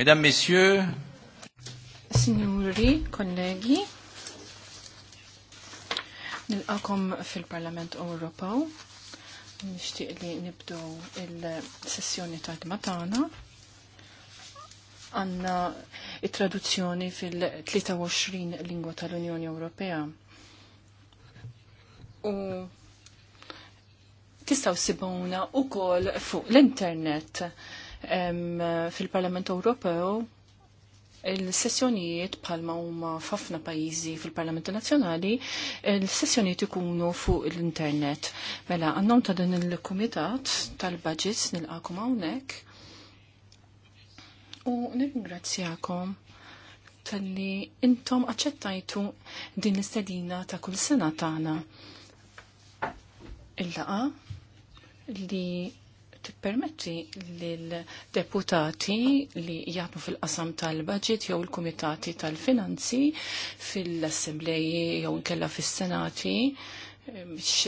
Mesdames, Messieurs, Signori, kollegi, nilqakom fil-Parlament Ewropew. Nixtieq li nibdow il-sessjoni ta' dmatana. Għanna it-traduzzjoni fil-23 lingwa tal-Unjoni Ewropea. U tistaw sibuna u kol fuq l-internet fil-Parlament Ewropew il-sessjonijiet palma huma f'ħafna pajjiżi fil-Parlamenti Nazzjonali, il-sessjonijiet ikunu fuq l-internet. Mela, għannom ta' din il-Kumitat tal-Budgets nilqakom hawnhekk. U nirringrazzjakom tal-li intom aċċettajtu din l-istedina ta' kull sena tagħna. Il-laqa li tippermetti lill-deputati li jaħdmu fil-qasam tal-budget jew il-kumitati tal-finanzi fil-assembleji jew nkella fis-senati eh, biex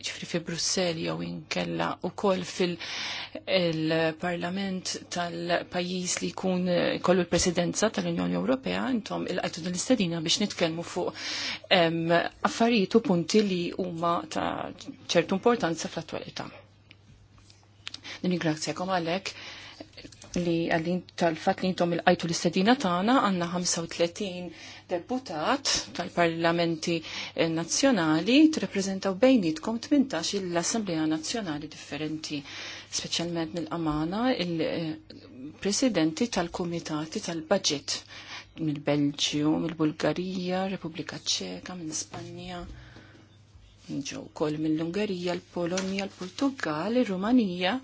ġifri fi Brussel jew inkella u kol fil-parlament tal-pajis li jkun kollu l-presidenza tal-Unjoni Ewropea, intom il-għajtu dal istadina biex nitkelmu fuq affarijiet u punti li huma ta' ċertu importanza fl-attualità. kom għalek li għallin tal-fat li intom il-għajtu l-istadina tagħna għandna 35 deputat tal-parlamenti eh, nazzjonali t-reprezentaw bejnietkom 18 l-Assemblea Nazzjonali differenti, specialment mill-Amana il-presidenti tal-komitati tal-budget mill-Belġju, mill-Bulgarija, Repubblika Ċeka, mill Spanja, ġew ukoll mill-Ungerija, l-Polonja, l-Portugal, il rumanija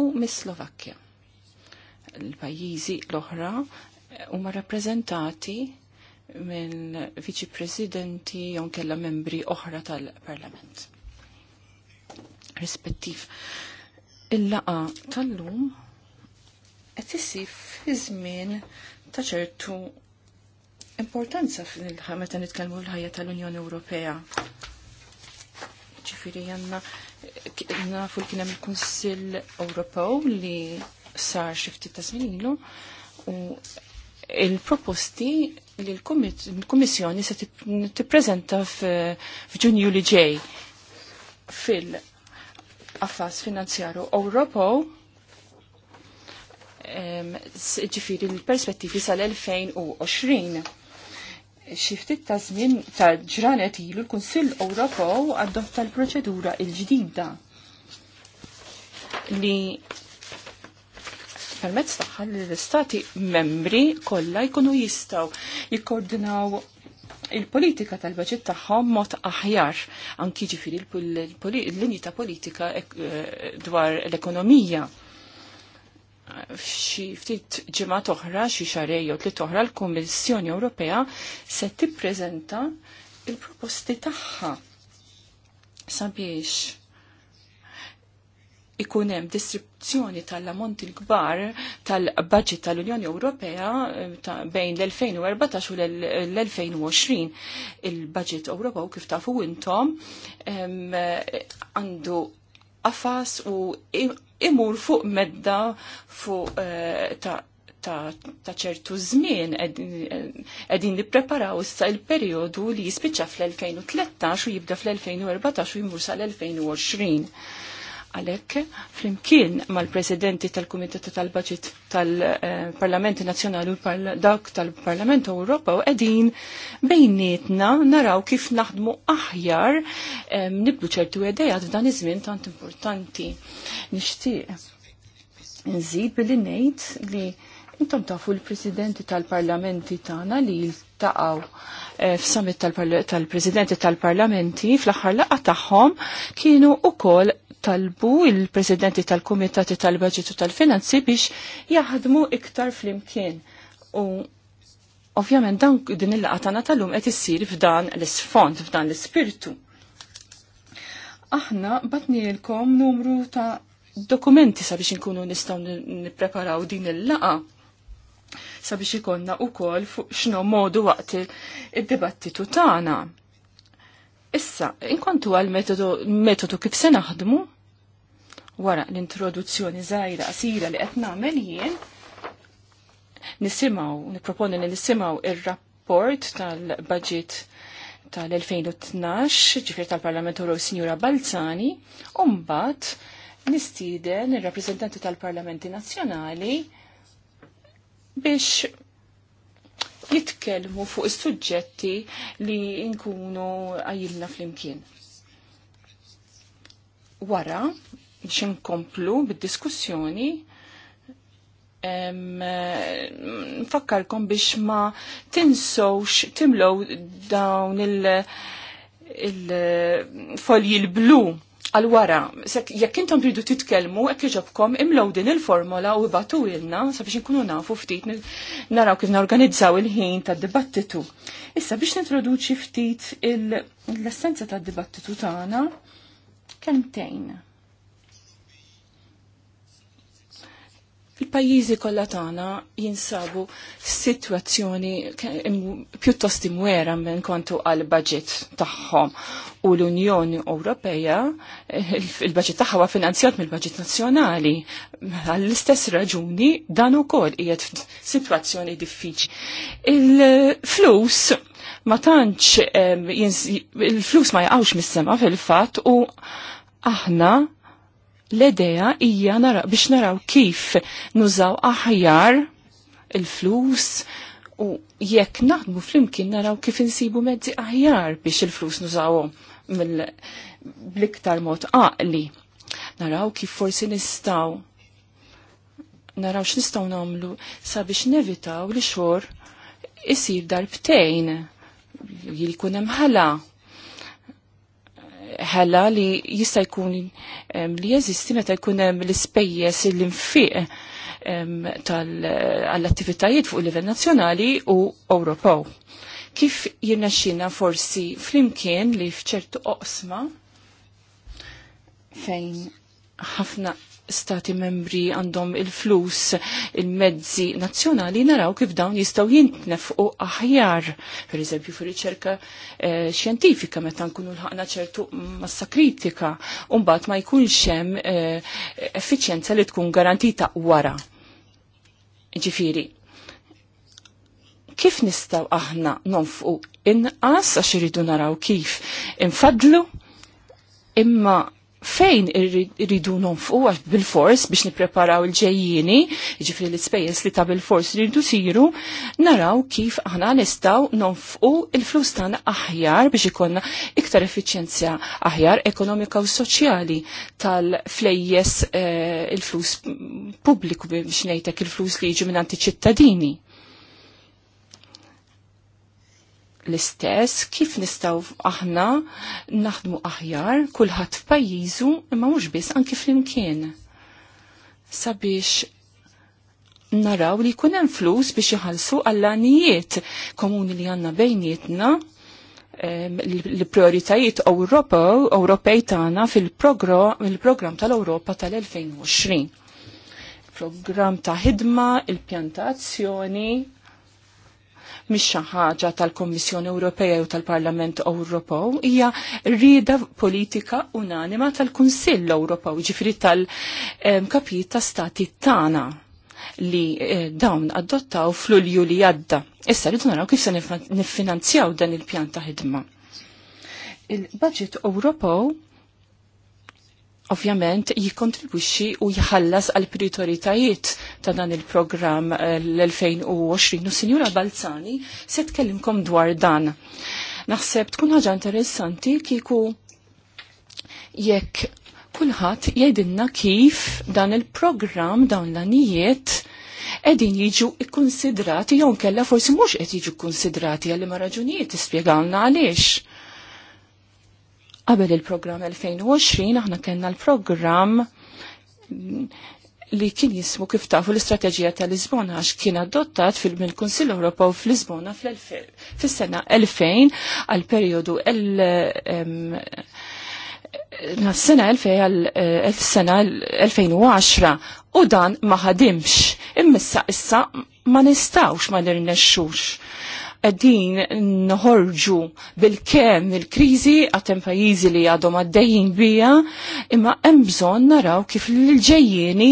u mis-Slovakkja. L-pajjiżi l-oħra eh, huma rappreżentati minn viċi presidenti jon kella membri oħra tal-parlament. Rispettiv. Il-laqa tal-lum qed issif iż żmien ta' ċertu importanza meta nitkellmu l-ħajja tal-Unjoni Ewropea. Ġifieri għandna nafu li kien hemm il-Kunsill Ewropew li sar xi ftit ta' ilu u il-proposti li l-Kummissjoni se tippreżenta f'Ġunju li ġej fil-affas finanzjaru Ewropew ġifiri l-perspettivi sal-2020. Xiftit ta' żmien ta' ġranet ilu l-Kunsill Ewropew adotta l-proċedura il-ġdida li permezz tagħha li l-istati membri kollha jkunu jistgħu jikkoordinaw il-politika tal-baġit taħħom mod aħjar anki ġifiri l-linji ta' politika eh, dwar l-ekonomija. Xi ftit ġimgħa toħra xi xarej jew tliet oħra l-Kummissjoni Ewropea se tippreżenta il-proposti tagħha sabiex ikun hemm distribuzzjoni tal ammont il kbar tal-budget tal-Unjoni Ewropea eh, ta bejn l-2014 u l-2020 il-budget Ewropew kif tafu intom għandu qafas u imur fuq medda fuq eh, ta' ta' ċertu żmien qegħdin nippreparaw issa l-perjodu li jispiċċa fl-2013 u jibda fl-2014 u jimur sal-2020 Għalek, flimkien mal-presidenti tal-Kumitat tal-Baġit tal-Parlamenti Nazzjonali u dawk tal-Parlament Ewropa u qegħdin bejnietna naraw kif naħdmu aħjar nibdu ċertu idejat f'dan iż-żmien tant importanti. Nixtieq nżid billi ngħid li intom tafu l-presidenti tal-parlamenti tagħna li jiltaqgħu eh, f'summit tal-presidenti tal-parlamenti fl-aħħar laqgħa tagħhom kienu wkoll talbu il-presidenti tal-Kumitati tal baġitu tal-Finanzi biex jaħdmu iktar flimkien. U ovvjament dan din il-laqatana tal-lum qed issir f'dan l-isfond, f'dan l spirtu Aħna l-kom numru ta' dokumenti sabiex inkunu nistgħu nippreparaw din il-laqa sabiex ikonna u kol fuq x'no modu waqt id-dibattitu tagħna Issa, inkontu għal metodu, metodu kif se naħdmu, wara l-introduzzjoni zaħira qasira li qed nagħmel jien, nisimgħu, nipproponi li nisimaw ir-rapport tal-budget tal-2012, ġifir tal-Parlament Ewropew Signora Balzani, u mbagħad nistieden ir-rappreżentanti tal-Parlamenti Nazzjonali biex jitkelmu fuq is-suġġetti li nkunu għajilna fl-imkien. Wara, biex nkomplu bid-diskussjoni, nfakkarkom biex ma tinsowx timlow dawn il-folji il, il folji l blu għal wara, jekk intom tridu titkellmu, hekk iġobkom imlaw din il-formola u ibatu ilna sabiex inkunu nafu ftit naraw kif norganizzaw il-ħin tad-dibattitu. Issa biex nintroduċi ftit l-essenza tad-dibattitu tagħna kemtejn. fil-pajjiżi kollha tagħna jinsabu situazzjoni pjuttost imwera minn kontu għal budget tagħhom u l-Unjoni Ewropea eh, il-budget tagħha huwa finanzjat mill-budget nazzjonali mela, għall-istess raġuni dan ukoll qiegħed f'sitwazzjoni diffiċli. Il-flus ma tantx il-flus ma jaqgħux mis-sema fil-fatt u aħna L-idea hija nara, biex naraw kif nużaw aħjar il-flus u jekk naħdmu flimkien naraw kif insibu mezzi aħjar biex il-flus nużaw bl-iktar mod għaqli. Naraw kif forsi nistaw naraw x'nistgħu nagħmlu sabiex nevitaw li xor isir darbtejn li jkun hemm ħala ħella li jista' jkun li jeżisti meta jkun hemm l-ispejjeż l-infiq tal-attivitajiet fuq livell nazzjonali u Ewropew. Kif jirnexxina forsi flimkien li fċertu oqsma fejn ħafna stati membri għandhom il-flus il-mezzi nazzjonali naraw kif dawn jistaw jintnefqu aħjar, per eżempju fu riċerka xjentifika eh, xjentifika meta nkunu l-ħakna ċertu massa kritika, umbat ma jkunx hemm e, effiċjenza li tkun garantita wara. Ġifiri, kif nistaw aħna nonfqu inqas għax iridu naraw kif infadlu imma fejn irridu nonfqu għax bil-fors biex nipreparaw il-ġejjini, ġifri l-ispejjeż li ta' bil-fors rridu siru, naraw kif aħna nistaw nonfqu il-flus tagħna aħjar biex ikonna iktar effiċjenzja aħjar ekonomika u soċjali tal-flejjes eh, il-flus pubbliku biex ngħidlek il-flus li jiġu minn ċittadini l-istess, kif nistaw aħna naħdmu aħjar, kulħadd f'pajjiżu, imma mhux biss anki flimkien. Sabiex naraw li jkun hemm flus biex iħallsu għall-anijiet komuni li għandna bejnietna l-prioritajiet Ewropa Ewropej tagħna fil-programm tal-Ewropa tal-2020. Programm ta' ħidma, il-pjantazzjoni, mhix ħaġa tal-Kummissjoni Ewropea u tal-Parlament Ewropew, hija rida politika unanima tal-Kunsill Ewropew, ġifri tal-kapijiet ta' stati tagħna li eh, dawn adottaw fl-ulju li għadda. Issa rridu naraw kif se niffinanzjaw dan il-pjan ta' ħidma. Il-budget Ewropew ovvjament jikontribwixxi u jħallas għal prioritajiet ta' dan il-programm eh, l-2020 u Sinjura Balzani se tkellimkom dwar dan. Naħseb tkun ħaġa interessanti kieku jekk kulħadd jgħidilna kif dan il-programm dawn l-anijiet edin jiġu ikkonsidrati jew kella forsi mhux qed jiġu kkonsidrati għalli ma raġunijiet tispjegawna għaliex Qabel il-programm 2020 aħna kellna l-programm li kien jismu kif tafu l-istrateġija ta' Lisbona għax kien adottat fil-Kunsill Ewropew f'Lisbona fis-sena 2000 għal perjodu sena 2000 għal eh, sena 2010 u dan ma ħadimx imma issa ma nistawx ma nirnexxux edin nħorġu bil-kem il-krizi għatem pajizi li għadhom għaddejjin bija, imma hemm bżonn naraw kif l ġejjini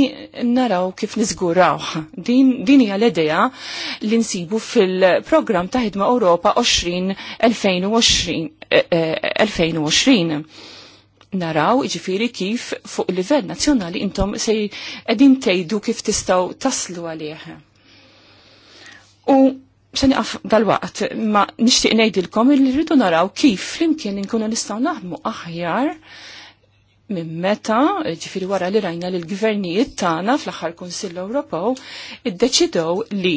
naraw kif niżgurawh. Din din hija l-idea li nsibu fil-programm ta' ħidma Ewropa 20 2020. E, e, naraw iġifiri kif fuq livell nazzjonali intom se qegħdin tgħidu kif tistgħu taslu għalih. U se niqaf dal-waqt ma nixtieq ngħidilkom li rridu naraw kif flimkien inkunu nistgħu naħdmu aħjar minn meta, ġifiri wara li rajna li l-gvernijiet tagħna fl-aħħar Kunsill Ewropew iddeċidew li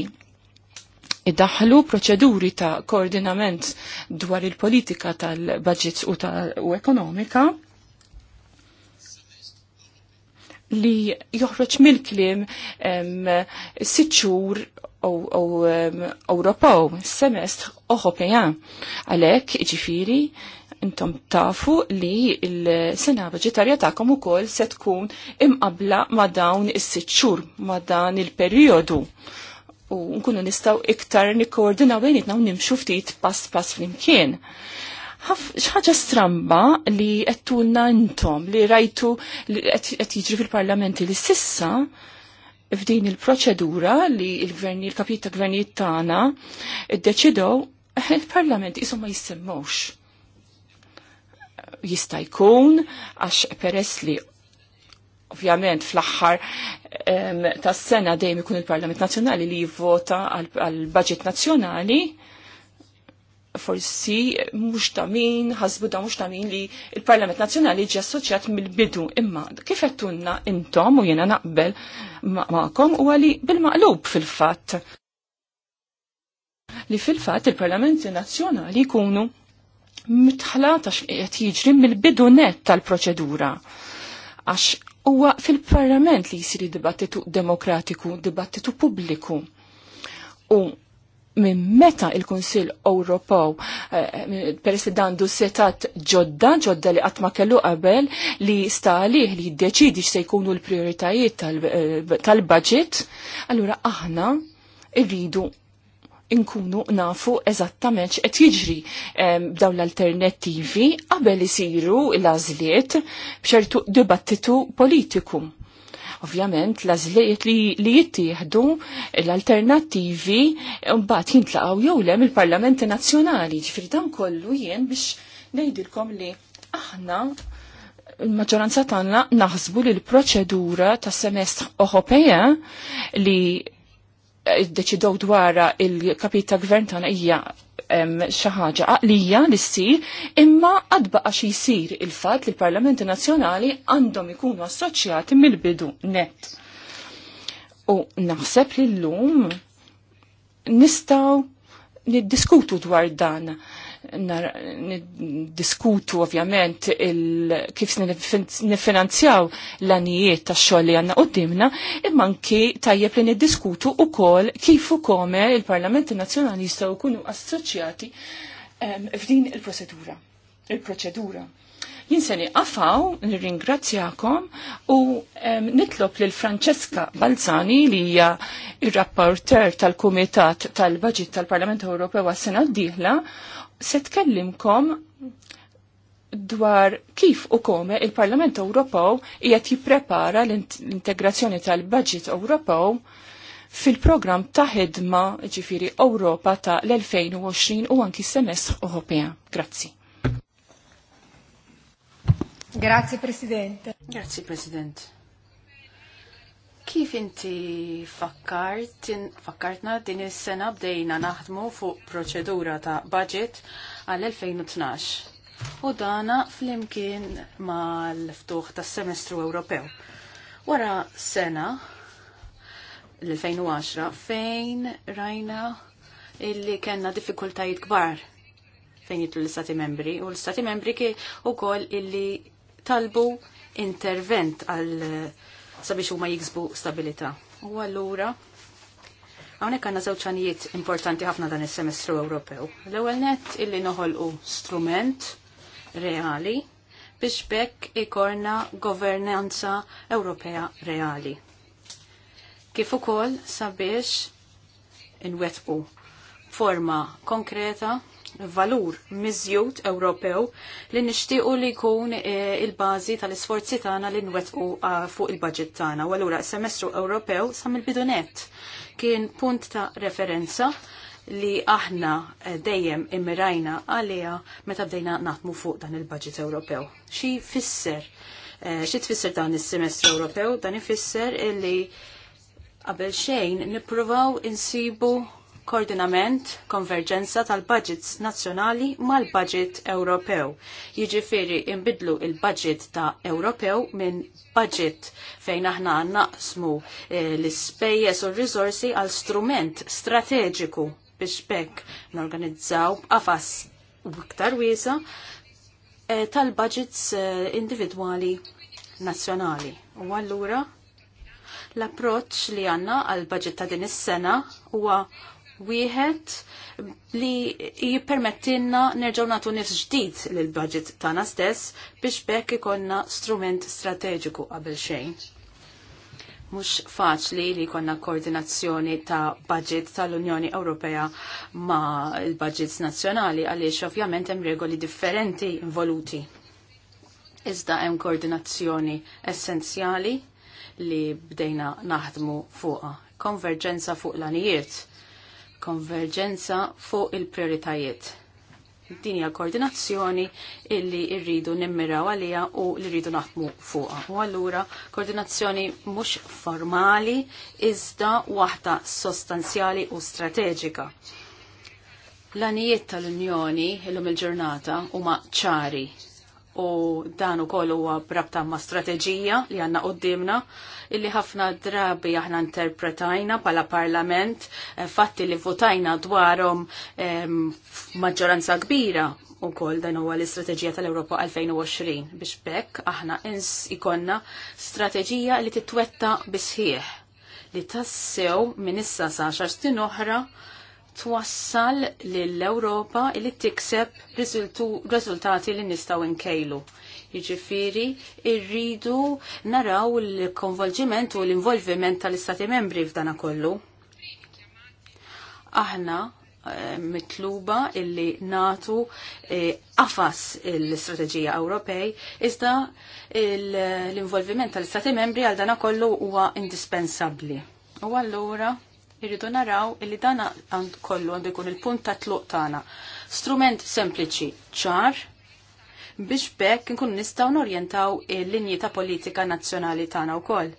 iddaħlu proċeduri ta' koordinament dwar il-politika tal-budgets u u ekonomika li joħroġ mill-klim sitxur Ewropew, semestr Ewropea. Għalhekk ġifiri intom tafu li l sena vegetarja ta'kom ukoll kol se tkun imqabla ma dawn is-sitxur, ma dan il-periodu. U nkunu nistaw iktar nikkoordinaw bejnietna u nimxu ftit pass pass flimkien. ħaġa stramba li qed tulna intom li rajtu li qed jiġri fil-parlamenti li sissa f'din il-proċedura li il-gverni, il-kapit ta' gvernijiet tagħna deċidow eh, il-Parlament jisum ma jissemmux. Jista' jkun għax peress li ovvjament fl-aħħar tas-sena dejjem ikun il-Parlament Nazzjonali li jivvota għal-Baġit Nazzjonali, forsi mhux ta' min, ħasbu da mhux ta' min li l parlament Nazzjonali ġi assoċjat mill-bidu imma kif intom u jiena naqbel ma'kom huwa li bil-maqlub fil-fatt li fil-fatt il parlament Nazzjonali jkunu mitħla ta' xqiet jiġri mill-bidu net tal-proċedura. Għax huwa fil-Parlament li jisiri dibattitu demokratiku, dibattitu pubbliku. U minn meta il-Kunsill Ewropew eh, peress li setat ġodda, ġodda li qatt ma kellu qabel li sta għalih li jiddeċidi x'se jkunu l-prijoritajiet eh, tal-budget, allura aħna rridu inkunu nafu eżattament x'qed jiġri b'dawn eh, l-alternattivi qabel isiru l-għażliet b'ċertu dibattitu politiku Ovvjament, lażliet li, li jittieħdu l-alternattivi mbagħad jintlaqgħu jew lem il-Parlamenti Nazzjonali. Ġifieri dan kollu jien biex ngħidilkom li aħna il-maġġoranza tagħna naħsbu li l-proċedura tas semestr Ewropea li Eh, iddeċidow dwara il-kapit ta' gvern tagħna hija xi ħaġa għaqlija li ssir, imma għad xi jsir il-fatt li l-Parlamenti Nazzjonali għandhom ikunu assoċjati mill-bidu net. U naħseb li llum nistgħu niddiskutu dwar dan diskutu ovvjament kif nifinanzjaw l-anijiet ta' xogħol li għandna qudiemna, imma anki tajjeb li niddiskutu ukoll kif u kome il-Parlamenti Nazzjonali jistgħu jkunu assoċjati f'din il-prosedura, il-proċedura. Jinseni għafaw, nirringrazzjakom u nitlob lil Francesca Balzani li hija il-rapporter tal-Kumitat tal-Baġit tal-Parlament Ewropew għas-sena d-dieħla se tkellimkom dwar kif u kome il-Parlament Ewropew qiegħed jipprepara l-integrazzjoni tal-Budget Ewropew fil-programm ta' ħidma ġifiri Ewropa ta' l-2020 u anki semestr Ewropea. Grazzi. Grazie Presidente. Grazie Presidente. Kif inti fakkart, fakkartna din is-sena bdejna naħdmu fuq proċedura ta' budget għal-2012. U dana flimkien mal-ftuħ tas semestru Ewropew. Wara sena l-2010 fejn rajna illi kena diffikultajiet kbar fejn jitlu l-istati membri u l-istati membri ki u koll illi talbu intervent għal sabiex huma jiksbu stabilità. U allura hawnhekk għandna żewġ importanti ħafna dan is-semestru Ewropew. L-ewwel nett illi noħolqu strument reali biex bekk ikorna governanza Ewropea reali. Kif ukoll sabiex inwetqu forma konkreta valur mizjut Ewropew li nixtiequ li jkun e, il-bażi tal-isforzi tagħna li nwettqu fuq il-budget tagħna. U allura semestru Ewropew sa mill-bidunet kien punt ta' referenza li aħna e, dejjem immirajna għalija meta bdejna naħdmu fuq dan il-budget Ewropew. Xi fisser? E, xi tfisser dan is-semestru Ewropew? Dan ifisser li qabel xejn nippruvaw insibu koordinament, konverġenza tal-budgets nazzjonali mal-budget Ewropew. Jiġifieri imbidlu il-budget ta' Ewropew minn budget fejn aħna naqsmu eh, l-ispejjeż u r-riżorsi għal strument strateġiku biex bekk norganizzaw b'qafas iktar wiesa eh, tal-budgets eh, individwali nazzjonali. U allura l-approċ li għanna għal budget ta' din is-sena huwa wieħed li jippermettilna nerġgħu nagħtu nifs ġdid lill budget tagħna stess biex bekk ikonna strument strateġiku qabel xejn. Mhux faċli li jkollna koordinazzjoni ta' budget tal-Unjoni Ewropea ma' l budgets nazzjonali għaliex ovvjament hemm regoli differenti involuti. Iżda hemm koordinazzjoni essenzjali li bdejna naħdmu fuqha konverġenza fuq l-anijiet konverġenza fuq il-prioritajiet. Din hija koordinazzjoni illi rridu nimmiraw għalija u li rridu naħdmu fuqha. U allura koordinazzjoni mhux formali iżda waħda sostanzjali u strateġika. L-anijiet tal-Unjoni illum il-ġurnata huma ċari u dan ukoll huwa brabta ma' strateġija li għandna qoddimna illi ħafna drabi aħna interpretajna pala parlament eh, fatti li votajna dwarhom eh, maġġoranza kbira u koll dan huwa l-istrateġija tal-Ewropa 2020 biex bekk aħna ins ikonna strateġija li titwetta bisħieħ li tassew minn issa sa' xar stin oħra twassal lill-Ewropa li tikseb riżultati li nistgħu inkejlu. Jiġifieri rridu naraw l-konvolġiment u l-involviment tal-Istati membri f'dana kollu. Aħna eh, mitluba illi natu għafas eh, l-istrateġija Ewropej, iżda l-involviment tal-Istati membri għal dana kollu huwa indispensabbli. U allura irridu naraw illi dan kollu għandu jkun il-punt ta' tluq tagħna. Strument sempliċi, ċar, biex bekk nkun nistgħu norjentaw il-linji ta' politika nazzjonali tagħna wkoll.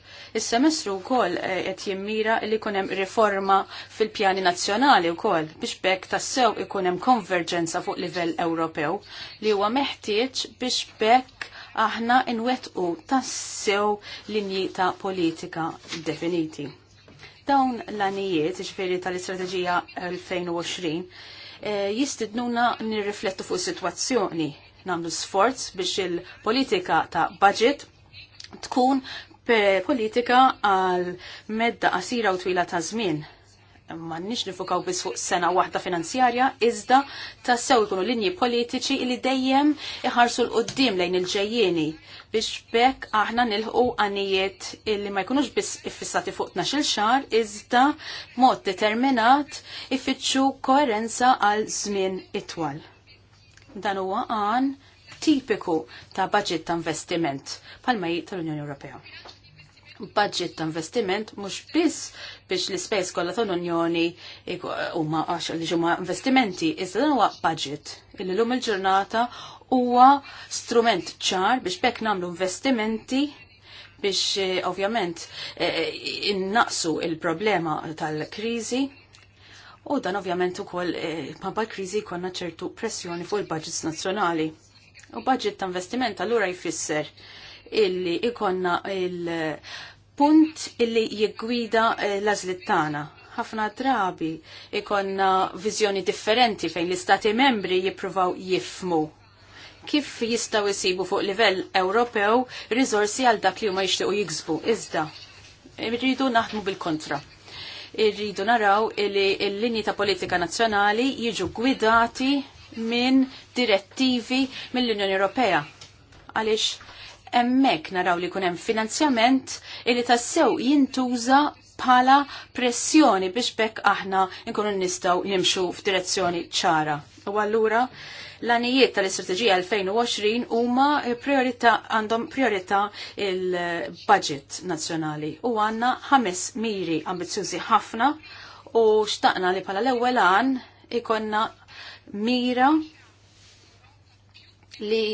Is-semestru wkoll eh, qed jimmira li jkun hemm riforma fil-pjani nazzjonali wkoll biex bekk tassew ikun hemm konverġenza fuq livell Ewropew li huwa meħtieġ biex bekk aħna nwettqu tassew linji ta' politika definiti. Dawn l-anijiet, ġifiri tal-istrateġija 2020, eh, jistidnuna nirriflettu fuq situazzjoni namlu sforz biex il-politika ta' budget tkun politika għal medda qasira u twila ta' żmien m'għandniex nifukaw biss fuq sena waħda finanzjarja, iżda tassew ikunu linji politiċi li dejjem iħarsu l-qoddim lejn il-ġejjieni biex bekk aħna nilħu għanijiet illi ma jkunux biss iffissati fuq 12 xar, iżda mod determinat iffittxu koerenza għal żmien itwal. Dan huwa għan tipiku ta' budget ta' investiment palma tal-Unjoni Ewropea budget ta' investiment mhux biss biex l-ispejs kollha tal-Unjoni huma għax li huma investimenti, iżda dan huwa budget illi lum il-ġurnata huwa strument ċar biex bekk nagħmlu investimenti biex eh, ovvjament eh, eh, innaqsu il-problema tal-kriżi u dan ovvjament ukoll ma' kriżi konna ċertu pressjoni fuq il-budgets nazzjonali. U budget ta' investiment allura jfisser illi ikonna il-punt illi jiggwida eh, l-azlit tagħna ħafna drabi ikonna viżjoni differenti fejn l-istati membri jippruvaw jifmu kif jistaw jisibu fuq livell Ewropew rizorsi għal dak li huma jixtiequ jiksbu. Iżda, irridu naħdmu bil-kontra. Irridu naraw li l-linji ta' politika nazzjonali jiġu gwidati minn direttivi mill-Unjoni Ewropea. Għaliex emmek naraw li kunem finanzjament illi tassew jintuża bħala pressjoni biex bekk aħna nkunu nistgħu nimxu f'direzzjoni ċara. U allura l-anijiet tal-istrateġija 2020 huma priorità għandhom priorità il-budget nazzjonali u għanna ħames miri ambizzjużi ħafna u xtaqna li pala l-ewwel għan ikonna mira li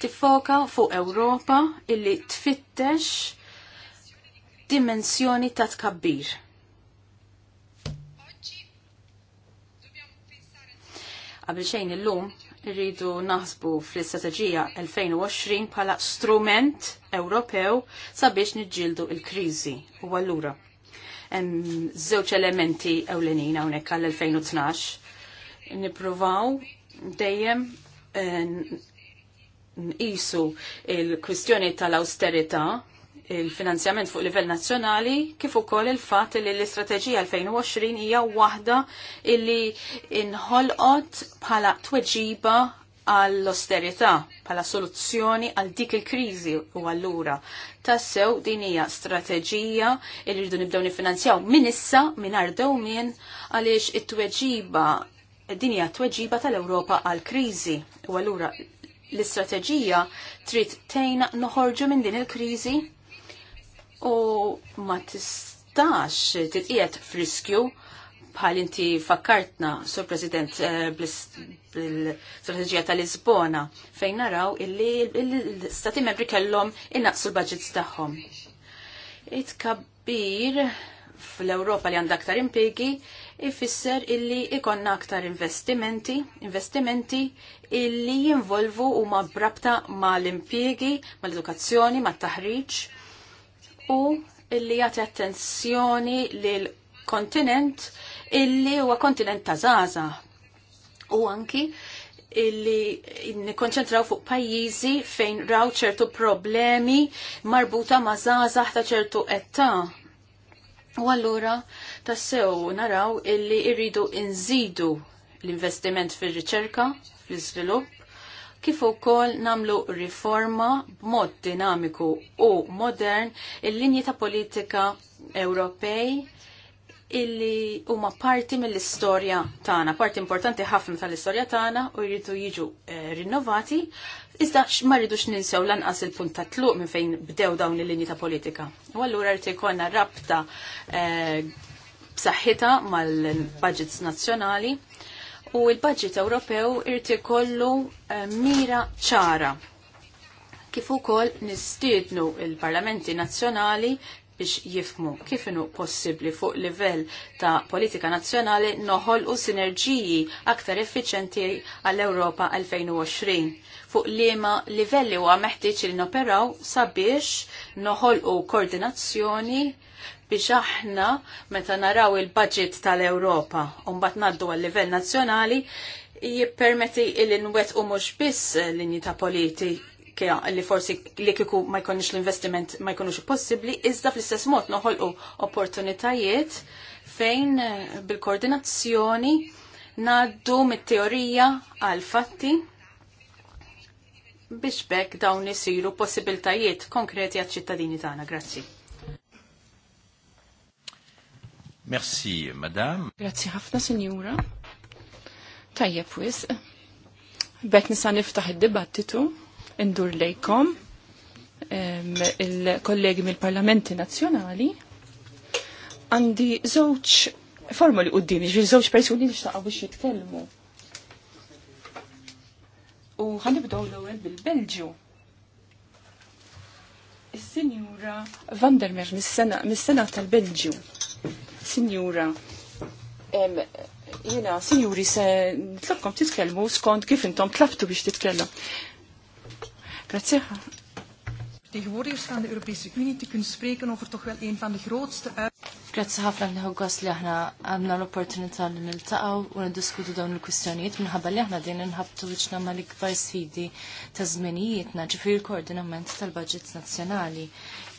tifoka fuq Ewropa illi tfittex dimensjoni ta' tkabbir. Qabel xejn illum rridu naħsbu fl-istrateġija 2020 bħala strument Ewropew sabiex niġġieldu il-kriżi u allura. Hemm żewġ elementi ewlenin hawnhekk għall-2012. Nippruvaw dejjem eh, nqisu il-kwistjoni tal-austerita il-finanzjament fuq livell nazzjonali kif ukoll il-fatt li l-istrateġija 2020 hija waħda illi inħolqot bħala tweġiba għall osterità bħala soluzzjoni għal dik il-kriżi u allura tassew din hija strateġija li rridu nibdew nifinanzjaw minn issa mingħajr dewmien għaliex it-tweġiba din hija tweġiba tal-Ewropa għall kriżi u allura l-istrateġija trid tejna noħorġu minn din il-kriżi u ma tistax titqiegħed friskju bħal inti fakkartna, Sur President, eh, bil strateġija tal-Lisbona, fejn naraw illi l-Stati membri kellhom innaqsu l-budgets tagħhom. It-kabbir fl-Ewropa li għandha aktar impjegi ifisser illi ikonna aktar investimenti, investimenti illi jinvolvu u ma brabta ma l-impjegi, ma l-edukazzjoni, ma taħriġ u illi jagħti attenzjoni lil kontinent illi huwa kontinent ta' zaza u anki illi nikkonċentraw fuq pajjiżi fejn raw ċertu problemi marbuta ma' zaza ta' ċertu età U allura tassew naraw illi irridu inżidu l-investiment fil-riċerka, fil-svilupp, kif ukoll namlu riforma b'mod dinamiku u modern il-linji ta' politika Ewropej illi huma parti mill-istorja tagħna, parti importanti ħafna tal-istorja tagħna u jridu jiġu eh, rinnovati Iżda ma rridux ninsew lanqas il-punt ta' tluq minn fejn bdew dawn il-linji ta' politika. U allura rrid ikolna rabta eh, b'saħħitha mal-budgets nazzjonali u l-budget Ewropew irid ikollu eh, mira ċara kif ukoll nistiednu il-parlamenti nazzjonali biex jifmu kif inhu possibbli fuq livell ta' politika nazzjonali noħol u sinerġiji aktar effiċenti għall-Ewropa 2020 fuq liema livelli huwa meħtieġ li noperaw sabiex noħol u koordinazzjoni biex aħna meta naraw il-budget tal-Ewropa u mbagħad ngħaddu għal-livell nazzjonali jippermetti il-inwet u mhux biss linji ta' politi li forsi li kiku ma jkunx l-investiment ma jkunux possibli, iżda fl-istess mod noħolqu opportunitajiet fejn eh, bil-koordinazzjoni naddu mit-teorija għal fatti biex bekk dawn isiru possibiltajiet konkreti għal ċittadini tagħna. Grazzi. Merci, madame. Grazzi ħafna, sinjura. Tajjeb wisq. Bekk nisa niftaħ id-dibattitu indur lejkom il-kollegi mill-parlamenti nazzjonali għandi żewġ formuli qudiemi, ġifieri żewġ persuni li xtaqgħu biex jitkellmu. U ħanibdew l-ewwel bil-Belġju. il sinjura Vandermeer mis-sena tal-Belġju. Sinjura jiena, sinjuri se nitlobkom titkellmu skont kif intom tlabtu biex titkellem. Grazie. Vertegenwoordigers van de Europese Unie te kunnen spreken over toch wel een van de grootste uitdagingen. Grazie ħafna li ħoggos li aħna għandna l-opportunità li niltaqgħu u niddiskutu dawn il-kwistjonijiet minħabba li aħna din inħabtu wiċċna ma l-ikbar sfidi ta' żminijietna ġifi l-koordinament tal-budget nazzjonali.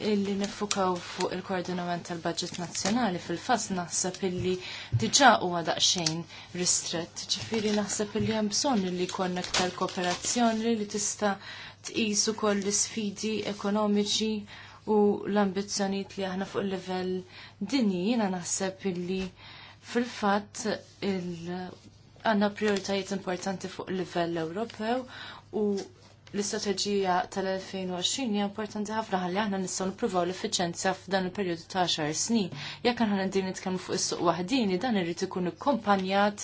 Illi nifukaw fuq il-koordinament tal-budget nazzjonali fil-fass naħseb illi diġà huwa daqsxejn ristrett, ġifieri naħseb illi hemm bżonn li jkollna aktar kooperazzjoni li tista' Tqisu koll l-isfidi ekonomiċi u l-ambizzjonijiet li aħna fuq il-livell dinji jiena naħseb illi fil-fatt il għandna prioritajiet importanti fuq il-livell Ewropew u l-istrateġija tal-2020 hija importanti ħafna ħalli aħna nistgħu nippruvaw l-effiċenza f'dan il-perjodu ta' 10 snin. Jekk aħna din nitkellmu fuq is-suq waħdini, dan irid ikun ikkumpanjat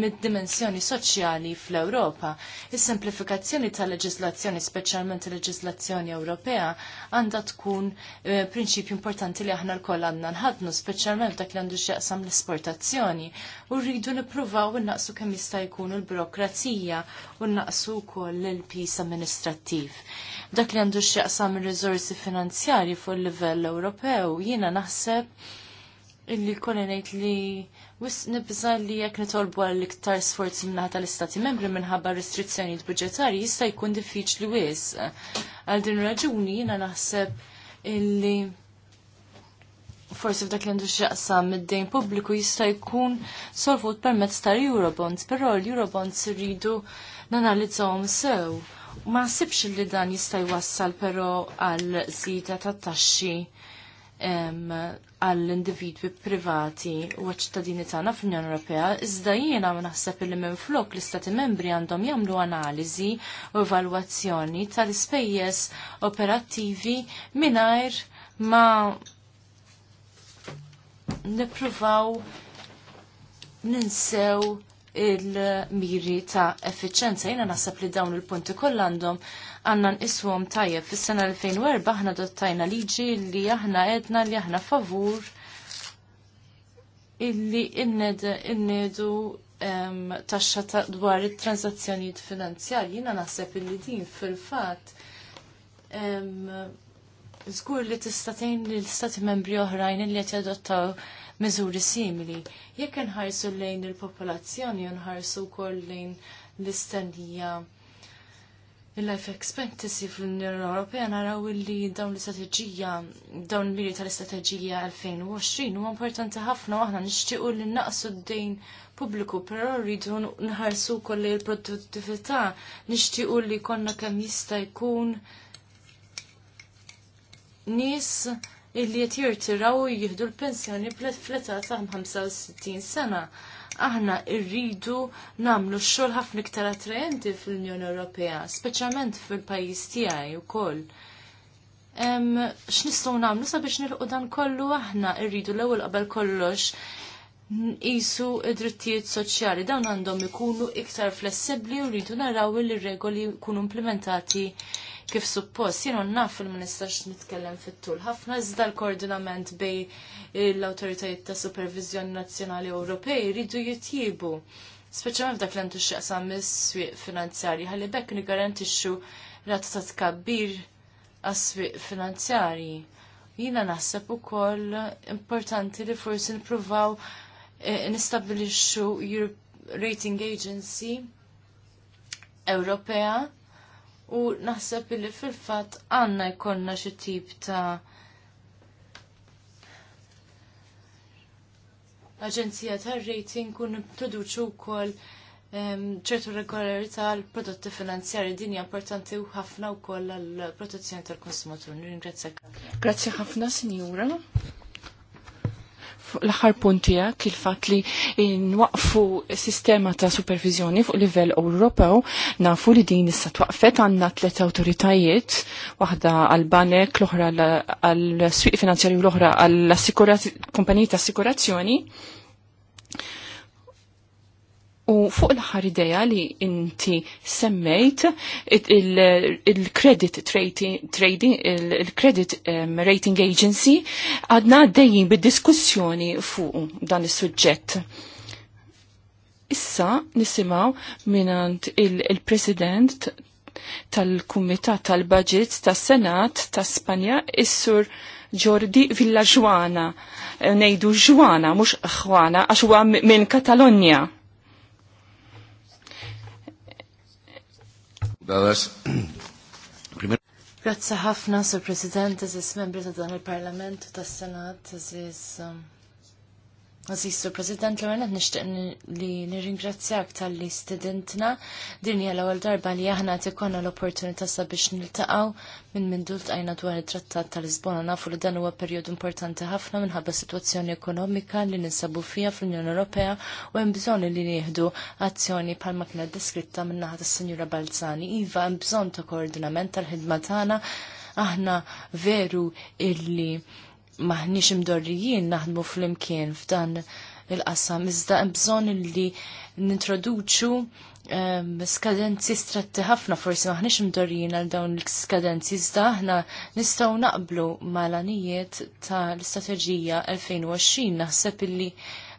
mid-dimensjoni soċjali fl-Ewropa. Is-semplifikazzjoni tal-leġiżlazzjoni, speċjalment il-leġiżlazzjoni Ewropea, għandha tkun eh, prinċipju importanti li aħna lkoll għandna nħadnu, speċjalment dak li għandu x'jaqsam l-esportazzjoni. U rridu nippruvaw innaqsu kemm jista' jkun il-burokrazija u nnaqsu wkoll il pisa minn amministrattiv. Dak li għandu x'jaqsam ir-riżorsi finanzjarji fuq il-livell Ewropew, jiena naħseb illi kolli li wis nibża li jekk nitolbu għal iktar sforzi minnaħat tal-Istati membri minħabba restrizzjonijiet budġetarji jista' jkun diffiċli wis. Għal din raġuni jiena naħseb illi forsi f'dak li għandu xieqsam mid-dejn pubbliku jista' jkun solvut permezz tal-Eurobonds, però l-Eurobonds irridu nanalizzawhom sew Ma sibx li dan jista' jwassal però għal żieda ta' taxxi għall-individwi privati u ċittadini tagħna fl-Unjoni Ewropea, iżda jiena naħseb li minn flok l-Istati membri għandhom jagħmlu analiżi u evalwazzjoni tal-ispejjeż operattivi mingħajr ma nippruvaw ninsew il-miri ta' effiċenza. Jena nasab li dawn il-punti kollandom għanna nqiswom tajjeb. Fis-sena 2004 aħna dottajna liġi li aħna edna li aħna favur illi innedu taxxa ta' dwar it-transazzjonijiet finanzjali. Jena nasab illi din fil-fat Zgur li tista' istatin li l-istati membri oħrajn li qed jadottaw miżuri simili. Jekk nħarsu lejn il-popolazzjoni, nħarsu wkoll lejn l-istennija il-life expectancy fl-Unjoni Ewropea naraw li dawn l-istrateġija, dawn l-miri tal-istrateġija 2020 huwa importanti ħafna aħna nixtiequ li naqsu d-dejn pubbliku, però rridu nħarsu lejn l-produttività, nixtiequ li konna kemm jista' jkun nies illi qed jirtiraw u jieħdu l-pensjoni fl-età ta' 65 sena. Aħna rridu nagħmlu x-xogħol ħafna iktar attrajenti fl-Unjoni Ewropea, speċjalment fil-pajjiż tiegħi wkoll. X'nistgħu nagħmlu sabiex nilqu dan kollu aħna rridu l-ewwel qabel kollox isu id-drittijiet soċjali dawn għandhom ikunu iktar flessibbli u rridu naraw li r regoli jkunu implementati kif suppost. Jiena naf il minister nitkellem fit-tul ħafna iżda l-koordinament bej l-awtoritajiet ta' supervizjoni nazzjonali Ewropej jridu jitjibu. Speċjalment f'dak l għandu x'jaqsam mis-swieq finanzjarji ħalli bekk nigarantixxu rata ta' tkabbir għas-swieq finanzjarji. Jiena naħseb ukoll importanti li forsi nippruvaw eh, nistabilixxu rating agency Ewropea u naħseb li fil-fatt għanna jkollna xi tip ta' aġenzija tar rating kun nintroduċu wkoll ċertu regolarità għal prodotti finanzjari din hija importanti u ħafna wkoll għall protezzjoni tal-konsumatur. Ringrazzjak. Grazzi ħafna, Sinjura l-aħħar puntija kil-fat li nwaqfu sistema ta' supervizjoni fuq livell Ewropew nafu li din issa twaqfet għandna tliet awtoritajiet, waħda għal-banek, l-oħra għall-swieq finanzjarju, l-oħra għall-kumpaniji ta' assikurazzjoni. U fuq l-ħar ideja li inti semmejt il-credit trading, il-credit rating agency, għadna għaddejjin bid-diskussjoni fuq dan is-suġġett. Issa nisimaw minant il-president tal-Kumitat tal-Budget tas-Senat ta' Spanja, is-sur Jordi Villaġwana, nejdu ġwana, mux ħwana, għax huwa minn Katalonja dadas. Grazzi ħafna, Sir President, eżis membri ta' dan il-Parlament u tas-Senat, eżis um, Għazissu, President, l-għanet nishtiq li nirringrazzjak tal-li studentna din hija l-ewwel darba li aħna ikonna l-opportunità sabiex niltaqgħu minn minn dult għajna dwar it-Trattat tal-Lisbona. Nafu li dan huwa perjodu importanti ħafna minħabba sitwazzjoni ekonomika li ninsabu fija fl-Unjoni Ewropea u hemm bżonn li nieħdu azzjoni bħalma kienet deskritta minn naħa tas-Sinjura Balzani. Iva hemm bżonn ta' koordinament tal-ħidma tagħna aħna veru illi maħniex imdorrijin naħdmu fl-imkien f'dan il-qassam, iżda bżon li nintroduċu ehm, skadenzi stretti ħafna forsi maħniex imdorrijin għal dawn l-skadenzi, iżda aħna nistaw naqblu mal-anijiet ta' l strategija 2020 naħseb li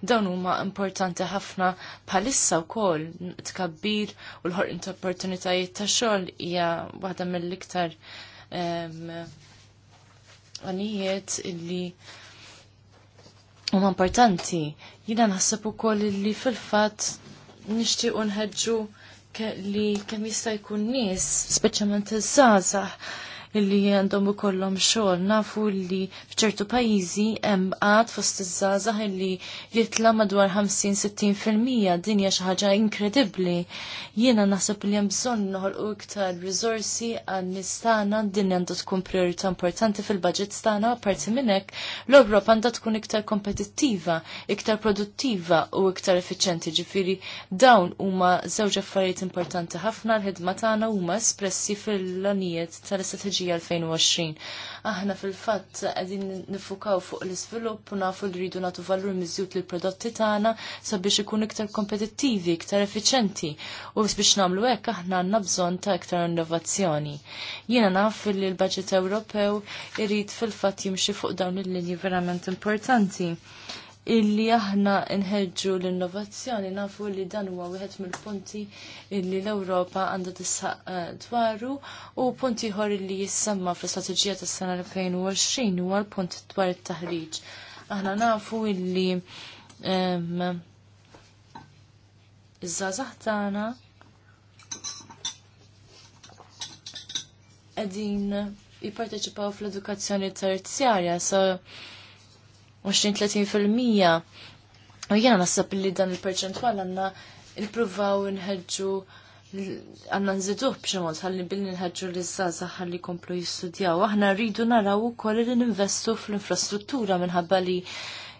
dawn huma importanti ħafna bħalissa wkoll tkabbir u l ħor ta' opportunitajiet ta' xogħol hija waħda mill-iktar ehm, għanijiet illi huma importanti. Jina naħseb ukoll illi fil-fatt nixtiequ nħeġġu li kemm jista' jkun nies, speċjalment iż-żgħażagħ, illi għandhom ukollhom xogħol. Nafu li f'ċertu pajjiżi hemm qatt fost iż-żgħażagħ illi jitla madwar 50-60% din hija xi ħaġa inkredibbli. Jiena naħseb li hemm bżonn noħolqu iktar riżorsi għal nies tagħna din għandha tkun priorità importanti fil-budget stana apparti minnek. l europa għandha tkun iktar kompetittiva, iktar produttiva u iktar effiċjenti ġifieri dawn huma żewġ affarijiet importanti ħafna l-ħidma tagħna huma espressi fil-lanijiet tal-istrateġija l-Istrateġija 2020. Aħna fil-fatt qegħdin nifukaw fuq l svilupp u nafu li ridu nagħtu valur miżjud lill prodotti tagħna sabiex ikun iktar kompetittivi, iktar effiċenti u biex nagħmlu hekk aħna għandna bżonn ta' iktar innovazzjoni. Jiena naf li l-Baġit Ewropew irid fil-fatt jimxi fuq dawn il-linji verament importanti illi aħna nħeġġu l-innovazzjoni nafu li dan huwa wieħed mill-punti illi l-Ewropa għandha tisħaq eh, dwaru u punti ieħor li jissemma fl-istrateġija tas-sena 2020 huwa l-punt dwar it-taħriġ. Aħna nafu illi iż-żgħażagħ tagħna qegħdin jipparteċipaw fl-edukazzjoni terzjarja, so 20-30%. U jena nasab li dan il-perċentwal għanna il-provaw nħedġu għanna nżiduħ bċemot għalli billi nħedġu li zaza għalli komplu jistudjaw. Aħna rridu naraw u koll li ninvestu fl-infrastruttura minħabba li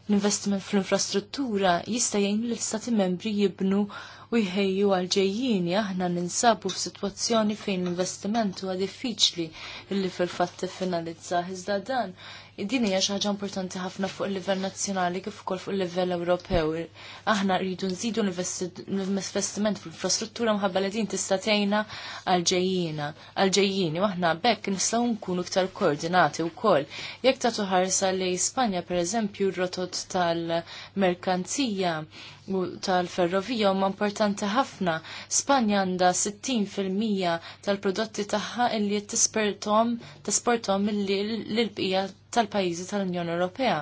l-investiment fl-infrastruttura jista' jgħin l istati membri jibnu u jħejju għal-ġejjini aħna ninsabu f'sitwazzjoni fejn l-investiment huwa diffiċli illi fil-fatt tiffinalizza iżda dan din hija xi ħaġa importanti ħafna fuq il-livell nazzjonali kif ukoll fuq il-livell Ewropew. Aħna rridu nżidu l-investiment fl-infrastruttura mħabba li din tista' tgħinna għal-ġejjina, għal-ġejjini, aħna bekk nistgħu nkunu iktar koordinati wkoll. Jekk tagħtu ħarsa li Spanja pereżempju r-rotot tal-merkanzija u tal-ferrovija huma importanti ħafna. Spanja għandha 60% tal-prodotti tagħha illi tisportom tisportom lill-bqija tal-pajjiżi tal-Unjoni Ewropea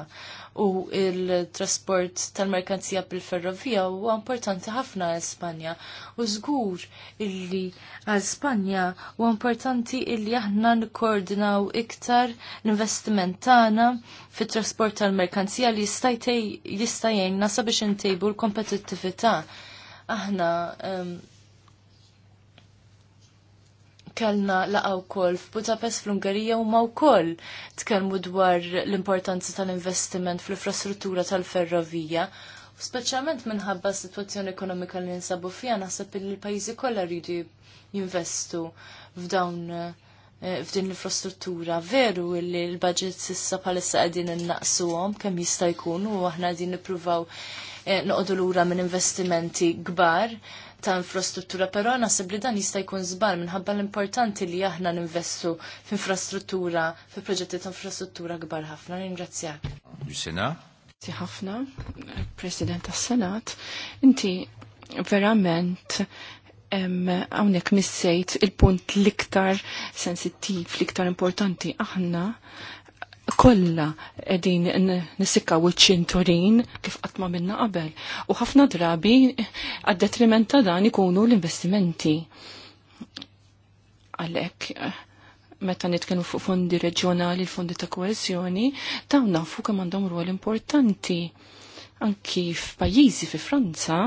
u il-trasport tal-merkanzija bil-ferrovija huwa importanti ħafna għal Spanja u żgur illi għal Spanja huwa importanti illi aħna nikkoordinaw iktar l-investiment tagħna fit-trasport tal-merkanzija li jista' jgħinna sabiex intejbu l-kompetittività. Aħna um, kellna laqgħu wkoll f'Budapest fl-Ungerija huma wkoll tkellmu dwar l-importanza tal-investiment fl-infrastruttura tal-ferrovija. Speċjalment minħabba s-sitwazzjoni ekonomika li ninsabu fija naħseb li l-pajjiżi kollha jridu jinvestu f'dawn eh, f'din l-infrastruttura veru li l-budget sissa palissa qegħdin innaqsuhom kemm jista' jkunu u aħna qegħdin nippruvaw eh, noqogħdu lura minn investimenti kbar ta' infrastruttura, però għana li dan jista' jkun żbar minħabba l-importanti li aħna ninvestu f'infrastruttura, fi proġetti ta' infrastruttura kbar ħafna. Ringrazzjak. Jusena? Ti ħafna, President tas-Senat, inti verament hawnhekk missejt il-punt l-iktar sensittiv, l-iktar importanti aħna kolla edin nisikka u ċinturin kif qatma minna qabel. U ħafna drabi għad-detriment ta' dan ikunu l-investimenti. Għalek, meta nitkenu fuq fondi reġjonali, fondi ta' koesjoni, dawn nafu kemm għandhom rwol importanti. Anki f'pajjiżi fi Franza,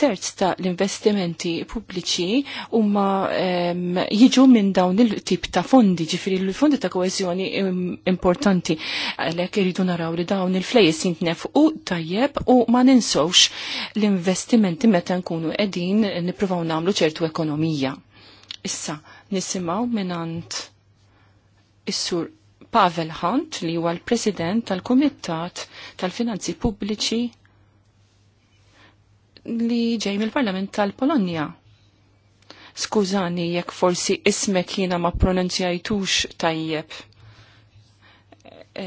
terz ta' l-investimenti pubbliċi huma um, jiġu minn dawn il-tip ta' fondi, ġifiri l-fondi ta' koezjoni importanti. Għalek irridu naraw li dawn il-flejes jintnef u tajjeb u ma ninsowx l-investimenti meta nkunu edin niprofaw namlu ċertu ekonomija. Issa, nisimaw minnant is-sur Pavel Hunt li huwa l-President tal-Kumitat tal-Finanzi Pubbliċi li ġej mill-Parlament tal-Polonja. Skużani jekk forsi ismek jiena ma pronunzjajtux tajjeb. E,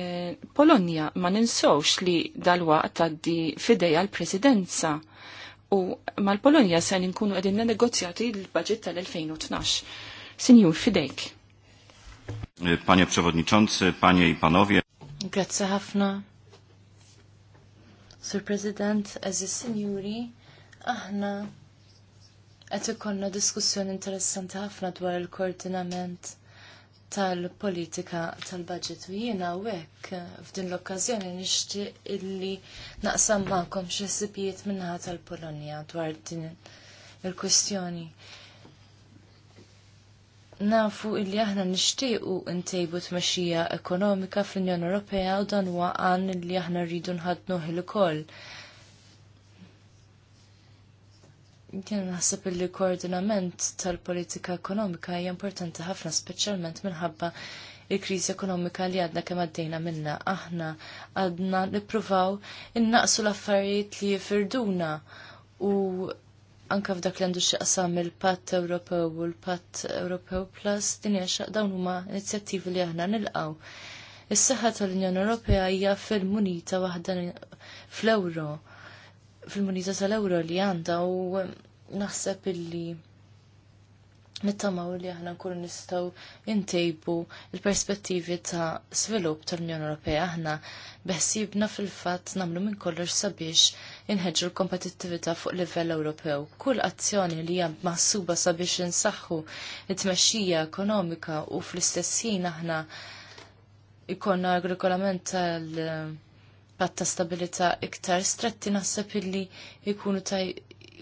Polonja ma ninsowx li dal-waqt għaddi f'idej għal presidenza u mal-Polonja se nkunu qegħdin negozjati l-budget tal-2012. Sinjur fidejk. E, Panie Przewodniczący, Panie i Panowie. Grazie ħafna. Sur President, a Sinjuri, aħna qed ikollna diskussjoni interessanti ħafna dwar il-koordinament tal-politika tal-budget u jiena hekk f'din l-okkażjoni nixtieq illi naqsam magħkom xi ħsibijiet minnha tal-Polonja dwar din il-kwestjoni nafu illi aħna nixtiequ ntejbu tmexxija ekonomika fl-Unjoni Ewropea u dan huwa qan illi aħna rridu nħadnuh il ukoll. Jien naħseb li koordinament tal-politika ekonomika hija importanti ħafna speċjalment minħabba il-kriżi ekonomika li għadna kemm għaddejna minna. Aħna għadna nippruvaw innaqsu l-affarijiet li jifirduna u anka f'dak li għandu xieqsam il-Patt Ewropew u l-Patt Ewropew Plus din hija dawn huma inizjattivi li aħna nilqgħu. Is-saħħa tal-Unjoni Ewropea hija fil-munita waħda fl-Ewro fil-munita tal ewro li għanda u naħseb illi nittamaw li aħna nkunu nistgħu intejbu il-perspettivi ta' svilupp tal-Unjoni Ewropea aħna beħsibna fil-fatt nagħmlu minn kollox sabiex inħeġġu l-kompetittività fuq livell Ewropew. Kull azzjoni li hija maħsuba sabiex insaħħu it-tmexxija ekonomika u fl-istess ħin aħna ikonna agrikolament tal- patta stabilita iktar stretti nasab illi jikunu taj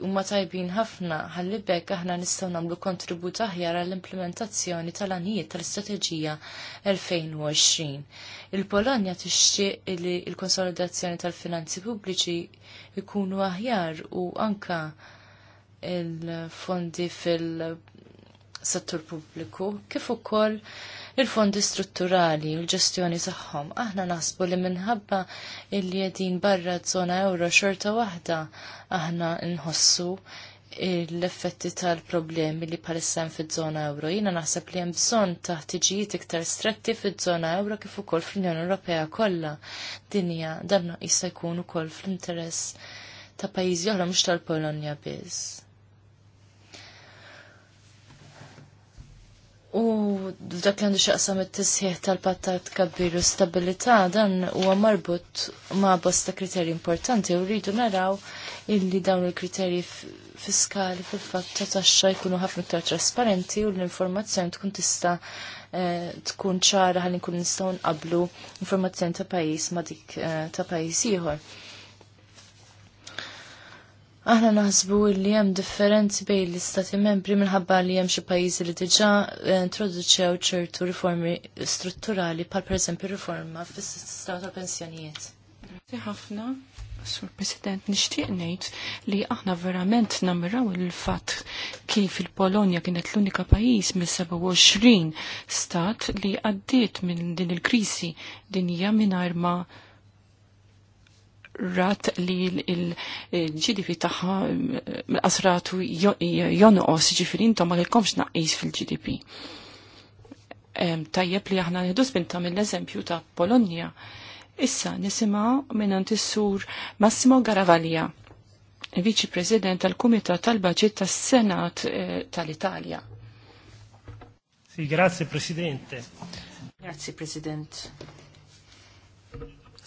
umma tajbin ħafna ħalli bekk aħna nistgħu nagħmlu kontribut aħjar għall-implementazzjoni tal-anijiet tal-istrateġija 2020. Il-Polonja tixtieq li l-konsolidazzjoni tal-finanzi pubbliċi jkunu aħjar u anka il-fondi fil-settur pubbliku kif ukoll il-fondi strutturali u l-ġestjoni tagħhom. Aħna nasbu li minħabba illi qegħdin barra żona euro xorta waħda aħna nħossu l-effetti tal-problemi li palissem fiż żona euro. Jina naħseb li hemm bżonn ta' ħtiġijiet iktar stretti fiż żona euro kif ukoll fl-Unjoni Ewropea kollha. Dinja dan jista' jkun ukoll fl-interess ta' pajjiżi oħra mhux tal-Polonja biss. U dak l-għandu xaqsam it-tisħieħ tal-pattat kabbir u stabilità dan huwa marbut ma' bosta kriterji importanti u rridu naraw illi dawn il-kriterji fiskali fil-fatt ta' taxxa jkunu ħafna iktar trasparenti u l-informazzjoni tkun tista' eh, tkun ċara ħalli nkun nistgħu nqablu informazzjoni ta' pajjiż ma' dik eh, ta' pajjiż ieħor. Aħna naħsbu li hemm differenzi bejn l-istati membri minħabba li hemm xi pajjiżi li diġà eh, introduċew ċertu riformi strutturali bħal pereżempju riforma fis-sistema tal-pensjonijiet. Grazzi ħafna, Sur President, nixtieq ngħid li aħna verament nammiraw il-fatt kif il-Polonja kienet l-unika pajjiż mill-27 stat li għaddiet minn din il-krisi dinja mingħajr ma' rat li l-GDP taħħa l qasratu jonqos ġifiri intom ma kellkomx naqis fil-GDP. Tajjeb li aħna nħidu spinta mill-eżempju ta' Polonja. Issa nisima minnant is-sur Massimo Garavaglia, viċi president tal-Kumitat tal-Baġit tas-Senat eh, tal-Italja. Si, grazie Presidente. Grazie President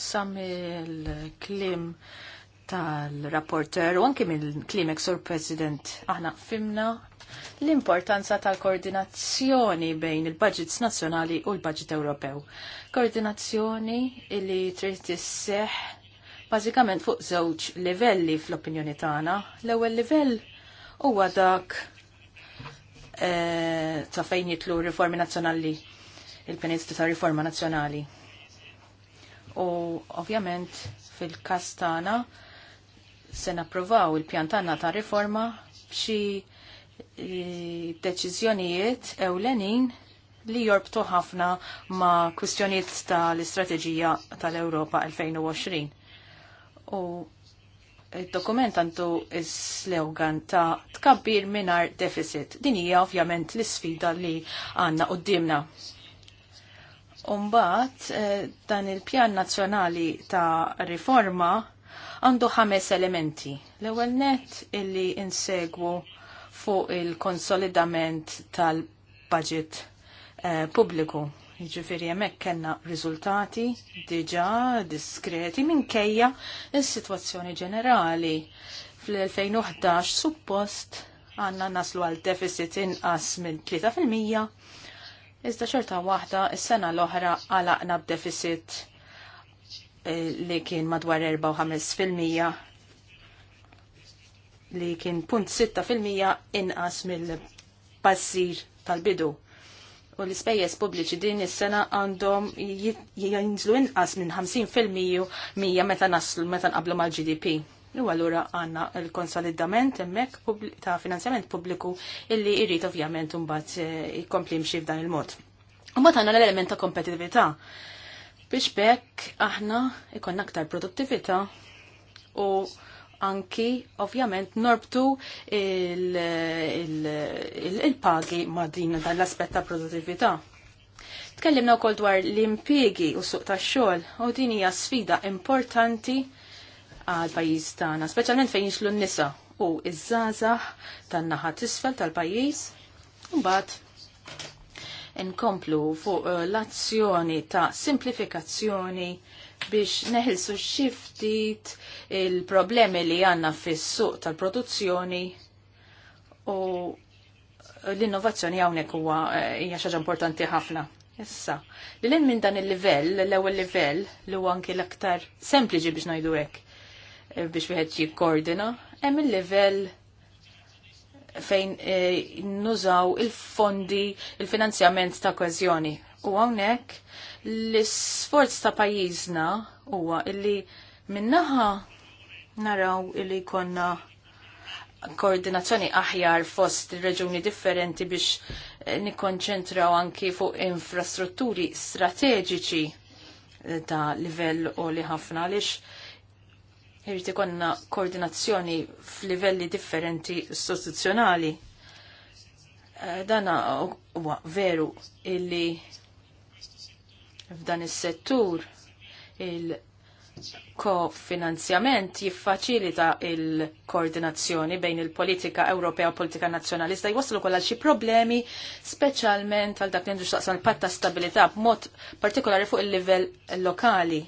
sammi l-klim tal-rapporter u anki mill-klim Sur President aħna fimna l-importanza tal-koordinazzjoni bejn il-budgets nazzjonali u l-budget Ewropew. Koordinazzjoni li trid tisseħ bażikament fuq żewġ livelli fl-opinjoni tagħna. L-ewwel livell huwa dak eh, ta' fejn jitlu riformi nazzjonali il-penizzi ta' riforma nazzjonali u ovvjament fil-kastana se napprovaw il-pjantana ta' riforma b'xi e, deċiżjonijiet ewlenin li jorbtu ħafna ma' kwistjonijiet tal-istrateġija tal-Europa 2020. U il-dokument għandu slogan ta' tkabbir minar deficit. Din hija ovvjament l-sfida li għanna qoddimna. Umbat, eh, dan il-pjan nazzjonali ta' riforma għandu ħames elementi. L-ewwel net illi insegwu fuq il-konsolidament tal-budget eh, pubbliku. Ġifiri jemmek kena rizultati diġa diskreti minkejja il-situazzjoni ġenerali. Fl-2011 suppost għanna naslu għal deficit inqas minn 3% Iżda ċerta waħda, s-sena l-oħra għalaqna b'deficit eh, li kien madwar 4-5% li kien punt 6% inqas mill bazzir tal-bidu. U l-ispejjeż pubbliċi din is-sena għandhom jinżlu inqas minn 50% mija meta naslu meta nqablu mal-GDP. U għallura għanna l-konsolidament emmek ta' finanzjament pubbliku illi irrit ovvjament unbat eh, jkompli mxi f'dan il-mod. Unbat għanna l-element ta' kompetitivita. Biex bekk aħna ikonna aktar produttività u anki ovvjament norbtu il-pagi ma' din dan l-aspett ta' produttività. Tkellimna wkoll dwar l-impjegi u suq tax-xogħol u din hija sfida importanti għal pajjiż tagħna, speċjalment fejn jinxlu n-nisa u iż-żgħażagħ tan-naħa tisfel tal-pajjiż. Imbagħad inkomplu fuq eh, l-azzjoni ta' simplifikazzjoni biex neħilsu xiftit il-problemi li għanna fis-suq tal-produzzjoni u l-innovazzjoni hawnhekk huwa eh, hija xaġa importanti ħafna. Issa, li l minn dan il-livell, l ewwel livell, li huwa anki l-aktar sempliġi biex ngħidu hekk. Eh, biex wieħed jikkordina, hemm il-livell fejn eh, nużaw il-fondi, il-finanzjament ta' kważjoni. U hawnhekk l-isforz ta' pajjiżna huwa illi minnaħa naraw illi konna koordinazzjoni aħjar fost reġuni differenti biex eh, nikkonċentraw anki fuq infrastrutturi strateġiċi ta' livell u li ħafna għaliex. Irrid ikonna koordinazzjoni f'livelli differenti istituzzjonali. Eh, Dana huwa veru illi f'dan is-settur il kofinanzjament jiffaċilita il-koordinazzjoni bejn il-politika Ewropea u politika nazzjonalista jwasslu kollha xi problemi speċjalment għal dak li taqsam il ta' stabilità b'mod partikolari fuq il-livell lokali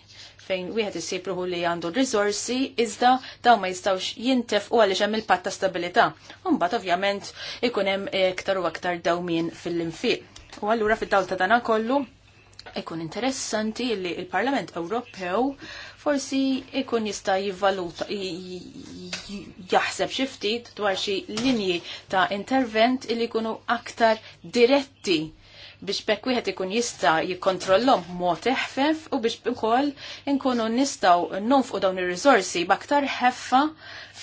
fejn wieħed isibruħu li għandu risorsi iżda dawn ma jistgħux jintef u għaliex hemm il patt ta' stabilità. Mbagħad ovvjament ikun hemm iktar u aktar dawmin fil-infiq. U allura fid-dawl ta' dan kollu ikun interessanti li il-Parlament Ewropew forsi ikun jista' jivvaluta jaħseb xi ftit dwar xi linji ta' intervent li jkunu aktar diretti biex bekk wieħed ikun jista' jikkontrollhom b'mod eħfef u biex ukoll inkunu nistgħu nonfqu dawn ir-riżorsi b'aktar ħeffa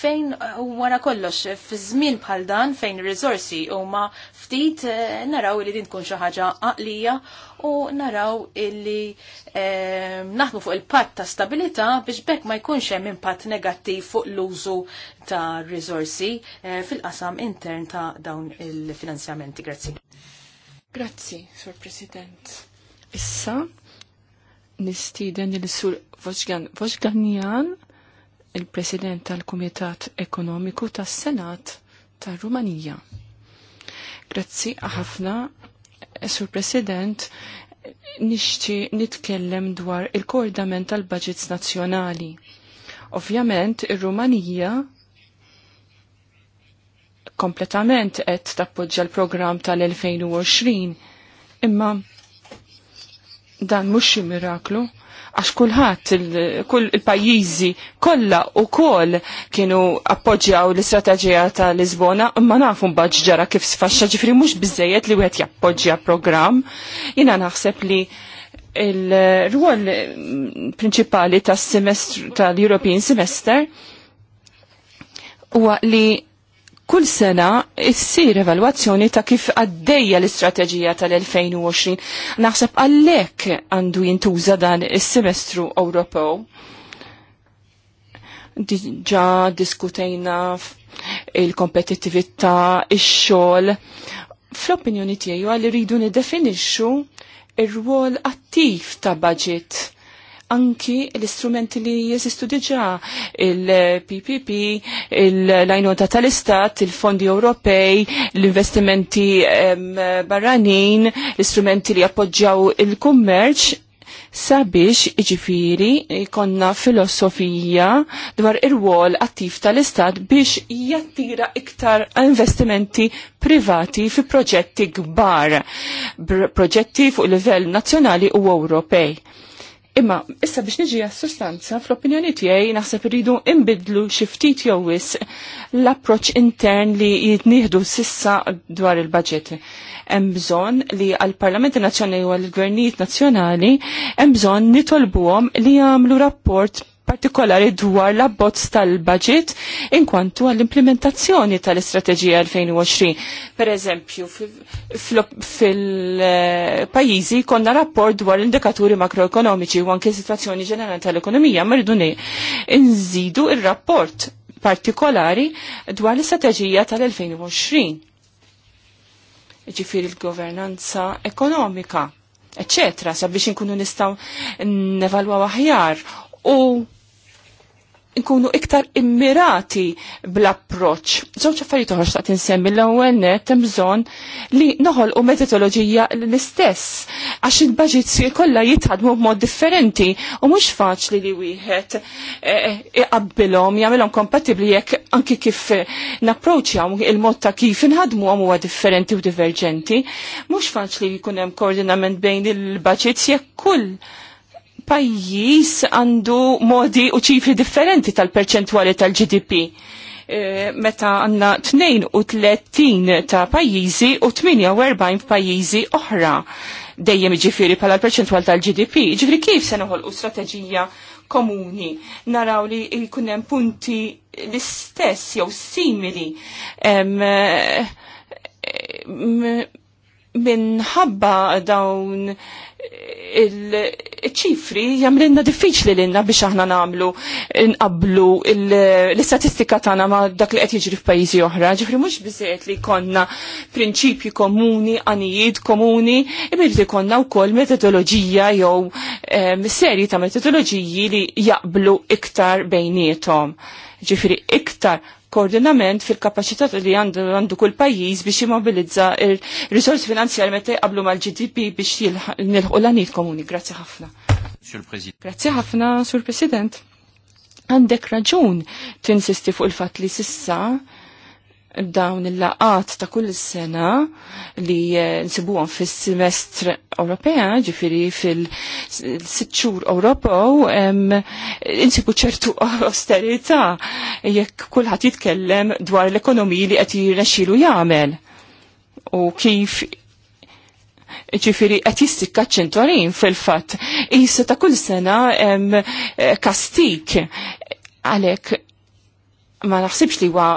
fejn wara kollox fi żmien bħal dan fejn ir-riżorsi huma ftit, eh, naraw li din tkun xi ħaġa għaqlija u naraw illi eh, naħdmu fuq il-patt ta' stabilità biex bekk ma jkunx hemm impatt negattiv fuq l-użu ta' risorsi eh, fil-qasam intern ta' dawn il-finanzjamenti. Grazzi. Grazzi, Sur President. Issa nistiden il-Sur Voġgan Voġganjan il-President tal-Kumitat Ekonomiku tas-Senat tar-Rumanija. Grazzi ħafna, Sur President, nixti nitkellem dwar il-koordament tal-budgets nazzjonali. Ovvjament, ir-Rumanija kompletament qed tappoġġja l-programm tal-2020 imma Dan mhux xi miraklu għax kullħat kull il-pajjiżi kollha wkoll kienu appoġġjaw l-istrateġija ta' Lisbona imma nafu mbagħad ġara kif sfaxxa ġifri mhux biżejjed li wieħed jappoġġja programm. Jiena naħseb li il-rwol prinċipali tas-semestru tal-European Semester huwa li kull sena issir evalwazzjoni ta' kif għaddejja l-istrateġija tal-2020. Naħseb għallek għandu jintuża dan is-semestru Ewropew. Diġa diskutejna il kompetittivita ix-xogħol. Fl-opinjoni tiegħi għalli rridu nidefinixxu ir-rwol attiv ta' budget anki l-istrumenti li jesistu diġa il-PPP, l-ajnota il ppp l ajnota il-fondi Ewropej, l-investimenti barranin, l-istrumenti li appoġġaw il-kummerċ, sabiex iġifiri ikonna filosofija dwar ir-wol attiv tal-Istat biex jattira iktar investimenti privati fi proġetti gbar, proġetti fuq livell nazzjonali u Ewropej Imma, issa biex niġi għas-sustanza, fl-opinjoni tiegħi naħseb irridu imbidlu xiftit jew wis l-approċ intern li jitnieħdu sissa dwar il-budget. Hemm bżonn li għall-Parlament Nazzjonali u għall-Gvernijiet Nazzjonali hemm bżonn nitolbuhom li jagħmlu rapport partikolari dwar l-abbozz tal-budget inkwantu għall-implementazzjoni tal-istrateġija 2020. Per eżempju, fil-pajizi konna rapport dwar indikaturi makroekonomiċi u anke situazzjoni ġenerali tal-ekonomija merdu nżidu il-rapport partikolari dwar l-istrateġija tal-2020. Ġifir l-governanza ekonomika eccetera, sabiex nkunu nistaw nevalwa aħjar u nkunu iktar immirati bl-approċ. Żewġ affarijiet oħra xtaqt insemmi l-ewwel net hemm bżonn li noħolqu metodoloġija l-istess għax il-baġits kolla jitħadmu b'mod differenti u mhux faċli li wieħed eh, eh, iqabbilom, jagħmilhom kompatibbli jekk anki kif eh, napproċċjaw il-mod ta' kif għamu huwa differenti u diverġenti. Mhux faċli jkun hemm koordinament bejn il-baġits jekk kull pajjiż għandu modi u ċifri differenti tal-perċentwali tal-GDP. E, meta għanna 32 ta' pajjiżi u 48 pajjiżi oħra dejjem ġifiri pala l-perċentwal tal-GDP. Ġifiri kif se u strateġija komuni naraw li jkunem punti l-istess jew simili minħabba dawn il-ċifri jamrinna diffiċli l-inna biex aħna namlu nqablu l-istatistika tagħna ma dak li qed jiġri f'pajjiżi oħra. Ġifri mhux biżejjed li konna prinċipji komuni, anijiet komuni, li konna wkoll metodoloġija jew serji ta' metodoloġiji li jaqblu iktar bejnietom. Ġifri iktar koordinament fil-kapacità li għandu kull pajjiż biex jimmobilizza il-risorsi finanzjari meta jqablu mal-GDP biex nilħu l-għanijiet komuni. Grazzi ħafna. Grazzi ħafna, Sur President. Għandek raġun tinsisti fuq il-fat li sissa dawn il-laqat ta' kull sena li eh, nsibuħan fis-semestr Ewropea, ġifiri fil-sitxur Ewropew, insibu ċertu austerita, jekk kulħadd jitkellem dwar l-ekonomiji li qed jirnexxielu jagħmel u kif ġifiri qed jistikka ċentorin fil-fatt. Issa ta' kull sena eh, kastik għalek ma naħsibx li huwa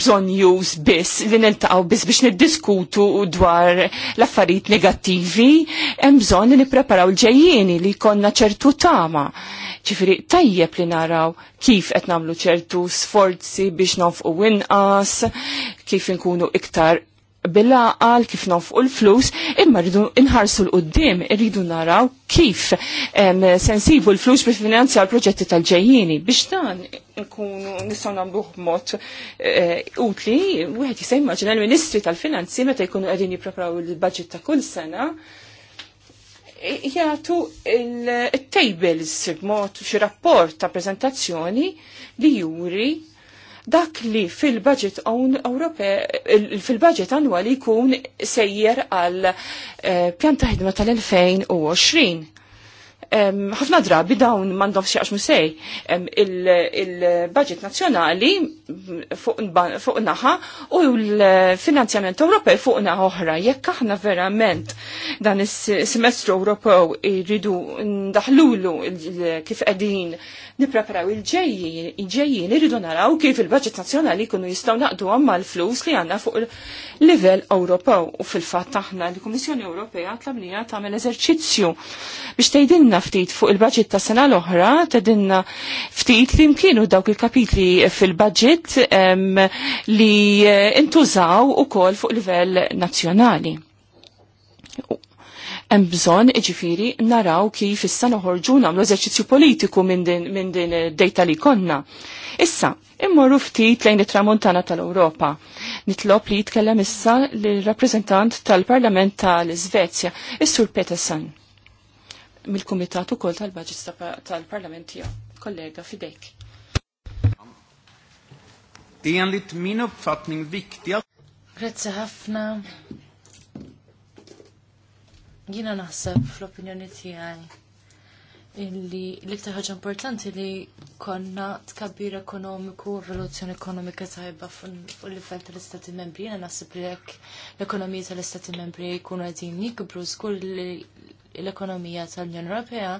bżon już biss li niltaqgħu biss biex niddiskutu dwar l-affarijiet negattivi, hemm bżonn li nippreparaw l-ġejjieni li jkollna ċertu tama. Ċifiri, tajjeb li naraw kif qed nagħmlu ċertu sforzi biex nofqu inqas, kif inkunu iktar billa għal kif nofqu l-flus, imma rridu inħarsu l-qoddim, rridu naraw kif sensibu l-flus bi finanzja l-proġetti tal-ġejjini. Biex dan nkun nistgħu nagħmluh eh, utli, wieħed jista' jimmaġina l-Ministri tal-Finanzi meta jkunu qegħdin jippreparaw l budget ta' kull sena, jgħatu il-tables b'mod xi rapport ta' prezentazzjoni li juri dak li fil-budget fil-budget annwali jkun sejjer għal eh, pjan ta' ħidma tal-2020. Ħafna drabi dawn mandom xieqx musej. Il-budget nazzjonali fuq naħa u l-finanzjament Ewropej fuq naħa oħra. Jekk aħna verament dan is-semestru Ewropew irridu ndaħlulu kif qegħdin nipreparaw il-ġejjin, irridu naraw kif il-budget nazzjonali kunu jistaw naqdu għamma l-flus li għanna fuq il-level Ewropew u fil-fat taħna l-Kummissjoni Ewropea tlabnija tagħmel eżerċizzju biex tgħidilna ftit fuq il-budget ta' sena l-oħra tgħidilna ftit li mkienu dawk il-kapitli fil-budget li eh, intużaw ukoll fuq livell nazzjonali hemm bżonn iġifieri naraw kif issa noħorġu nagħmlu eżerċizzju politiku minn din id din dejta li konna. Issa, immorru ftit lejn it-tramuntana tal-Ewropa. Nitlob li jitkellem issa l-rappreżentant tal-Parlament tal-Iżvezja, is-Sur Peterson mill-Kumitat ukoll tal-Baġit tal-Parlament tiegħu. Kollega fidejk. Det är enligt min uppfattning Grazie ħafna. Jiena naħseb fl-opinjoni tiegħi illi l-iktar ħaġa importanti li konna tkabbir ekonomiku, u evoluzzjoni ekonomika tajba fuq livell tal-Istati Membri. Jiena naħseb li jekk l-ekonomija tal-Istati Membri jkunu qegħdin jikbru skull l-ekonomija tal-Unjoni Ewropea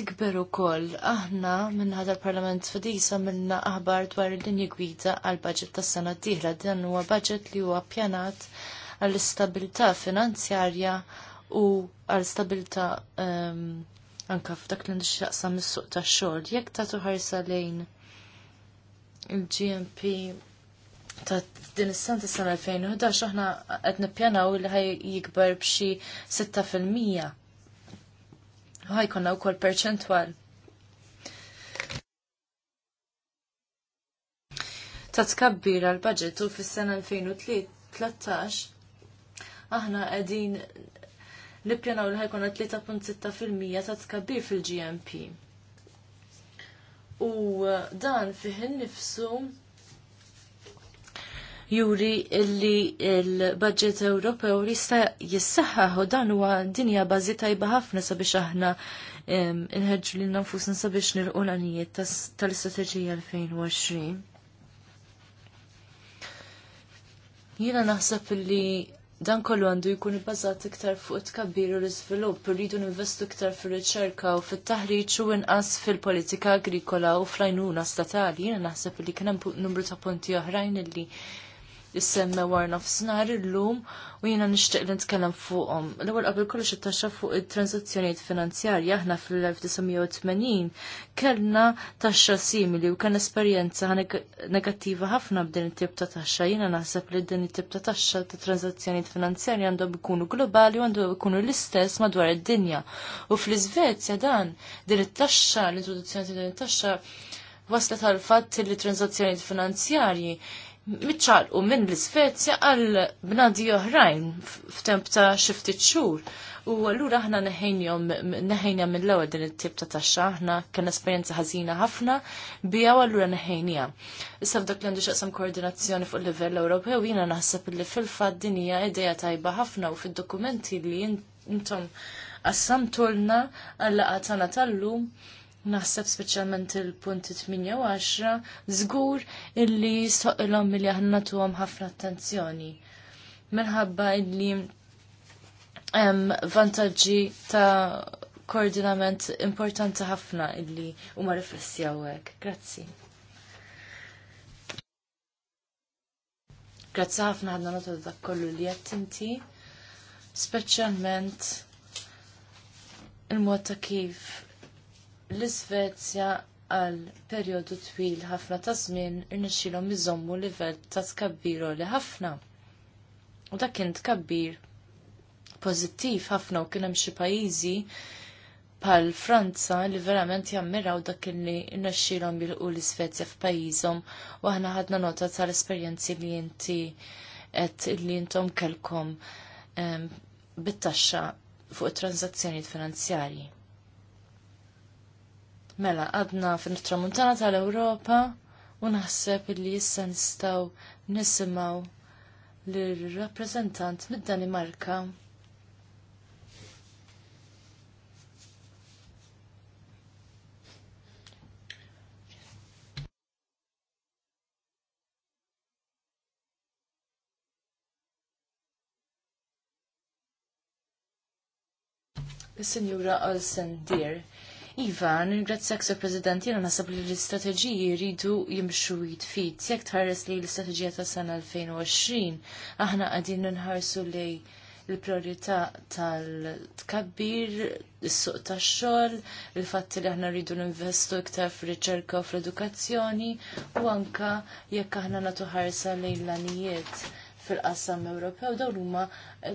tikberu kol, aħna ħadd ħadar parlament fadisa minna aħbar dwar il-linji gwida għal budget tas sena d dieħla dan huwa budget li huwa pjanat għall-istabilità finanzjarja u għall-istabilità um, anka f'dak li nixtaqsa mis-suq tax-xogħol. Jekk ta' tuħarsa lejn il-GMP ta' din is-sena ta' sena 2011 aħna qed nippjanaw li ħaj jikber b'xi 6%. Ħajkonna wkoll perċentwal ta' tkabbir għal budget u fis-sena 2013 aħna qegħdin nippjanaw li ħajkun 3.6% ta' tkabbir fil-GMP. U uh, dan fih innifsu juri illi il-budget Ewropew jista' jissaħħaħ u dan huwa dinja bażi tajba ħafna sabiex aħna inħeġġu lil nfusna sabiex nilqu l-għanijiet tal-istrateġija 2020. Jiena naħseb illi dan kollu għandu jkun ibbażat iktar fuq it tkabbir u l-iżvilupp, rridu ninvestu iktar fir-riċerka u fit-taħriġ u inqas fil-politika agrikola u fl-għajnuna statali. Jiena naħseb li kien hemm numru ta' punti oħrajn illi jissemme war il illum u jina nishtiq li nitkellem fuqhom. L-ewwel qabel kollox it-taxxa fuq it-transazzjonijiet finanzjarji aħna fil-1980 kellna taxxa simili u kien esperjenza negattiva ħafna b'din it-tip ta' taxxa. Jiena naħseb li din it-tip ta' taxxa ta' transazzjonijiet finanzjarji għandhom ikunu globali u għandhom ikunu l-istess madwar id-dinja. U fl-Iżvezja dan din it-taxxa, l-introduzzjoni ta' din it-taxxa waslet għal fatt li transazzjonijiet finanzjarji u minn l-Svezja għal bnadi oħrajn f'temp ta' xifti ċur. U allura aħna neħenja minn mill-ewwel din it-tip ta' taxxa, aħna kien esperjenza ħażina ħafna bija u allura neħejnija. Issa f'dak li għandu xaqsam koordinazzjoni fuq livell Ewropew jiena naħseb li fil fad din hija idea tajba ħafna u fid-dokumenti li intom assamtulna għall tagħna tal-lum naħseb speċjalment il-punti 8 u 10, żgur illi soqilhom milli aħna tuhom ħafna attenzjoni. Minħabba illi hemm vantaġġi ta' koordinament importanti ħafna illi huma riflessi hawnhekk. Grazzi. Grazzi ħafna ħadna nota dak kollu li qed inti, speċjalment il-mod ta' kif l-Svezja għal perjodu twil ħafna ta' żmien irnexxilhom iżommu livell ta' tkabbir li ħafna. U dak kien tkabbir pożittiv ħafna u kien hemm xi pajjiżi bħal Franza li verament jammiraw dak li rnexxilhom jilqu l iżvezja f'pajjiżhom u aħna ħadna nota tal-esperjenzi li inti qed li intom kelkom ehm, bit-taxxa fuq it-transazzjonijiet finanzjarji. Mela, għadna fin-tramuntana tal-Ewropa u naħseb li issa nistaw nisimaw l-rappresentant mid-Danimarka. Is-Sinjura Olsen dear, Iva, ningrazzjak Sur President, Jena naħseb li l-istrateġiji jridu jimxu jitfit. Jekk tħares li l istrategija ta' sena 2020, aħna qegħdin nħarsu li l-priorità tal-tkabbir, is-suq tax-xogħol, il-fatt li aħna rridu ninvestu iktar fir-riċerka u fl-edukazzjoni u anka jekk aħna nagħtu ħarsa li l-anijiet fil-qassam Ewropew dawn huma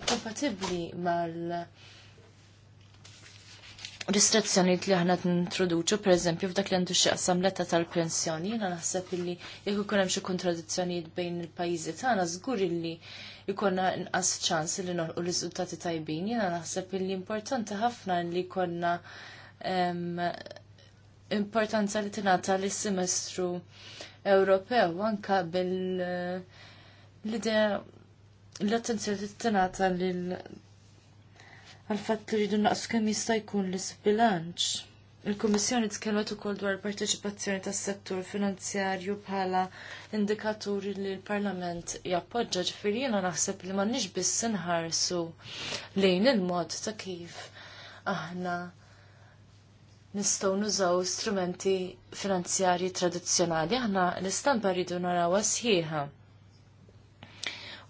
kompatibbli mal- restrizzjonijiet li aħna t-introduċu, per eżempju, f'dak li għandu xieqsam letta tal-pensjoni, jena naħseb illi jekk ikun hemm xi kontradizzjonijiet bejn il-pajjiżi tagħna żgur illi jkollna inqas ċans li noħolqu riżultati tajbin, jena naħseb illi importanti ħafna li jkollna importanza li tingħata lis semestru Ewropew anka bil eh, l-idea l-attenzjoni li tingħata lil għal fat li rridu naqs kemm jista' jkun l-isbilanċ. Il-Kummissjoni tkellmet ukoll dwar partecipazzjoni tas-settur finanzjarju bħala indikaturi li l-Parlament jappoġġa ġifieri jiena naħseb li m'għandniex biss inħarsu lejn il-mod ta' kif aħna nistgħu nużaw strumenti finanzjarji tradizzjonali aħna l-istampa rridu narawha sħiħa.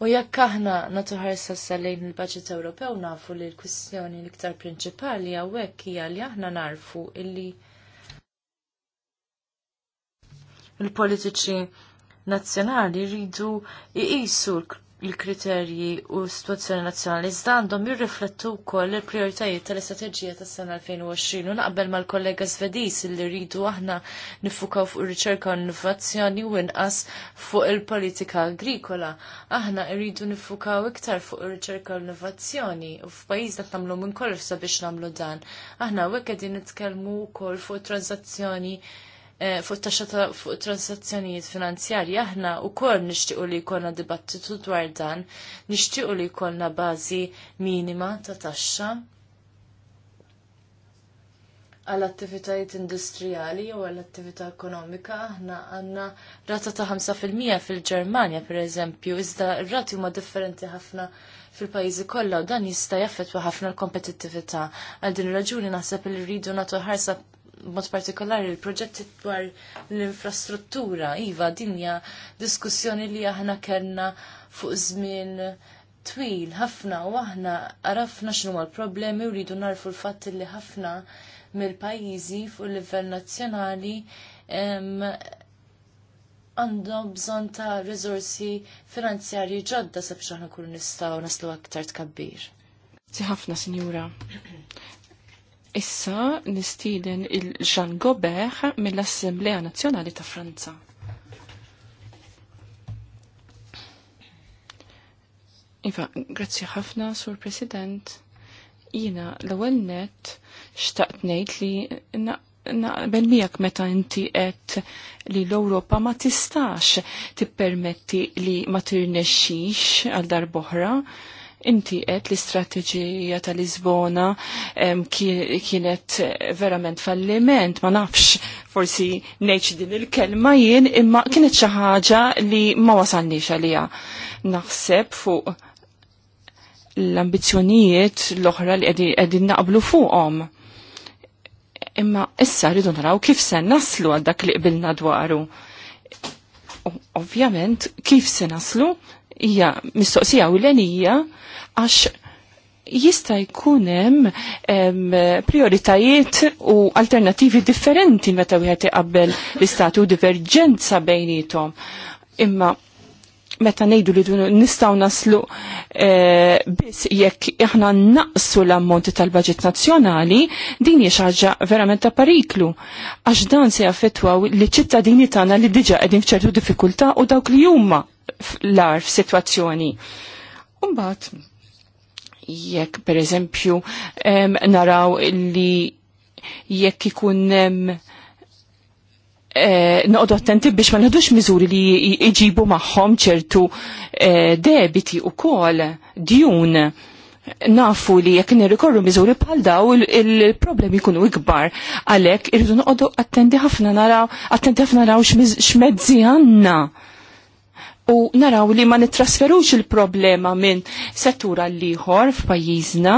U jekk aħna natu ħarsa lejn il-Baġit Ewropew nafu li l-kwistjoni l-iktar prinċipali hawnhekk hija li aħna narfu illi il-politiċi nazzjonali rridu iqisu il-kriterji u s-situazzjoni nazzjonali iżda għandhom jirriflettu wkoll il-prijoritajiet tal-istrateġija tas-sena 2020 u naqbel mal-kollega Svedis li rridu aħna nifukaw fuq ir-riċerka u innovazzjoni u inqas fuq il-politika agrikola. Aħna rridu nifukaw iktar fuq ir-riċerka u innovazzjoni u f'pajjiżna tagħmlu minn kollox sabiex nagħmlu dan. Aħna hekk qegħdin nitkellmu wkoll fuq transazzjoni Eh, fuq taxxa fuq transazzjonijiet finanzjarji aħna wkoll nixtiequ li jkollna dibattitu dwar dan, nixtiequ li jkollna bażi minima ta' taxxa għal attivitajiet industrijali jew għal attività ekonomika aħna għandna rata ta' 5% fil-Ġermanja pereżempju, iżda r-rati huma differenti ħafna fil-pajjiżi kollha u dan jista' jaffettwa ħafna l-kompetittività. Għal din raġuni naħseb li rridu nagħtu ħarsa mod partikolari l-proġetti dwar l-infrastruttura. Iva, dinja diskussjoni li aħna kellna fuq żmien twil ħafna u aħna arafna xinu l-problemi u rridu narfu l fat li ħafna mill-pajjiżi fuq livell nazzjonali għandhom bżonn ta' rizorsi finanzjarji ġodda sabiex aħna kun nistgħu naslu aktar tkabbir. Grazzi ħafna, Sinjura. Issa nistiden il-Jean Gobert mill-Assemblea Nazzjonali ta' Franza. Iva, grazzi ħafna, Sur President. Jina, l-ewwel net xtaqt ngħid li naqbel miegħek meta inti qed li l-Ewropa ma tistax tippermetti li ma tirnexxix għal darb'oħra. oħra Inti qed l-istrateġija tal-Lisbona kienet verament falliment, ma nafx forsi ngħidx din il-kelma jien, imma kienet xi ħaġa li ma wasalniex għaliha. Naħseb fuq l-ambizzjonijiet l-oħra li qegħdin naqblu fuqhom. Imma issa rridu naraw kif se naslu għal dak li qbilna dwaru ovvjament kif se naslu hija mistoqsija u l-enija għax jista' jkun hemm prioritajiet u alternativi differenti meta wieħed iqabbel l-istatu diverġenza bejnietom. Imma meta ngħidu li nistgħu naslu e, biss jekk aħna naqsu l-ammonti tal-baġit nazzjonali, din hi xi ħaġa verament ta' pariklu. Għax dan se jaffettwaw li ċittadini tagħna li diġà qegħdin f'ċertu diffikultà u dawk li huma l-ar f'sitwazzjoni. Umbat, jekk per eżempju naraw li jekk ikun eh, noqdu attenti biex ma nħadux miżuri li iġibu maħħom ċertu e, debiti u kol djun nafu li jekk nirrikorru miżuri bħal daw il-problemi il jkunu ikbar għalhekk irridu noqogħdu attenti ħafna naraw attenti ħafna naraw x'mezzi għandna u naraw li ma nitrasferux il-problema minn settura l-liħor f'pajjiżna,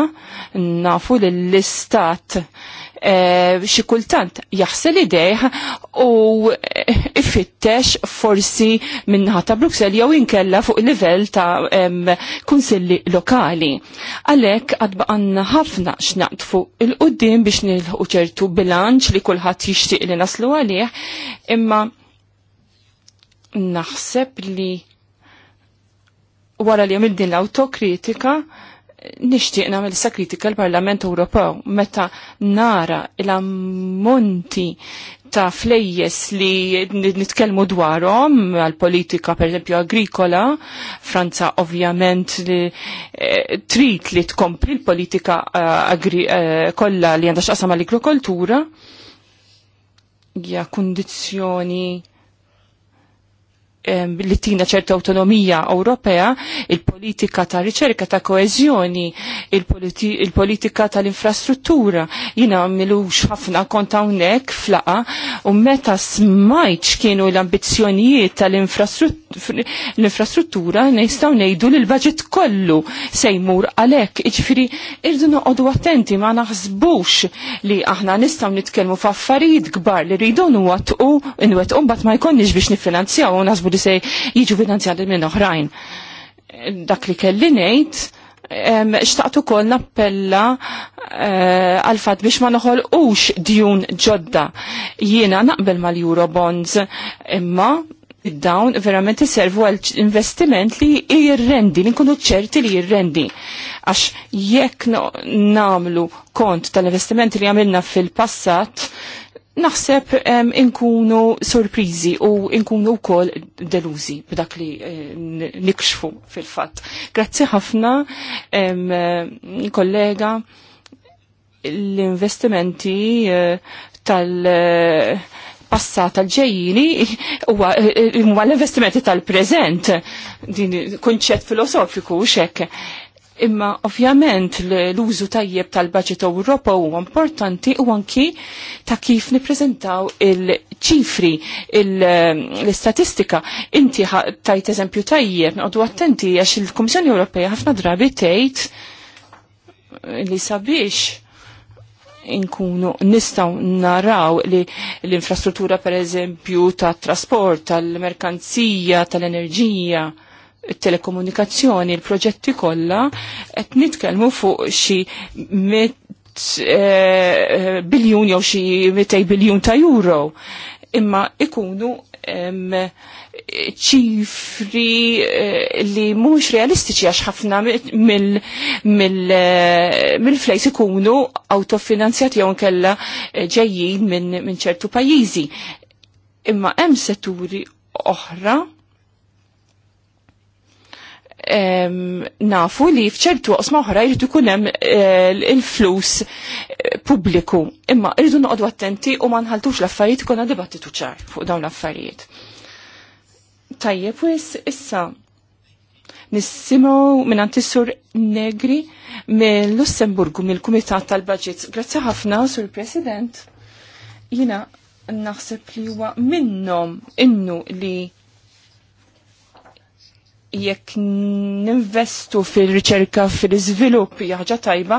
nafu li l-istat e, xi kultant jaħsel idejh u eh, ifittex forsi minnaħa ta' Bruxelles jew inkella fuq livell ta' em, kunsilli lokali. Għalhekk għadba għandna ħafna x'naqt fuq il-qudiem biex nilħu ċertu bilanċ li kulħadd jixtieq li naslu għalih, imma Naħseb li wara li għamil din l-autokritika, nishtiq namel sa kritika l-Parlament Ewropew meta nara l-ammonti ta' flejjes li nitkellmu dwarhom għal-politika esempio agrikola, Franza ovvjament li eh, trid li tkompli l-politika eh, eh, kollha li għandha x'qasam għall-agrikoltura Ja kundizzjoni li tina ċerta autonomija Ewropea, il-politika ta' riċerka ta' koezjoni, il-politika tal-infrastruttura. Jina għamilu ħafna kont hawnhekk flaqa u meta smajċ kienu l-ambizzjonijiet tal-infrastruttura nistgħu ngħidu li l-budget kollu se jmur għalhekk. irdu noqogħdu attenti ma naħsbux li aħna nistgħu nitkellmu f'affarijiet kbar li rridu nwet u bat ma jkollniex biex nifinanzjaw u nasbu studi se jiġu finanzjati minn oħrajn. Dak li kelli ngħid, xtaqtu kol nappella eh, għalfat fatt biex ma noħol ux djun ġodda. Jiena naqbel mal eurobonds imma dawn verament iservu għal investiment li jirrendi, li nkunu ċerti li jirrendi. Għax jekk namlu kont tal-investimenti li għamilna fil-passat, naħseb inkunu sorprizi u inkunu kol deluzi b'dak li eh, nikxfu fil-fat. Grazzi ħafna, kollega, l-investimenti eh, tal- eh, passat tal-ġejjini huwa l-investimenti tal-preżent din kunċett filosofiku xek Imma ovvjament l-użu tajjeb tal-Baġit Ewropa huwa importanti u anki ta' kif nippreżentaw il-ċifri, eh, l-istatistika. Inti tajt eżempju tajjeb, noqdu attenti għax il-Kummissjoni Ewropea ħafna drabi tgħid li sabiex inkunu nistaw naraw li l-infrastruttura per eżempju ta' trasport, tal-merkanzija, tal-enerġija, telekomunikazzjoni, il-proġetti kollha qed nitkellmu fuq xi eh, biljun jew xi 200 biljun ta' euro. Imma ikunu ċifri eh, li mhux realistiċi għax ħafna eh, mill-flejs ikunu autofinanzjati jew nkella ġejjin minn ċertu pajjiżi. Imma hemm setturi oħra nafu li fċertu osma oħra jridu kunem il-flus eh, eh, publiku. Imma jridu noqdu attenti u ma nħaltux l-affarijiet kuna dibattitu ċar fuq dawn l-affarijiet. Tajjeb wis issa nissimu minn antisur negri mill lussemburgu mill-Kumitat tal-Budget. Grazzi ħafna, Sur President. Jina naħseb li huwa minnom innu li jekk ninvestu fil-riċerka fil-iżvilupp jaħġa tajba,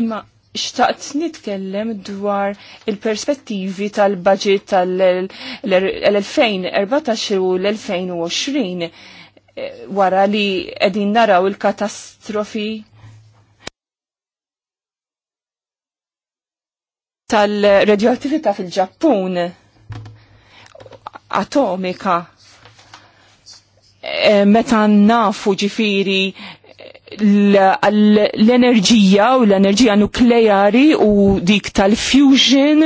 imma xtaqt nitkellem dwar il-perspettivi tal-budget tal-2014 u l-2020 wara li qegħdin naraw il-katastrofi tal-radioattività fil-Ġappun atomika Eh, meta nafu ġifiri l-enerġija u l-enerġija nukleari u dik tal-fusion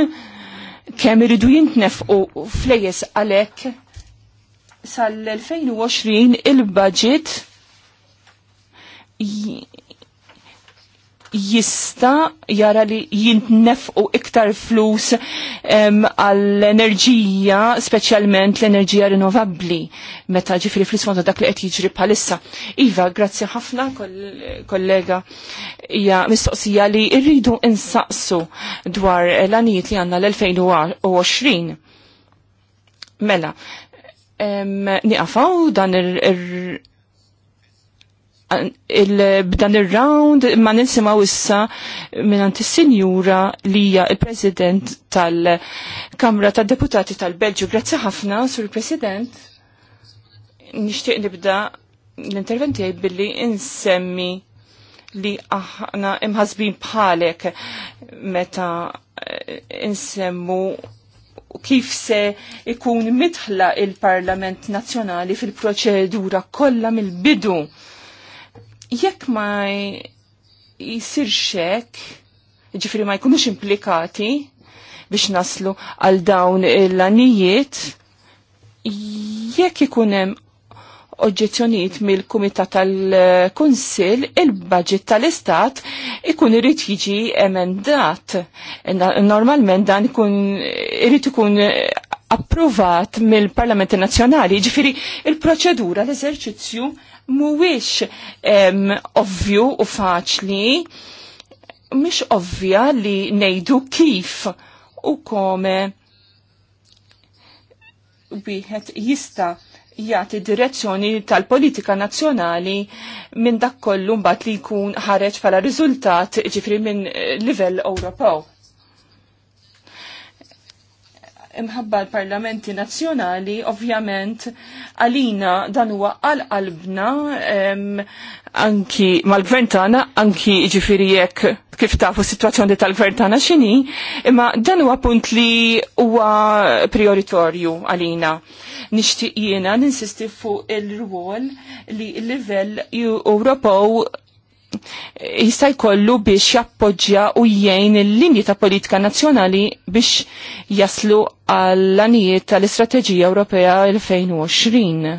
kemm iridu jintnefqu flejes għalhekk sal-2020 il-budget jista jara li jintnefqu iktar flus għall-enerġija, speċjalment l-enerġija rinnovabbli. Meta ġifri fl-isfonda dak li qed jġri palissa. Iva, grazzi ħafna kollega hija mistoqsija li rridu insaqsu dwar l-anijiet li għandna l-2020. Mela, niqafaw dan b'dan ir-round ma nisimaw issa minn is senjura li hija l-President tal-Kamra tad-Deputati tal-Belġju. Grazzi ħafna, Sur President. Nixtieq nibda l-intervent tiegħi billi insemmi li aħna imħazbin bħalek meta eh, insemmu kif se ikun mitħla il-Parlament Nazzjonali fil-proċedura kollha mill-bidu Jekk ma jisir xek, ġifri ma jkunux implikati biex naslu għal dawn l-anijiet, jekk ikunem oġġezzjonijiet mill kumita tal-Kunsil, il-budget tal-Istat ikun irid jiġi emendat. Normalment dan ikun irid ikun approvat mill-Parlamenti Nazzjonali, ġifiri il-proċedura, l-eżerċizzju mhuwiex ovvju u faċli, mhix ovvja li ngħidu kif u kome wieħed jista' jagħti direzzjoni tal-politika nazzjonali minn dak kollu mbagħad li jkun ħareġ bħala riżultat ġifri minn eh, livell Ewropew imħabba l-parlamenti nazzjonali, ovvjament, għalina dan huwa għal-qalbna anki mal-gvern tagħna, anki ġifieri jekk kif tafu s-sitwazzjoni tal-gvern tagħna x'inhi, imma dan huwa punt li huwa prioritorju għalina. Nixtieq jiena ninsisti fuq il-rwol li l-livell Ewropew jista' jkollu biex jappoġġja u jgħin il-linji ta' politika nazzjonali biex jaslu għall-anijiet tal-Istrateġija Ewropea 2020.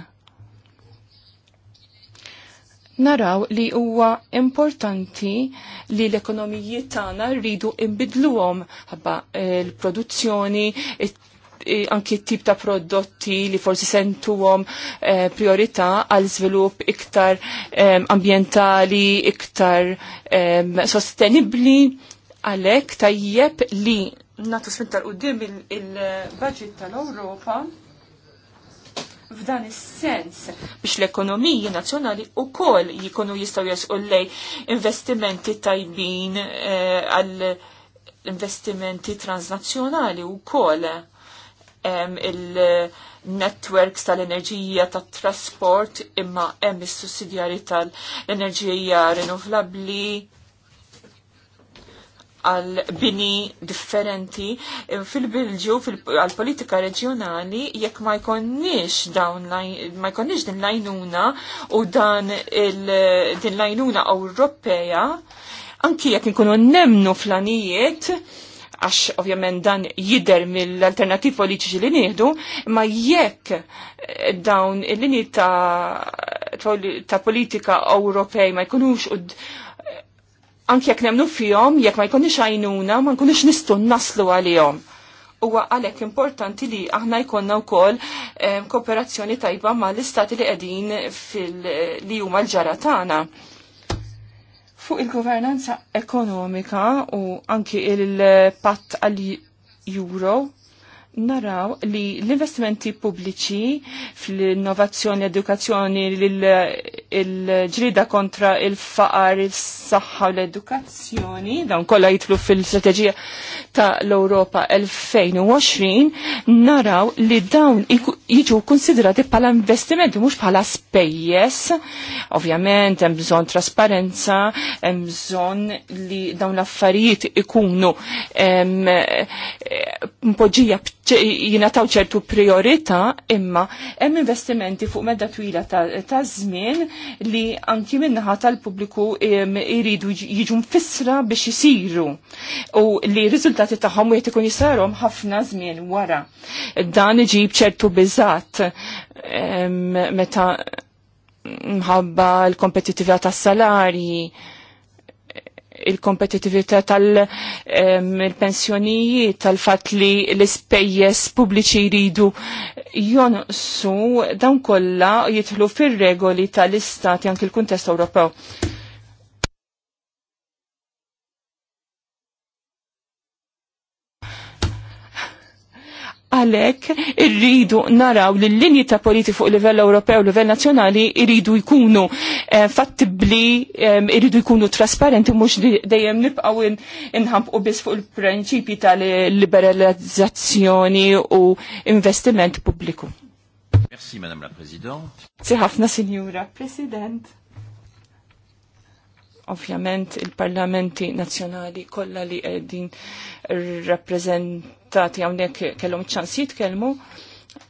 Naraw li huwa importanti li l-ekonomijiet tagħna rridu imbidluhom ħabba eh, l-produzzjoni, anki tip ta' prodotti li forsi sentuhom għom eh, priorità għal żvilupp iktar eh, ambientali, iktar eh, sostenibli għalhekk tajjeb li natu spinta u dim il-budget tal-Europa f'dan is-sens biex l-ekonomiji nazzjonali u koll jikonu jistaw jasqu lej investimenti tajbin eh, għall investimenti transnazzjonali u koll il-networks tal-enerġija tat-trasport imma hemm is-sussidjarji tal-enerġija rinnovabbli għal bini differenti fil-bilġu għal politika reġjonali jekk ma jkonniex dawn ma jkonniex din lajnuna u dan il din lajnuna Ewropea anki jekk nkunu nemnu flanijiet għax ovvjament dan jider mill-alternativ politiċi li nieħdu, ma jekk eh, dawn il-linji ta', ta politika Ewropej ma jkunux anki jekk nemnu fihom, jekk ma jkunux għajnuna, ma nkunux nistgħu naslu għalihom huwa għalhekk importanti li aħna jkollna wkoll eh, kooperazzjoni tajba mal istati li qegħdin fil li huma l-ġara tagħna. Fuq il-governanza ekonomika u anki il-patt għal-euro, naraw li l-investimenti pubbliċi fl-innovazzjoni, edukazzjoni, l-ġrida kontra il-faqar, il-saxħa u l-edukazzjoni, dawn kolla jitlu fil-strategija ta' l-Europa 2020, naraw li dawn jiġu konsiderati pala investimenti, mux pala spejjes, ovvjament, hemm trasparenza, hemm li dawn l-affarijiet ikunu eh, mpoġija taw ċertu priorita imma hemm investimenti fuq medda twila ta' żmien li anki minnaħa tal-pubbliku jridu jiġu mfissra biex isiru u li riżultati tagħhom wieħed ikun jisarhom ħafna żmien wara. Dan iġib ċertu biżat meta mħabba l-kompetitività tas-salarji il-kompetitività tal-pensjonijiet, ehm, tal-fat li l-ispejjes pubbliċi jridu jonqsu dawn kollha jidħlu fir-regoli tal-istati anke l-kuntest Ewropew għalek irridu naraw li l-linji ta' politi fuq livell Ewropew, livell nazzjonali irridu jkunu eh, fattibli, eh, irridu jkunu trasparenti, mux li dejjem nibqaw inħampu bis fuq il-prinċipi tal-liberalizzazzjoni u investiment pubbliku. Merci, Madame la Présidente. Siħafna, Signora President. Ovvjament, il-parlamenti nazjonali kolla li għedin rappresent deputati hawnhekk kellhom ċans jitkellmu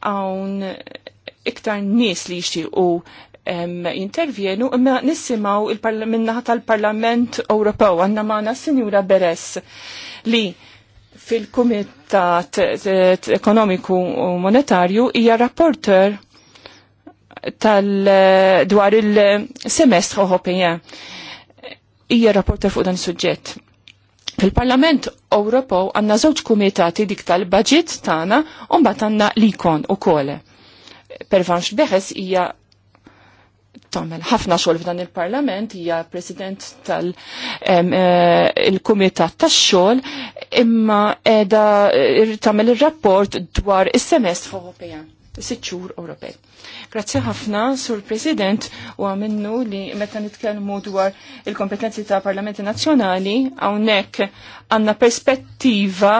hawn iktar nies li jixtiequ intervjenu imma nissimaw minnaħat tal-Parlament Ewropew għandna magħna Sinjura Beres li fil-Kumitat eh, Ekonomiku Monetarju hija rapporter tal-dwar il-semestru Ewropeja. Hija rapporter fuq dan is-suġġett Fil-Parlament Ewropew għandna żewġ kumitati dik tal-budget tagħna u mbagħad għandna l-ikon ukoll. Pervanx Beħes hija tagħmel ħafna xogħol f'dan il-Parlament, hija President tal-Kumitat eh, tax-xogħol, imma qiegħda tagħmel ir-rapport dwar is-semestru Ewropea sitxur Ewropej. Grazzi ħafna, Sur President, u għamennu li meta nitkellmu dwar il-kompetenzi ta' Parlamenti Nazzjonali, hawnhekk għandna perspettiva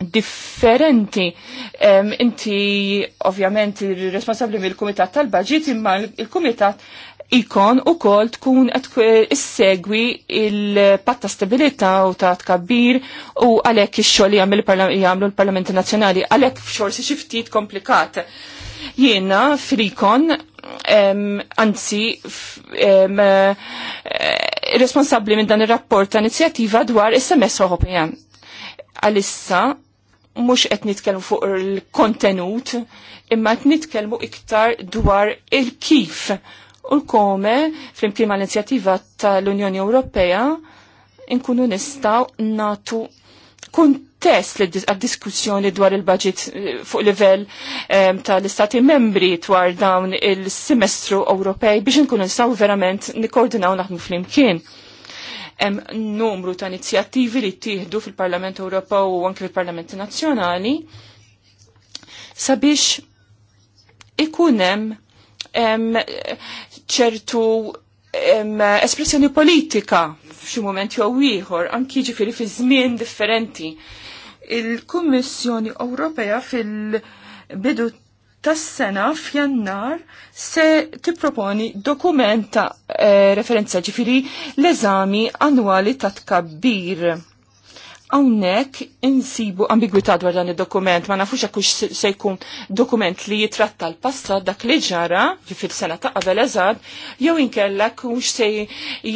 differenti. Um, inti ovvjament responsabli mill-Kumitat tal-Baġit imma il-Kumitat ikon u kol tkun issegwi il-patta stabilita u ta' tkabbir u għalek il-xol jgħamlu l-Parlamenti Nazjonali għalek si xiftit komplikat. Jiena frikon anzi eh, responsabli minn dan il-rapport ta' inizjativa dwar is-semestru Ewropejan. Għalissa mux qed nitkellmu fuq il-kontenut, imma qed nitkellmu iktar dwar il-kif u l-kome fl-imkien ma l-inizjattiva tal-Unjoni Ewropea inkunu nistaw natu kontest għad-diskussjoni dwar il-budget eh, fuq livell eh, tal-istati membri dwar dawn il-semestru Ewropej biex nkunu nistaw verament nikordinaw naħdmu fl-imkien hemm numru ta' inizjattivi li tieħdu fil-Parlament Ewropew u anke fil-Parlamenti Nazzjonali sabiex ikun hemm ċertu espressjoni politika f'xi moment jew ieħor, anki ġifieri fi żmien differenti. Il-Kummissjoni Ewropea fil-bidu tas-sena f'jannar se tipproponi dokumenta eh, referenza ġifiri l-eżami annwali ta' tkabbir. Hawnhekk insibu ambigwità dwar dan id-dokument, ma nafux għakux se jkun dokument li jitratta l-passat dak li ġara fil-sena ta' qabel eżad, jew inkella kux se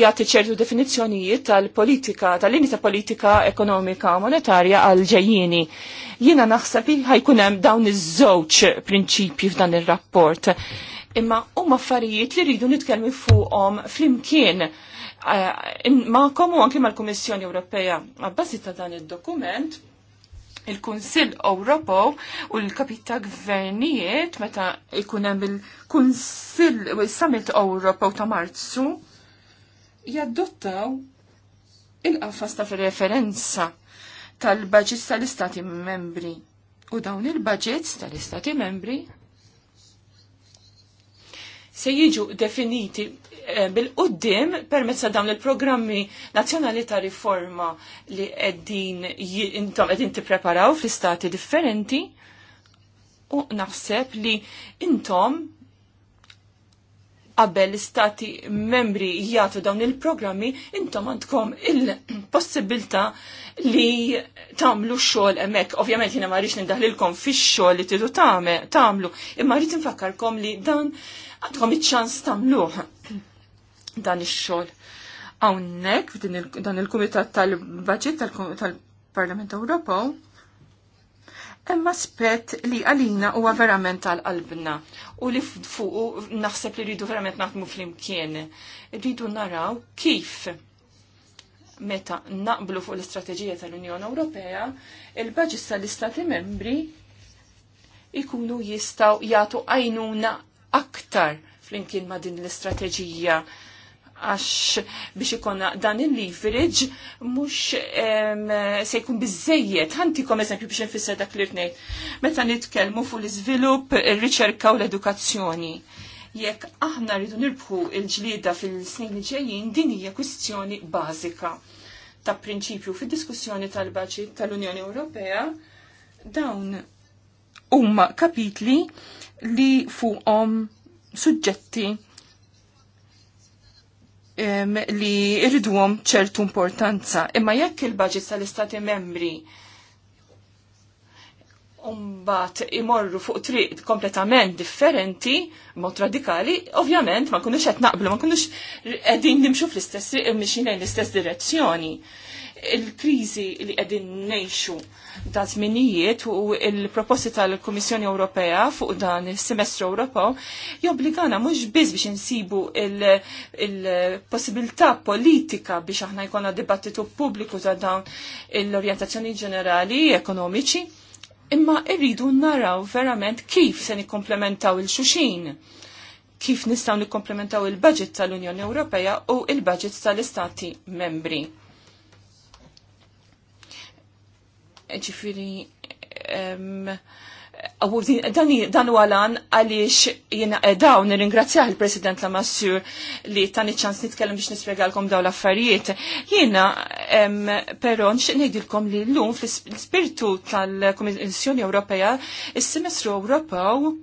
jagħti ċertu definizzjonijiet tal-politika, tal-lini ta' politika ekonomika monetarja għal ġejjini. Jiena naħseb li ħajkun hemm dawn iż-żewġ prinċipji f'dan ir-rapport imma huma affarijiet li rridu nitkellmu fuqhom flimkien Eh, ma'kom u anki mal-Kummissjoni Ewropea. Għabbażi ta' dan id-dokument, il-Kunsill Ewropew u l-Kapit ta' Gvernijiet meta jkun hemm il-Kunsill u il summit Ewropew ta' Marzu jaddottaw il-qafas ta' referenza tal-budgets tal-Istati membri. U dawn il-budgets tal-Istati membri se jiġu definiti eh, bil-qoddim permezz ta' dawn il-programmi nazzjonali ta' riforma li qegħdin intom qegħdin tippreparaw fl-istati differenti u naħseb li intom qabel l-istati membri jgħatu dawn il-programmi, intom għandkom il-possibilta li tamlu xol emek. Ovvjament jina marriċ nindahlilkom fi xol li tidu tamlu, imma rrit nfakkarkom li dan għandkom iċ-ċans tamluħ dan ix-xol. Għawnek, dan il-Kumitat tal baġit tal-Parlament Ewropew, Hemm spett li għalina huwa verament għal qalbna u li fuq naħseb li rridu verament naħdmu flimkien. Rridu naraw kif meta naqblu fuq l-istrateġija tal-Unjoni Ewropea, il-baġis tal-Istati membri ikunu jistaw jagħtu għajnuna aktar flimkien ma' din l-istrateġija għax biex ikonna dan il-leverage mux se jkun bizzejiet. Għantikom eżempju biex nfisser dak li rnejt. Meta nitkellmu fuq l-iżvilupp, ir-riċerka u l-edukazzjoni. Jekk aħna rridu nirbħu il-ġlieda fil-snin li ġejjin, din hija kwistjoni bażika ta' prinċipju fid-diskussjoni tal-baċi tal-Unjoni Ewropea dawn huma kapitli li fuqhom suġġetti li irridwom ċertu importanza. Imma jekk il-budget tal-istati membri umbat imorru fuq triq kompletament differenti, mod radikali, ovvjament ma kunux qed naqblu, ma kunux qegħdin nimxu fl-istess triq mixin l-istess direzzjoni il-kriżi li qegħdin nejxu da' żminijiet u il-proposti tal-Kummissjoni Ewropea fuq dan is-semestru Ewropew jobbligana mhux biss biex insibu il-possibilità il politika biex aħna jkollna dibattitu pubbliku ta' dawn l-orjentazzjoni ġenerali ekonomiċi imma irridu naraw verament kif se nikkomplementaw il-xuxin, kif nistaw nikkomplementaw il-budget tal-Unjoni Ewropea u il-budget tal-Istati membri. ġifiri dan u għalan għalix jena eh, dawn nir-ingrazzjaħ il-President la Massur li tani ċans nitkellem biex nispiegalkom daw l-affarijiet. Jena, pero nxieq nejdilkom li l-lum fl-spiritu tal-Komissjoni Ewropea, il-Semestru Ewropew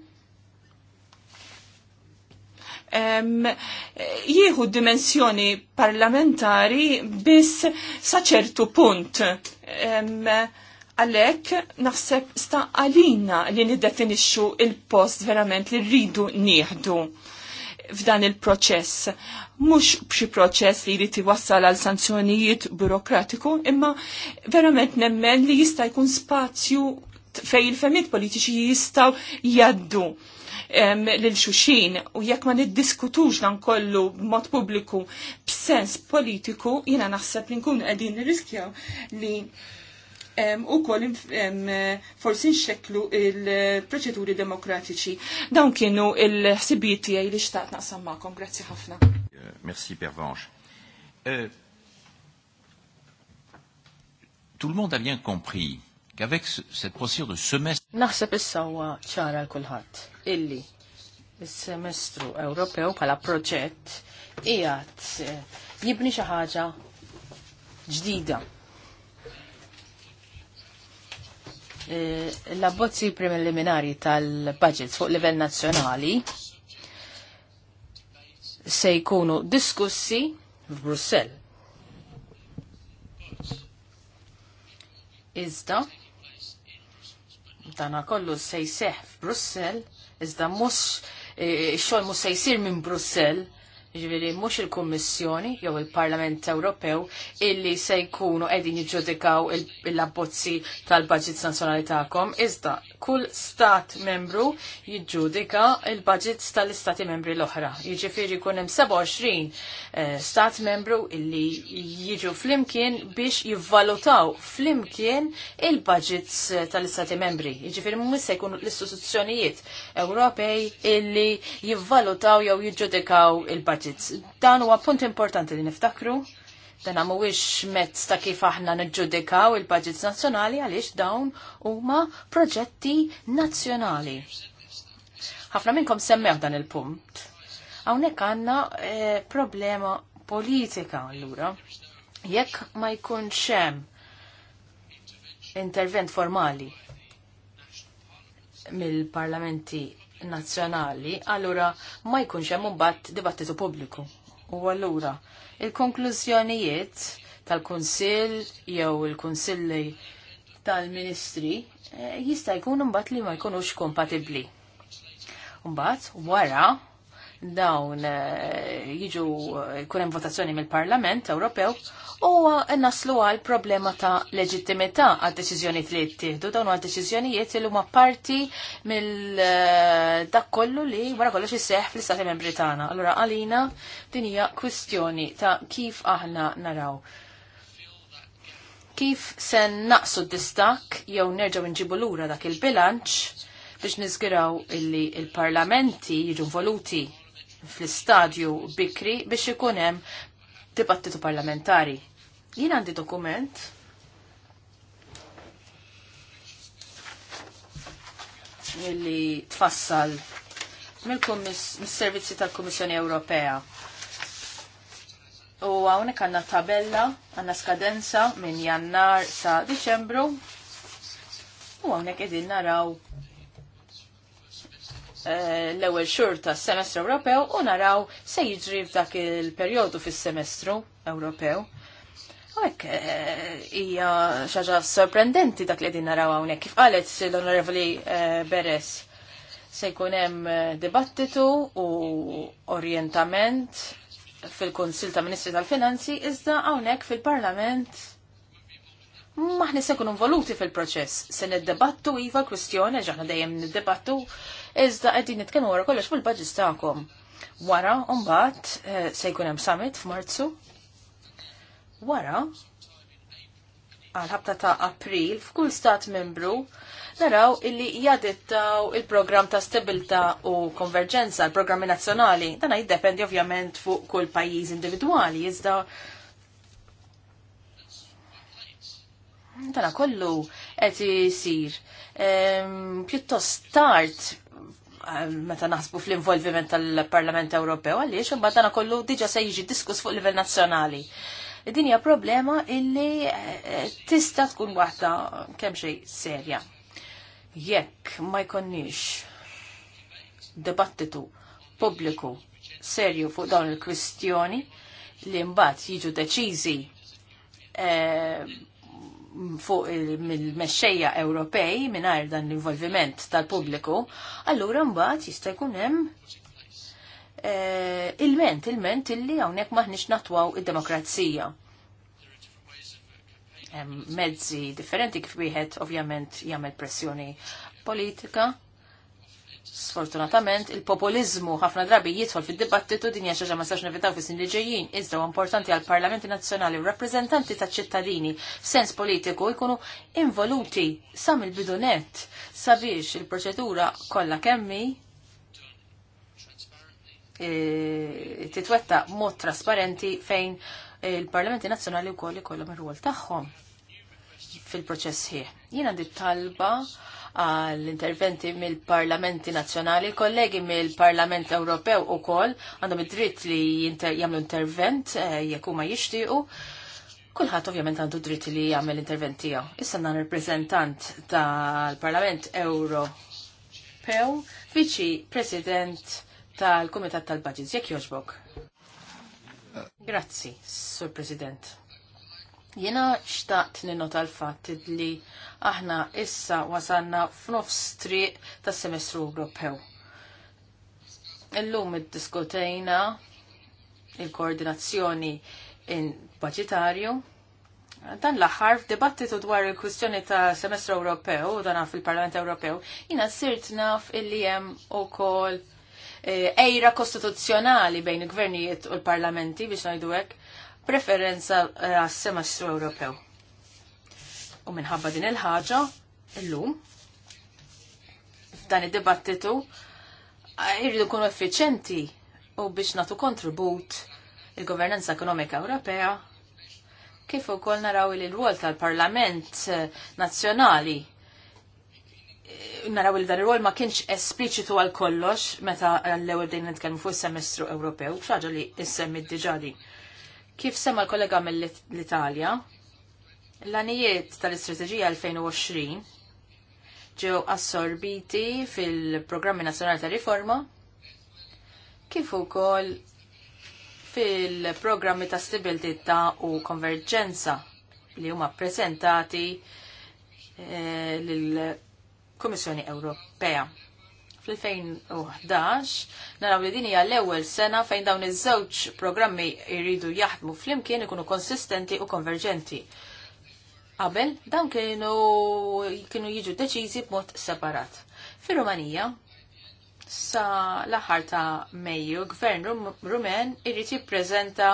jieħu dimensjoni parlamentari bis saċertu punt. Um, Għalek naħseb sta għalina li niddefinixxu il-post verament li rridu nieħdu f'dan il-proċess. Mux b'xi proċess li jrid iwassal għal sanzjonijiet burokratiku, imma verament nemmen li jista' jkun spazju fej il-femmit politiċi jistaw jaddu lil xuxin u jekk ma niddiskutux dan kollu b'mod pubbliku b'sens politiku, jiena naħseb li nkun qegħdin nirriskjaw li u kol forsi nxeklu il-proċeduri demokratiċi. Dawn kienu il-ħsibiet tiegħi li xtaqt naqsam magħkom. Grazzi ħafna. Eh, merci Pervanche. Eh, tout le monde a bien compris qu'avec cette procédure de semestre. Naħseb issa huwa ċara l-kulħadd illi il-semestru Ewropew bħala proġett qiegħed jibni xi ħaġa ġdida Eh, l-abbozzi preliminari tal-budget fuq livell nazzjonali se jkunu diskussi f'Brussell. Iżda, dana kollu se jseħ f'Brussell, iżda mhux ix-xogħol eh, mhux se jsir minn Brussell, ġviri mux il-Kommissjoni jew il-Parlament Ewropew illi se jkunu edin jġudikaw il-abbozzi tal-budgets nazjonali ta'kom, iżda kull stat membru jġudika il-budgets tal-istati membri l-oħra. Jġifiri kun hemm 27 eh, stat membru illi jiġu flimkien biex jivvalutaw flimkien il-budgets eh, tal-istati membri. Jġifiri mux se jkunu l-istituzzjonijiet Ewropej illi jivvalutaw jew jġudikaw il-budgets budgets Dan huwa punt importanti li niftakru. Dan mhuwiex mezz ta' kif aħna niġġudikaw il-budgets nazzjonali għaliex dawn huma proġetti nazzjonali. Ħafna minnkom semmew dan il-punt. Hawnhekk għandna eh, problema politika allura. Jekk ma jkunx hemm intervent formali mill-parlamenti nazzjonali, allura ma jkunx hemm imbagħad dibattitu pubbliku. U allura il-konklużjonijiet tal-Kunsill jew il-Kunsilli tal-Ministri eh, jista' jkun imbagħad li ma jkunux kompatibbli. Mbagħad wara dawn eh, jiġu eh, hemm votazzjoni mill-Parlament Ewropew u naslu għal problema ta' leġittimità għad deċiżjoni li jittieħdu dawn għal deċiżjonijiet li huma parti mill eh, dak kollu li wara kollox isseħħ fl-Istati Membri tagħna. Allura għalina din hija kwistjoni ta' kif aħna naraw kif se naqsu d-distak jew nerġaw nġibu lura dak il-bilanċ biex nizgiraw illi il-parlamenti jiġu voluti fl-istadju bikri biex ikun hemm dibattitu parlamentari. Jien għandi dokument illi tfassal mill-servizzi tal-Kummissjoni Ewropea. U għawnek għanna tabella, għanna skadenza minn jannar sa' Diċembru. U għawnek edin naraw Eh, l-ewwel xhur tas-semestru Ewropew u naraw se jiġri f'dak il-perjodu fis-semestru Ewropew. Għek, eh, ija xaġa sorprendenti dak li din naraw hawnhekk. Kif qalet l-Onorevoli eh, Beres, se jkun hemm dibattitu u orientament fil-Kunsil ta' Ministri tal-Finanzi, iżda hawnhekk fil-Parlament maħni se nkunu involuti fil-proċess. Se niddebattu iva kwistjoni, ġaħna dejjem niddebattu iżda qegħdin nitkellmu wara kollox fil-budgets tagħkom. Wara mbagħad eh, se jkun hemm summit f'Marzu. Wara għal ħabta ta' April f'kull stat membru naraw illi jadittaw il-programm ta' stabilta u konverġenza, l-programmi nazzjonali. Dan jiddependi ovvjament fuq kull pajjiż individwali, iżda Tana kollu qed isir ehm, pjuttost start meta naħsbu fl-involviment tal-Parlament Ewropew għaliex imbagħad dana kollu diġà se jiġi diskuss fuq livell nazzjonali. Din hija problema illi eh, tista' tkun waħda kemm xejn serja. Jekk ma jkunniex dibattitu pubbliku serju fuq dawn il-kwistjoni li mbagħad jiġu deċiżi eh, fuq mill-mexxejja Ewropej mingħajr dan l-involviment tal-pubbliku, allura mbagħad jista' jkun hemm e, il-ment, il-ment illi hawnhekk maħniex natwaw id-demokrazija. Mezzi differenti kif wieħed ovvjament jagħmel pressjoni politika Sfortunatament, il-populizmu ħafna drabi jidħol fid-dibattitu din hija xaġa ma sax nevitaw fis li ġejjin, iżda importanti għal parlamenti nazzjonali u rappreżentanti ta' ċittadini sens politiku jkunu involuti sam il-bidunet sabiex il-proċedura kollha kemmi e, titwetta mod trasparenti fejn il-parlamenti nazzjonali wkoll ikollhom ir-rwol tagħhom fil-proċess ħieħ. Jien għandi talba għall-interventi mill-parlamenti nazzjonali, kollegi mill-parlament Ewropew u koll għandhom id-dritt li jagħmlu intervent eh, jekk huma jixtiequ. Kulħadd ovvjament għandu dritt li jagħmel intervent tiegħu. Issa nan reprezentant tal-Parlament Ewropew, viċi President tal-Kumitat tal-Budgets. Jekk jogħġbok. Eh. Grazzi, Sur President. Jena xtaqt ninota l fat li aħna issa wasanna f'nofs triq tas semestru Ewropew. Illum iddiskutejna il-koordinazzjoni in budgetarju. Dan l-aħħar f'dibattitu dwar il-kwistjoni ta' semestru Ewropew, u dan fil-Parlament Ewropew, jina sirt naf illi hemm ukoll eh, ejra kostituzzjonali bejn il-gvernijiet u l-parlamenti biex ngħidu hekk preferenza eh, għas-semestru Ewropew. U minħabba din il-ħaġa, illum, f'dan id-dibattitu, eh, irridu kunu effiċenti u biex natu kontribut il-governanza ekonomika Ewropea kif ukoll naraw il l-rwol tal-Parlament eh, Nazzjonali naraw il dar il ma kienx espliċitu għal kollox meta l-ewwel din nitkellmu fuq is-semestru Ewropew, xaġa li issemmi diġà Kif sema l-kollega mill-Italja, l-anijiet tal-Istrateġija 2020 ġew assorbiti fil-Programmi nazjonali ta' Riforma kif ukoll fil-programmi ta' stabilità u konverġenza li huma ppreżentati eh, lill-Kummissjoni Ewropea fl-2011 naraw li din hija l-ewwel sena fejn dawn iż-żewġ programmi jridu jaħdmu flimkien ikunu konsistenti u konverġenti. Qabel dawn kienu kienu jiġu deċiżi b'mod separat. Fir-Rumanija, sa l-aħħar ta' Mejju, gvern Rumen irrid jippreżenta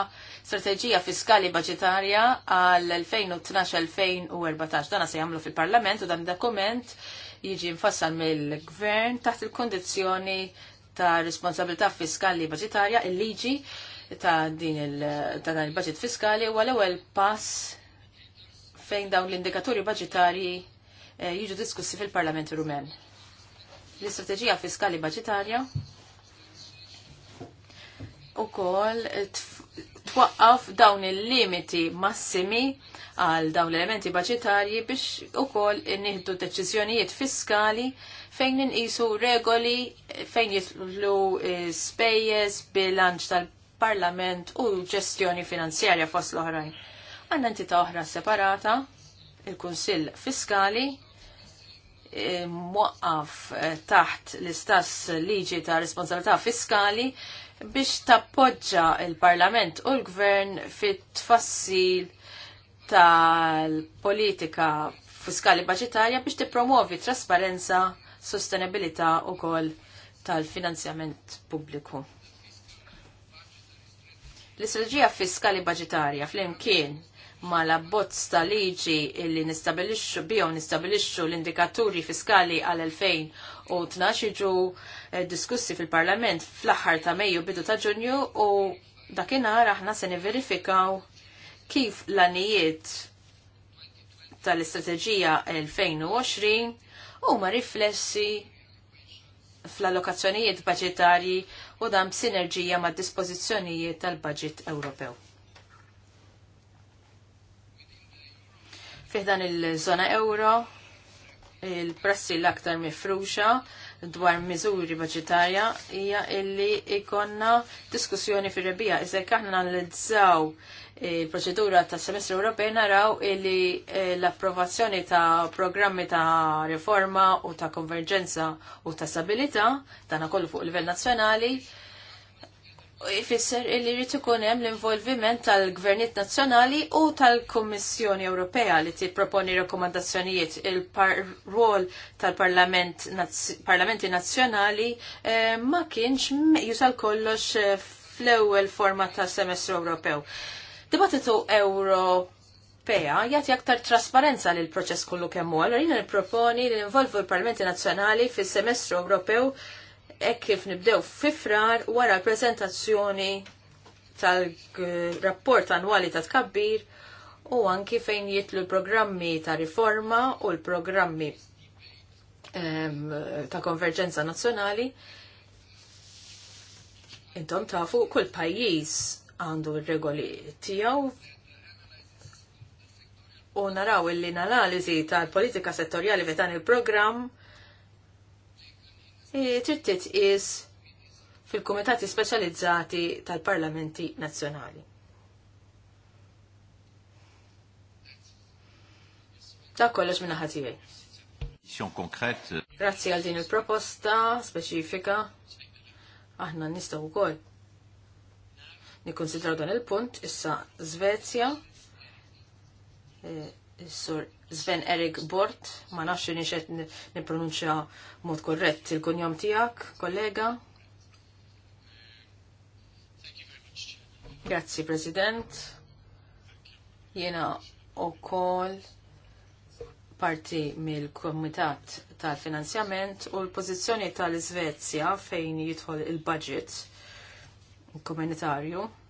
strateġija fiskali baġitarja għal 2012-2014. Dan se jagħmlu fil-Parlament u dan dokument jiġi mfassal mill-gvern taħt il-kondizjoni ta' responsabilità fiskali budgetarja il-liġi ta' din il-budget fiskali u l-ewwel pass fejn dawn l-indikaturi budgetari eh, jiġu diskussi fil-Parlament Rumen. L-istrateġija fiskali budgetarja u kol twaqqaf dawn il-limiti massimi għal dawn l-elementi budgetarji biex ukoll nieħdu deċiżjonijiet fiskali fejn ninqisu regoli fejn jitlu eh, spejjeż bilanċ tal-Parlament u ġestjoni finanzjarja fost l-oħrajn. Għandna entità oħra separata, il-Kunsill Fiskali, eh, muqqaf eh, taħt l-istess liġi ta' responsabilità fiskali biex tappoġġa il-Parlament u l-Gvern fit tfassil tal-politika fiskali budgetarja biex tippromovi trasparenza, sostenibilità u kol tal-finanzjament pubbliku. L-istraġija fiskali budgetarja fl-imkien ma la bozz ta' liġi li nistabilixxu bihom nistabilixxu l-indikaturi fiskali għal 2012 ġu eh, diskussi fil-Parlament fl-aħħar ta' Mejju bidu ta' Ġunju u dakinhar aħna se niverifikaw kif l-anijiet tal-istrateġija 2020 huma riflessi fl-allokazzjonijiet budgetari u dan b'sinerġija mad dispożizzjonijiet tal-budget Ewropew. Fiħdan il-żona euro, il-prassi l-aktar mifruxa dwar miżuri budgetarja hija illi ikonna diskussjoni fir-rebija. Iżda jekk aħna nanalizzaw eh, il-proċedura ta' semestru Ewropej naraw illi eh, l-approvazzjoni ta' programmi ta' riforma u ta' konverġenza u ta' stabilità tagħna kollu fuq livell nazzjonali jfisser illi jrid ikun hemm l-involviment tal-Gvernijiet Nazzjonali u tal-Kummissjoni Ewropea li tipproponi rekomandazzjonijiet il-rol tal-Parlamenti -parlament, Nazzjonali eh, ma kienx jusal kollox eh, fl-ewwel forma tas semestru Ewropew. Dibattitu Euro Ewropea jagħti aktar trasparenza l proċess kollu kemm Allora, Allura jiena nipproponi li involvu l-Parlamenti Nazzjonali fis-semestru Ewropew ek kif nibdew fifrar wara l-prezentazzjoni tal-rapport annwali ta' tkabbir u anki fejn jitlu l-programmi ta' riforma u l-programmi ehm, ta' konverġenza nazzjonali. Intom tafu kull pajjiż għandu r-regoli tiegħu u naraw il-analiżi tal-politika settorjali fetan il-programm trid is fil-kumitati speċjalizzati tal-parlamenti nazzjonali. Ta' kollox minna ħatijaj. Grazzi għal din il-proposta speċifika. Aħna nistaw u koll. Nikonsidraw dan il-punt, issa Svezja. Eh, Sur Sven Erik Bort, ma nafx li xed nipronunċja mod korrett il-kunjom tijak, kollega. Grazzi, President. Jena u kol parti mill-Komitat tal-Finanzjament u l-pozizjoni tal-Svezja fejn jidħol il-budget komunitarju. Il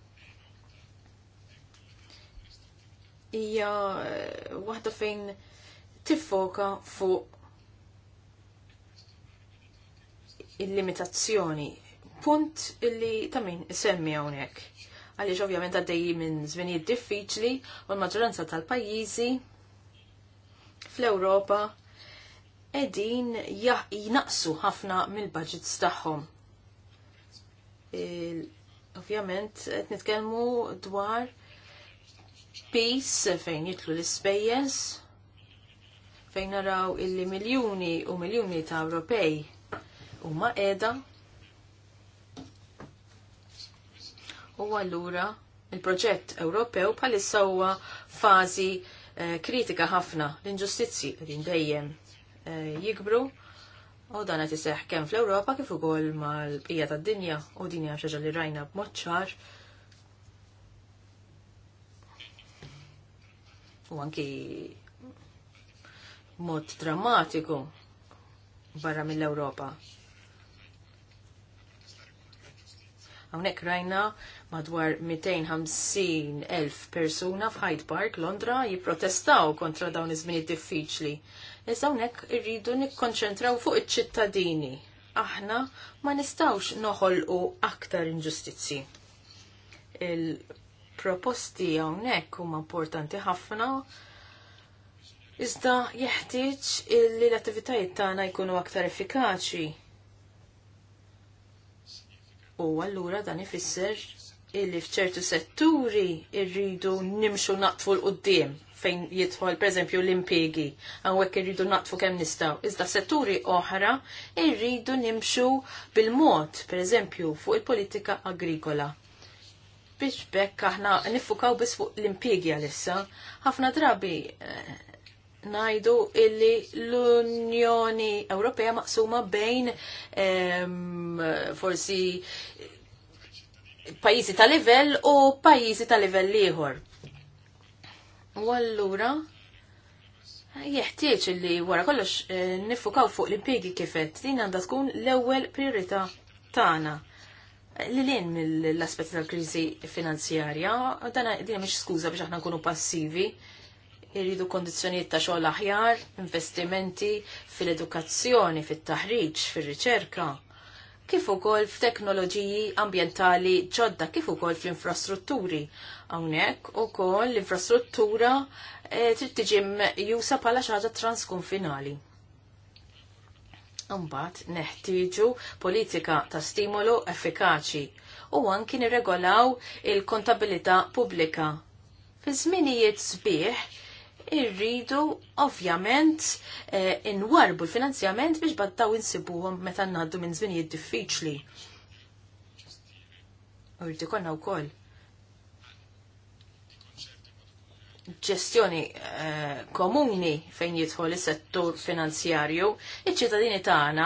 hija eh, waħda fejn tiffoka fuq il-limitazzjoni. Punt illi ta' min semmi hawnhekk. Għaliex ovvjament għaddej minn żminijiet diffiċli u l-maġġoranza tal-pajjiżi fl-Ewropa edin jinaqsu ħafna mill-budgets tagħhom. Ovvjament qed nitkellmu dwar spis fejn jitlu l-ispejjeż fejn naraw illi miljuni u miljuni ta' Ewropej huma qiegħda u allura il-proġett Ewropew bħalissa huwa fażi eh, kritika ħafna l inġustizzji qegħdin dejjem eh, jikbru u dan qed iseħħ kemm fl-Ewropa kif ukoll mal-bqija tad-dinja u din hija xi li rajna b'mod ċar u anki mod drammatiku barra mill-Europa. Hawnhekk rajna madwar 250 elf persuna f'Hyde Park, Londra, jipprotestaw kontra dawn iż-żmien diffiċli. Iżda hawnhekk irridu nikkonċentraw fuq iċ-ċittadini. Aħna ma nistawx noħolqu aktar inġustizzi proposti hawnhekk huma importanti ħafna. Iżda jeħtieġ li l-attivitajiet tagħna jkunu aktar effikaċi. U allura dan ifisser illi fċertu setturi irridu nimxu naqtfu l-qoddim fejn jidħol pereżempju l impiegi hawnhekk irridu naqtfu kemm nistgħu. Iżda setturi oħra irridu nimxu bil-mod, pereżempju fuq il-politika agrikola biex bekk aħna nifukaw bis fuq l-impiegi għalissa. Ħafna drabi eh, najdu illi l-Unjoni Ewropea maqsuma bejn ehm, forsi pajizi ta' livell u pajizi ta' livell ieħor. U allura jeħtieġ illi wara kollox eh, nifukaw fuq l-impiegi kifet din għandha tkun l-ewwel priorità tagħna. Ta li lin mill aspet tal-krizi finanzjarja, dan din mhix skuża biex aħna nkunu passivi, irridu kondizzjonijiet ta' xogħol aħjar, investimenti fil-edukazzjoni, fit-taħriġ, fir-riċerka, kif ukoll f'teknoloġiji ambjentali ġodda, kif ukoll fl-infrastrutturi. Hawnhekk ukoll l-infrastruttura eh, trid tiġi jusa bħala xi ħaġa transkonfinali. Mbagħad neħtieġu politika ta' stimolu effikaċi u anki nirregolaw il-kontabilità pubblika. Fi żminijiet sbieħ irridu ovvjament eh, inwarbu l-finanzjament biex baddaw insibuhom meta ngħaddu minn żminijiet diffiċli. Urdi konna wkoll ġestjoni eh, komuni fejn jidħol is-settur finanzjarju, iċ-ċittadini tagħna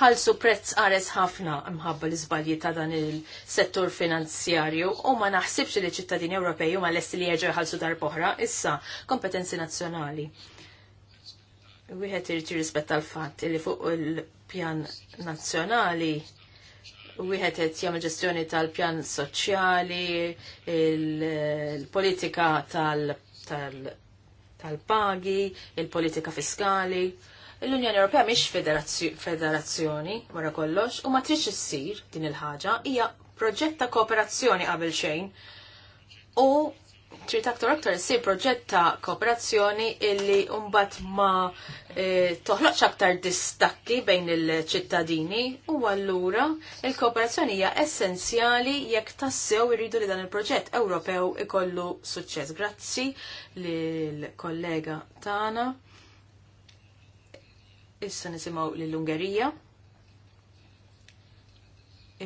ħalsu prezz qares ħafna mħabba l-iżbalji ta' dan il-settur finanzjarju u ma naħsibx li ċittadini Ewropej huma lesti li jerġgħu ħalsu darb'oħra issa kompetenzi nazzjonali. Wieħed irid jirrispetta l-fatt li fuq il-pjan nazzjonali wieħed qed jagħmel ġestjoni tal-pjan soċjali, il-politika tal tal-pagi, tal il-politika fiskali. L-Unjoni Ewropea mhix federazzjoni wara kollox u ma trix issir din il-ħaġa hija proġett ta' kooperazzjoni qabel xejn u Trit aktar aktar issir proġett ta' kooperazzjoni illi mbagħad ma toħloċ e, toħloqx aktar distakki bejn il-ċittadini u allura il-kooperazzjoni hija essenzjali jekk tassew irridu li dan il-proġett Ewropew ikollu suċċess. Grazzi lill kollega Tana. Issa nisimgħu lill-Ungerija.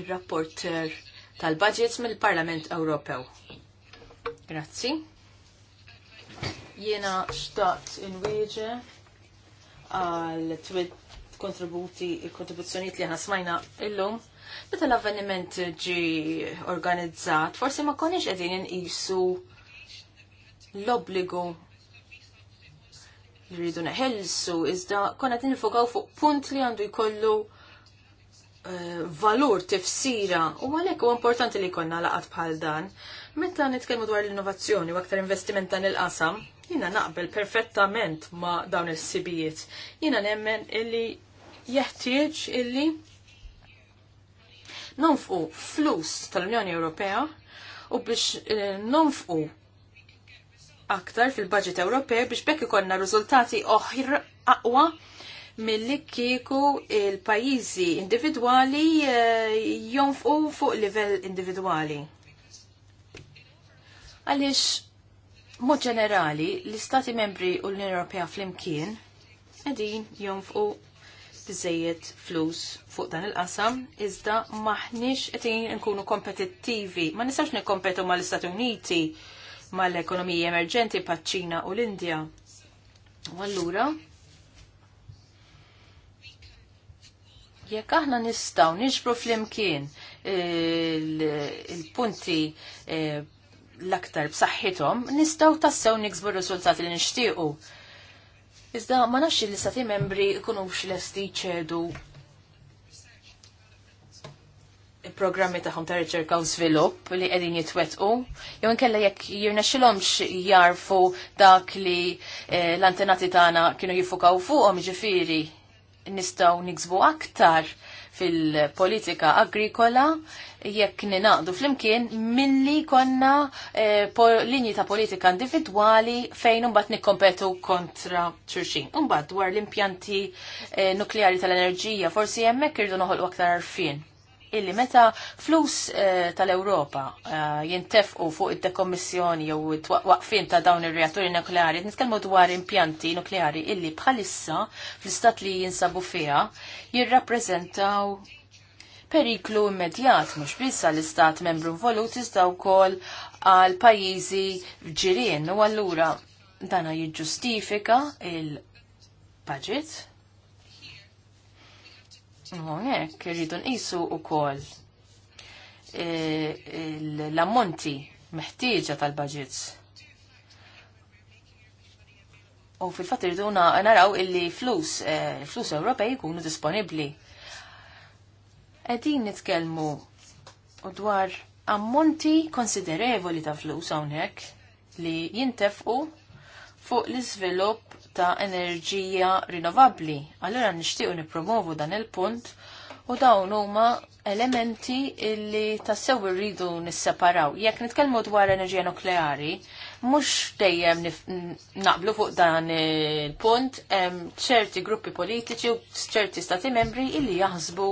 Ir-rapporter tal-budgets mill-Parlament Ewropew. Grazzi. Jiena xtaqt inwieġe għal kontributi, kontribuzzjoniet li għana smajna illum. Meta l-avveniment ġi organizzat, forsi ma konniex qegħdin inqisu l-obbligu li rridu neħelsu, iżda konna qed nifokaw fuq punt li għandu jkollu eh, valur tifsira u għalhekk huwa importanti li konna laqat bħal dan Meta nitkellmu dwar l-innovazzjoni u aktar investiment dan il-qasam, jina naqbel perfettament ma' dawn il-sibijiet. Jina nemmen illi jeħtieġ illi nonfqu flus tal-Unjoni Ewropea u biex eh, nonfqu aktar fil-budget Ewropej biex bekk ikonna riżultati oħra aqwa mill-li kieku il-pajizi individuali eh, jonfqu fuq livell individuali. Għaliex mod ġenerali l-Istati membri u l-Unjoni Ewropea flimkien qegħdin jonfqu biżejjed flus fuq dan il-qasam iżda maħniex qegħdin nkunu kompetittivi. Ma nistax nikkompetu mal-Istati Uniti mal-ekonomiji emerġenti paċ-Ċina u l-Indja. U allura jekk aħna nistgħu nixbru flimkien il-punti il eh, l-aktar b'saħħithom, nistgħu tassew niksbu r-riżultati li nixtiequ. Iżda ma nafx li stati membri jkunux lesti ċedu il-programmi tagħhom ta' riċerka u żvilupp li qegħdin jitwetqu, jew kella jekk jirnexxilhomx jarfu dak li eh, l-antenati tagħna kienu jifukaw fuqhom ġifiri nistaw niksbu aktar fil-politika agrikola jekk ninaqdu fl-imkien milli konna eh, linji ta' politika individwali fejn unbat nikkompetu kontra xurxin. Unbat dwar l-impjanti eh, nukleari tal-enerġija forsi jemmek irdu noħolqu aktar arfin illi meta flus eh, tal-Ewropa eh, jintefqu fuq id-dekommissjoni jew waqfin ta' dawn ir-reatturi nukleari, nitkellmu dwar impjanti nukleari illi bħalissa fl-istat li jinsabu fiha jirrappreżentaw periklu immedjat mhux biss għall-istat membru involut iżda wkoll għal pajjiżi ġirien u allura dana jiġġustifika il-budget Hawnhekk irridu nqisu wkoll e, l-ammonti meħtieġa tal-budgets. U fil-fatt irridu naraw illi flus, e, flus Ewropej jkunu disponibbli. Qegħdin nitkellmu dwar ammonti konsiderevoli ta' flus hawnhekk li jintefqu fuq l-iżvilupp ta' enerġija rinnovabbli. Allura nixtiequ nippromovu dan il-punt u dawn huma elementi illi tassew irridu nisseparaw. Jekk nitkellmu dwar enerġija nukleari, mhux dejjem naqblu fuq dan il-punt, hemm ċerti gruppi politiċi u ċerti stati membri illi jaħsbu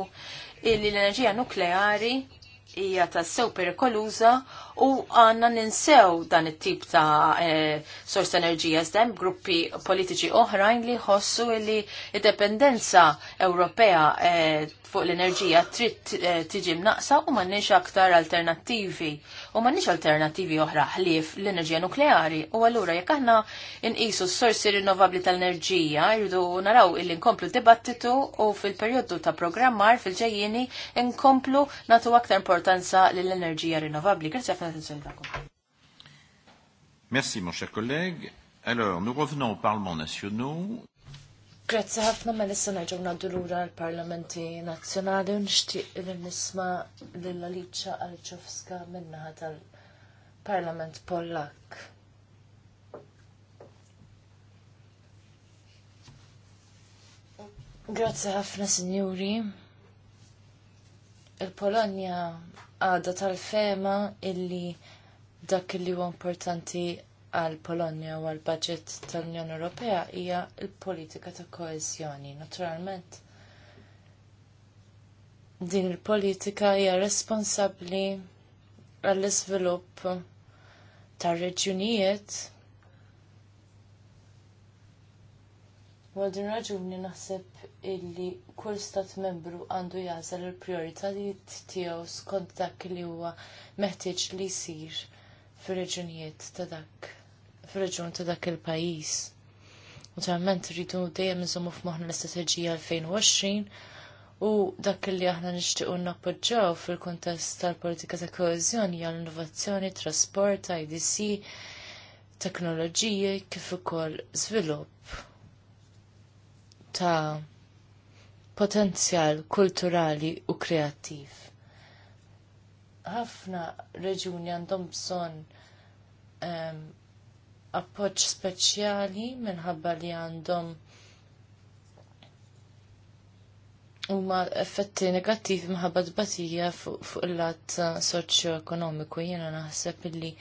illi l-enerġija nukleari hija tassew perikoluża u għanna ninsew dan it-tip ta' e, eh, sors enerġija zdem gruppi politiċi oħrajn li ħossu li id-dependenza Ewropea eh, fuq l-enerġija trid eh, tiġi mnaqsa u m'għandniex aktar alternattivi u m'għandniex alternattivi oħra ħlief l-enerġija nukleari u allura jekk aħna nqisu s-sorsi rinnovabbli tal-enerġija jridu naraw illi nkomplu dibattitu u fil-perjodu ta' programmar fil ġejjini nkomplu nagħtu aktar importanza lill-enerġija rinnovabbli. Grazzi Merci, mon cher collègue. Alors, nous revenons aux parlements nationaux. Grazzi ħafna ma nissa nerġgħu ngħaddu l-Parlamenti Nazzjonali u nixtieq li nisma' lil Alicja Alczowska minnaħa tal-Parlament Pollak. Grazzi ħafna, Sinjuri. Il-Polonja għada tal-fema illi dak li huwa importanti għal Polonja u għal budget tal-Unjoni Ewropea hija l-politika ta' koeżjoni. Naturalment, din il-politika hija responsabbli għall iżvilupp tar reġjunijiet u għal din raġuni naħseb illi kull stat membru għandu jażel il-prioritajiet tiegħu skont dak li huwa meħtieġ li jsir fir-reġunijiet ta' dak fir-reġun ta' dak il-pajjiż. Naturalment rridu dejjem iżommu f'moħħna l-istrateġija 2020 u dak li aħna nixtiequ nappoġġaw fil-kuntest tal-politika ta' koeżjoni l innovazzjoni, trasport, IDC, teknoloġiji kif ukoll żvilupp ta' potenzjal kulturali u kreattiv. Ħafna reġuni għandhom bżonn um, appoġġ speċjali minħabba li għandhom huma effetti negattivi minħabba tbatija fuq fu il-lat eh, soċjo-ekonomiku. Jiena naħseb illi li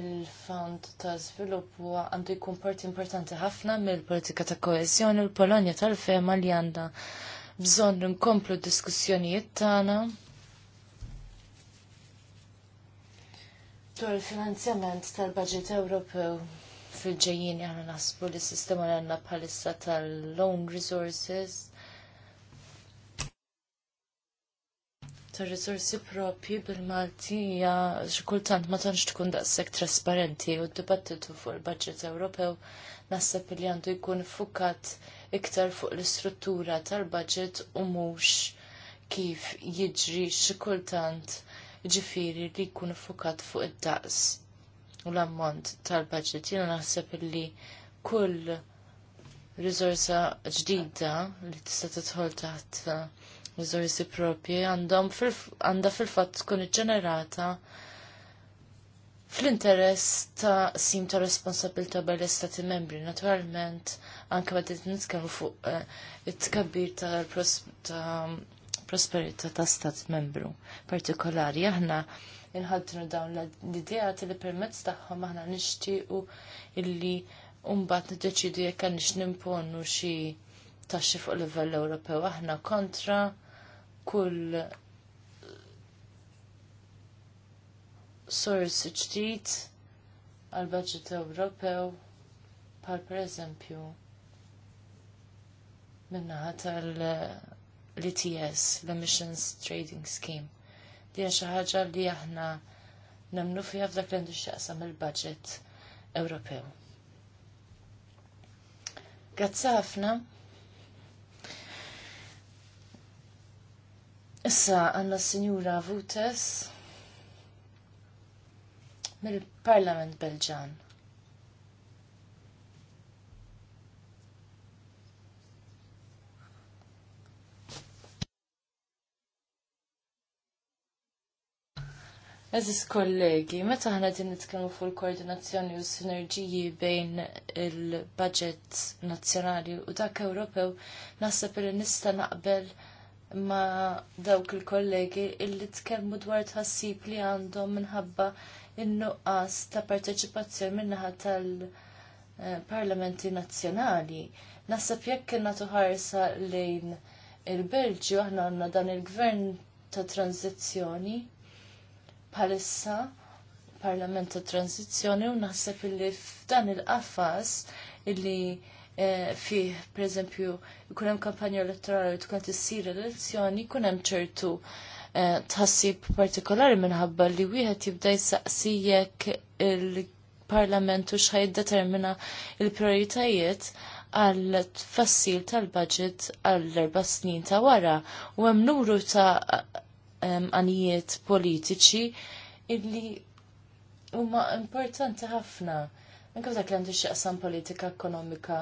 il-fond ta' svilupp huwa għandu jkun parti importanti ħafna mill-politika ta' koeżjoni l polonja tal-fema li għandha bżonn nkomplu d diskussjonijiet tagħna. Dwar il-finanzjament tal-Baġit Ewropew fil-ġejjin aħna naħsbu li s-sistema l għandna bħalissa tal-loan resources ta' risorsi propi bil-Maltija xikultant ma tanċ tkun daqshekk trasparenti u d-dibattitu fuq il-budget Ewropew naħseb li għandu jkun fukat iktar fuq l-istruttura tal-budget u mhux kif jiġri xikultant ġifiri li jkun fukat fuq id-daqs u l-ammont tal-budget. Jiena naħseb li kull risorsa ġdida li tista' tidħol taħt riżorsi propji għandhom għandha fil-fatt tkun iġġenerata fl-interess ta' sim ta' responsabilta bħal l-Istati membri, naturalment, anke ma' nitkellmu fuq eh, it-tkabbir ta' prosperita ta' Stat membru partikolari. Aħna inħaddnu dawn l-ideat li permezz tagħhom aħna nixtiequ illi mbagħad niddeċidu jekk għandix nimponnu xi taxxi fuq livell Ewropew aħna kontra kull sors ġdid għal budget Ewropew bħal pereżempju min-naħa tal-ETS, l-Emissions Trading Scheme. Li xi ħaġa li aħna nemnu fiha f'dak li għandu x'jaqsam il-budget Ewropew. Grazzi ħafna. Issa għanna s-Sinjura Vutes mill-Parlament Belġan. Eżis kollegi, meta ħana din nitkellmu fuq il-koordinazzjoni u s-sinerġiji bejn il-budget nazzjonali u dak Ewropew, naħseb li nista' naqbel ma' dawk il-kollegi illi tkellmu dwar tħassib li għandhom minħabba in-nuqqas ta' parteċipazzjoni minnaħa tal-parlamenti nazzjonali. Naħseb jekk nagħtu tuħarsa lejn il-Belġju aħna għandna dan il-gvern ta' tranzizzjoni bħalissa parlament ta' tranzizzjoni u naħseb illi f'dan il-qafas illi Eh, fih, per eżempju, jkun hemm kampanja elettorali tkun tissir l-elezzjoni, jkun hemm ċertu eh, tħassib partikolari minħabba li wieħed jibda jsaqsi jekk il-Parlament u xħaj determina il-prioritajiet għal tfassil tal-budget għall erba snin ta' wara u hemm numru ta' għanijiet politiċi illi huma importanti ħafna Anke dak li għandu x'jaqsam politika ekonomika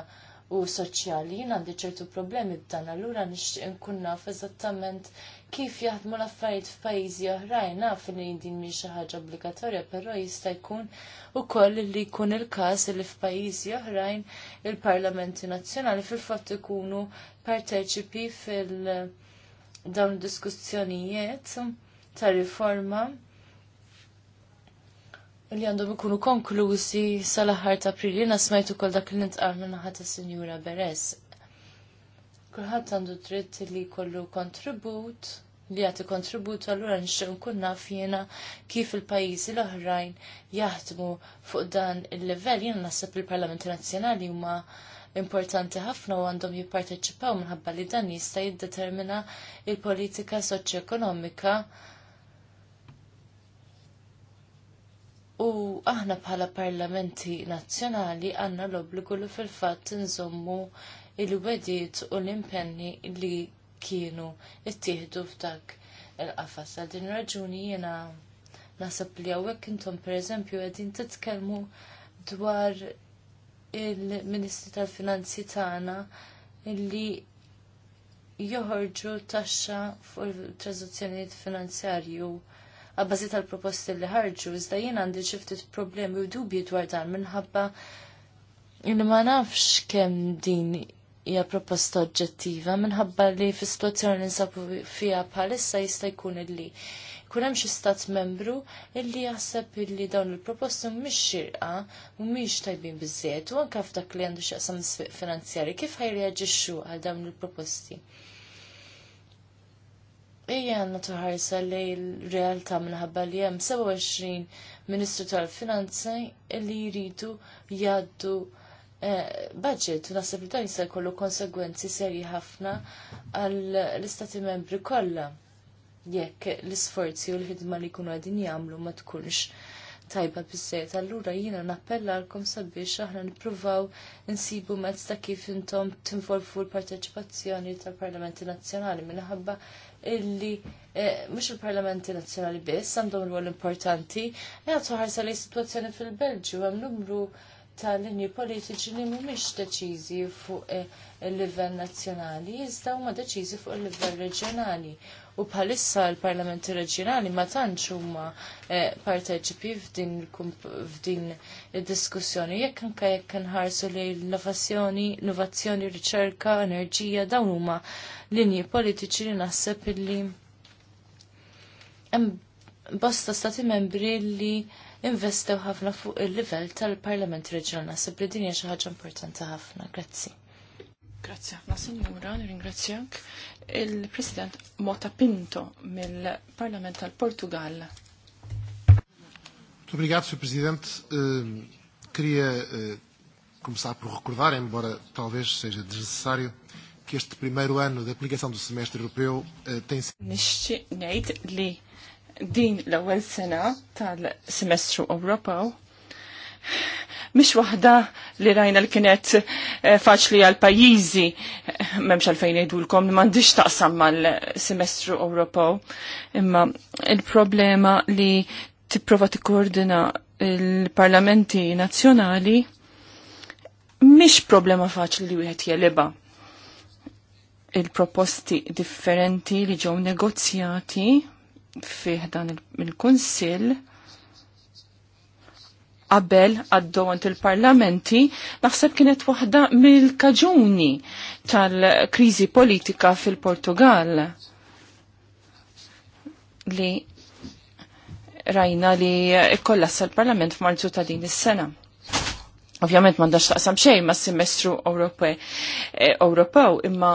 u soċjali, jien għandi ċertu problemi b'dan, allura nixtieq nkun naf eżattament kif jaħdmu l-affarijiet f'pajjiżi oħrajn naf li din mhi xi ħaġa obbligatorja, però jista' jkun ukoll li jkun il-każ li f'pajjiżi oħrajn il-Parlamenti Nazzjonali fil-fatt ikunu parteċipi fil- dawn diskussjonijiet ta' riforma li għandhom ikunu konklużi sal-aħħar ta' April. Jiena smajt ukoll dak li nitqal minn naħat is-Sinjura Beres. Kulħadd għandu dritt li jkollu kontribut li għati kontribut għallura nkun kunna fjena kif il-pajizi l-oħrajn jaħdmu fuq dan il-level jena naħseb il-Parlamenti Nazjonali huma importanti ħafna u għandhom jipparteċipaw minħabba li dan jista' jiddetermina il-politika soċjoekonomika ekonomika U aħna bħala parlamenti nazzjonali għanna l-obbligu li fil-fatt nżommu il-wedid u l-impenni li kienu ittieħdu f'dak il-qafas. Għal din raġuni jena nasab li għawek intom per eżempju għedin titkelmu dwar il-Ministri tal-Finanzi tagħna li joħorġu taxxa fuq il-transazzjonijiet finanzjarji u għabbażi tal-proposti li ħarġu, iżda jien għandi ċiftit problemi u dubji dwar dan minħabba li ma nafx kemm din hija proposta oġġettiva minħabba li fis-sitwazzjoni li nsabu fiha bħalissa jista' jkun illi kun hemm xi stat membru illi jaħseb illi dawn il-proposti mhumiex xirqa mhumiex tajbin biżżejjed u anke f'dak li għandu x'aqsam is-sfiq finanzjari kif ħajreaġixxu għal dawn il-proposti ejja għanna taħarsa li l-realtà minħabba li hemm 27 Ministru tal-Finanzi li jridu jgħaddu eh, budget u naħseb li dan jista' jkollu konsegwenzi serji ħafna għall-istati membri kollha jekk l-isforzi u l-ħidma li jkunu għadin jagħmlu ma tkunx tajba biżejjed. Allura jiena għalkom sabiex aħna nippruvaw insibu mezz ta' kif intom tinvolfu l-parteċipazzjoni tal-Parlamenti Nazzjonali minħabba illi eh, mux il-parlamenti nazjonali biss għandhom rwol importanti, jgħatu ħarsa li situazzjoni fil-Belġu għam numru ta' linji politiċi li mhumiex deċiżi fuq eh, il-livell nazzjonali, iżda huma deċiżi fuq il-livell reġjonali. U bħalissa l-parlamenti reġjonali ma tantx huma eh, parteċipi f'din id-diskussjoni. Jekk anke jekk inħarsu li l-innovazzjoni, innovazzjoni, riċerka, enerġija dawn huma linji politiċi li naħseb illi hemm bosta stati membri li investew ħafna fuq il-livell tal-Parlament Reġjonali. Naħseb li din hija xi ħaġa importanti ħafna. Grazzi. Grazzi ħafna sinjura, nirringrazzjak. Il-President Mota Pinto mill-Parlament tal-Portugal. Muito obrigado, Sr. Presidente. Uh, queria uh, começar por recordar, embora talvez seja desnecessário, que este primeiro ano de aplicação do semestre europeu uh, tem sido... Nixti ngħid li din l-ewwel sena tal-semestru Ewropew mish wahda li rajna li kienet eh, faċli għal pajjiżi m'hemmx għalfejn ngħidulkom li m'għandix taqsam mal-semestru Ewropew. Imma il-problema li tipprova tikkoordina il-parlamenti nazzjonali mish problema faċli li wieħed jeleba il-proposti differenti li ġew negozjati fih dan il-Kunsill qabel għant il-parlamenti, naħseb kienet waħda mill-kaġuni tal-krizi politika fil-Portugal li rajna li kollassa l-parlament f'Marzu ta' din is-sena. Ovvjament ndax taqsam xejn ma' semestru Ewropew eh, Ewropew imma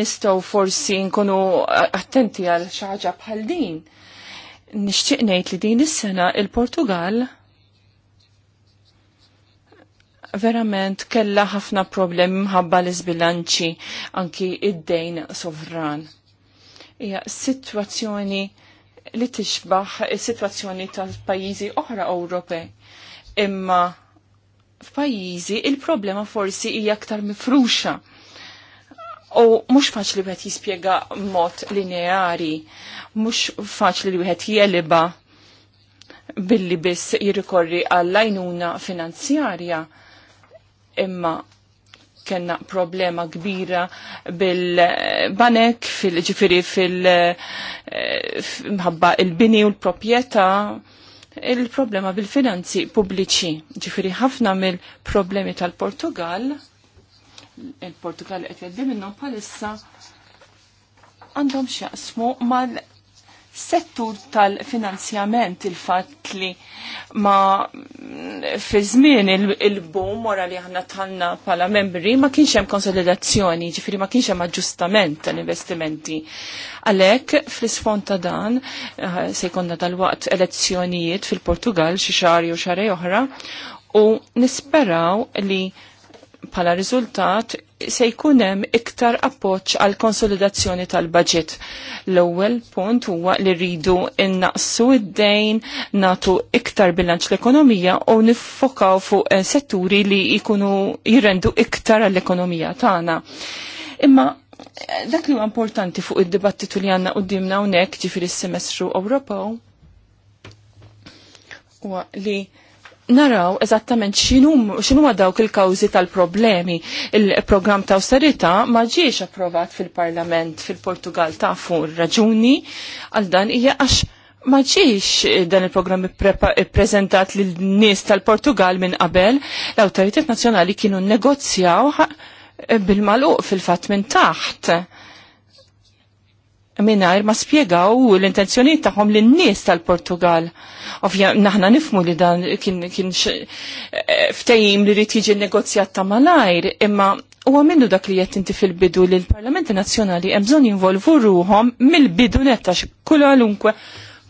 nistgħu forsi nkunu attenti għal xi ħaġa bħal din. Nixtieq ngħid li din is-sena il-Portugal verament kella ħafna problemi mħabba l-izbilanċi anki id-dejn sovran. Ija situazzjoni li tixbaħ is-situazzjoni tal-pajjiżi oħra Ewropej. Imma f'pajjiżi il-problema forsi hija aktar mifruxa. U mhux faċli wieħed jispjega mod lineari, mhux faċli li wieħed jeliba billi biss jirrikorri għall ajnuna finanzjarja imma kena problema kbira bil-banek, fil-ġifiri fil-mħabba eh, il-bini u l-propieta, il bini u l propieta il-problema bil-finanzi pubbliċi. Ġifiri ħafna mill-problemi tal-Portugal, il-Portugal qed jeddi minnhom palissa għandhom x'jaqsmu mal settur tal-finanzjament il-fatt li ma fi żmien il-boom wara li aħna tħanna pala membri ma kienx hemm konsolidazzjoni, ġifieri ma kienx hemm aġġustament tal-investimenti. Għalhekk fl-isfond ta' dan eh, se jkollna dal-waqt elezzjonijiet fil-Portugal xi xahar jew xarej oħra u nisperaw li pala riżultat se jkun hemm iktar appoġġ għal konsolidazzjoni tal-budget. L-ewwel punt huwa li rridu innaqsu id-dejn, nagħtu iktar bilanċ l-ekonomija u niffokaw fuq eh, setturi li jkunu jirrendu iktar għall-ekonomija tagħna. Imma eh, dak li huwa importanti fuq id-dibattitu li għandna qudiemna hawnhekk ġifieri s-semestru Ewropew huwa li naraw eżattament xinu ma dawk il-kawzi tal-problemi. Il-program ta' austerita ma ġiex approvat fil-parlament fil-Portugal ta' fur raġuni għal dan hija għax ma ġiex dan il-program prezentat lil nies tal-Portugal minn qabel l-autoritet nazjonali kienu negozjaw bil-maluq fil-fat minn taħt minnajr ma spiegaw l-intenzjoni taħom l-nies tal-Portugal. Ovvja, naħna nifmu li dan kien, kien eh, ftejim li rritiġi jiġi negozjat ta' malajr, imma u minnu dak li jett inti fil-bidu li l-Parlamenti Nazjonali jemżon jinvolvu ruħom mill-bidu netta kullalunkwe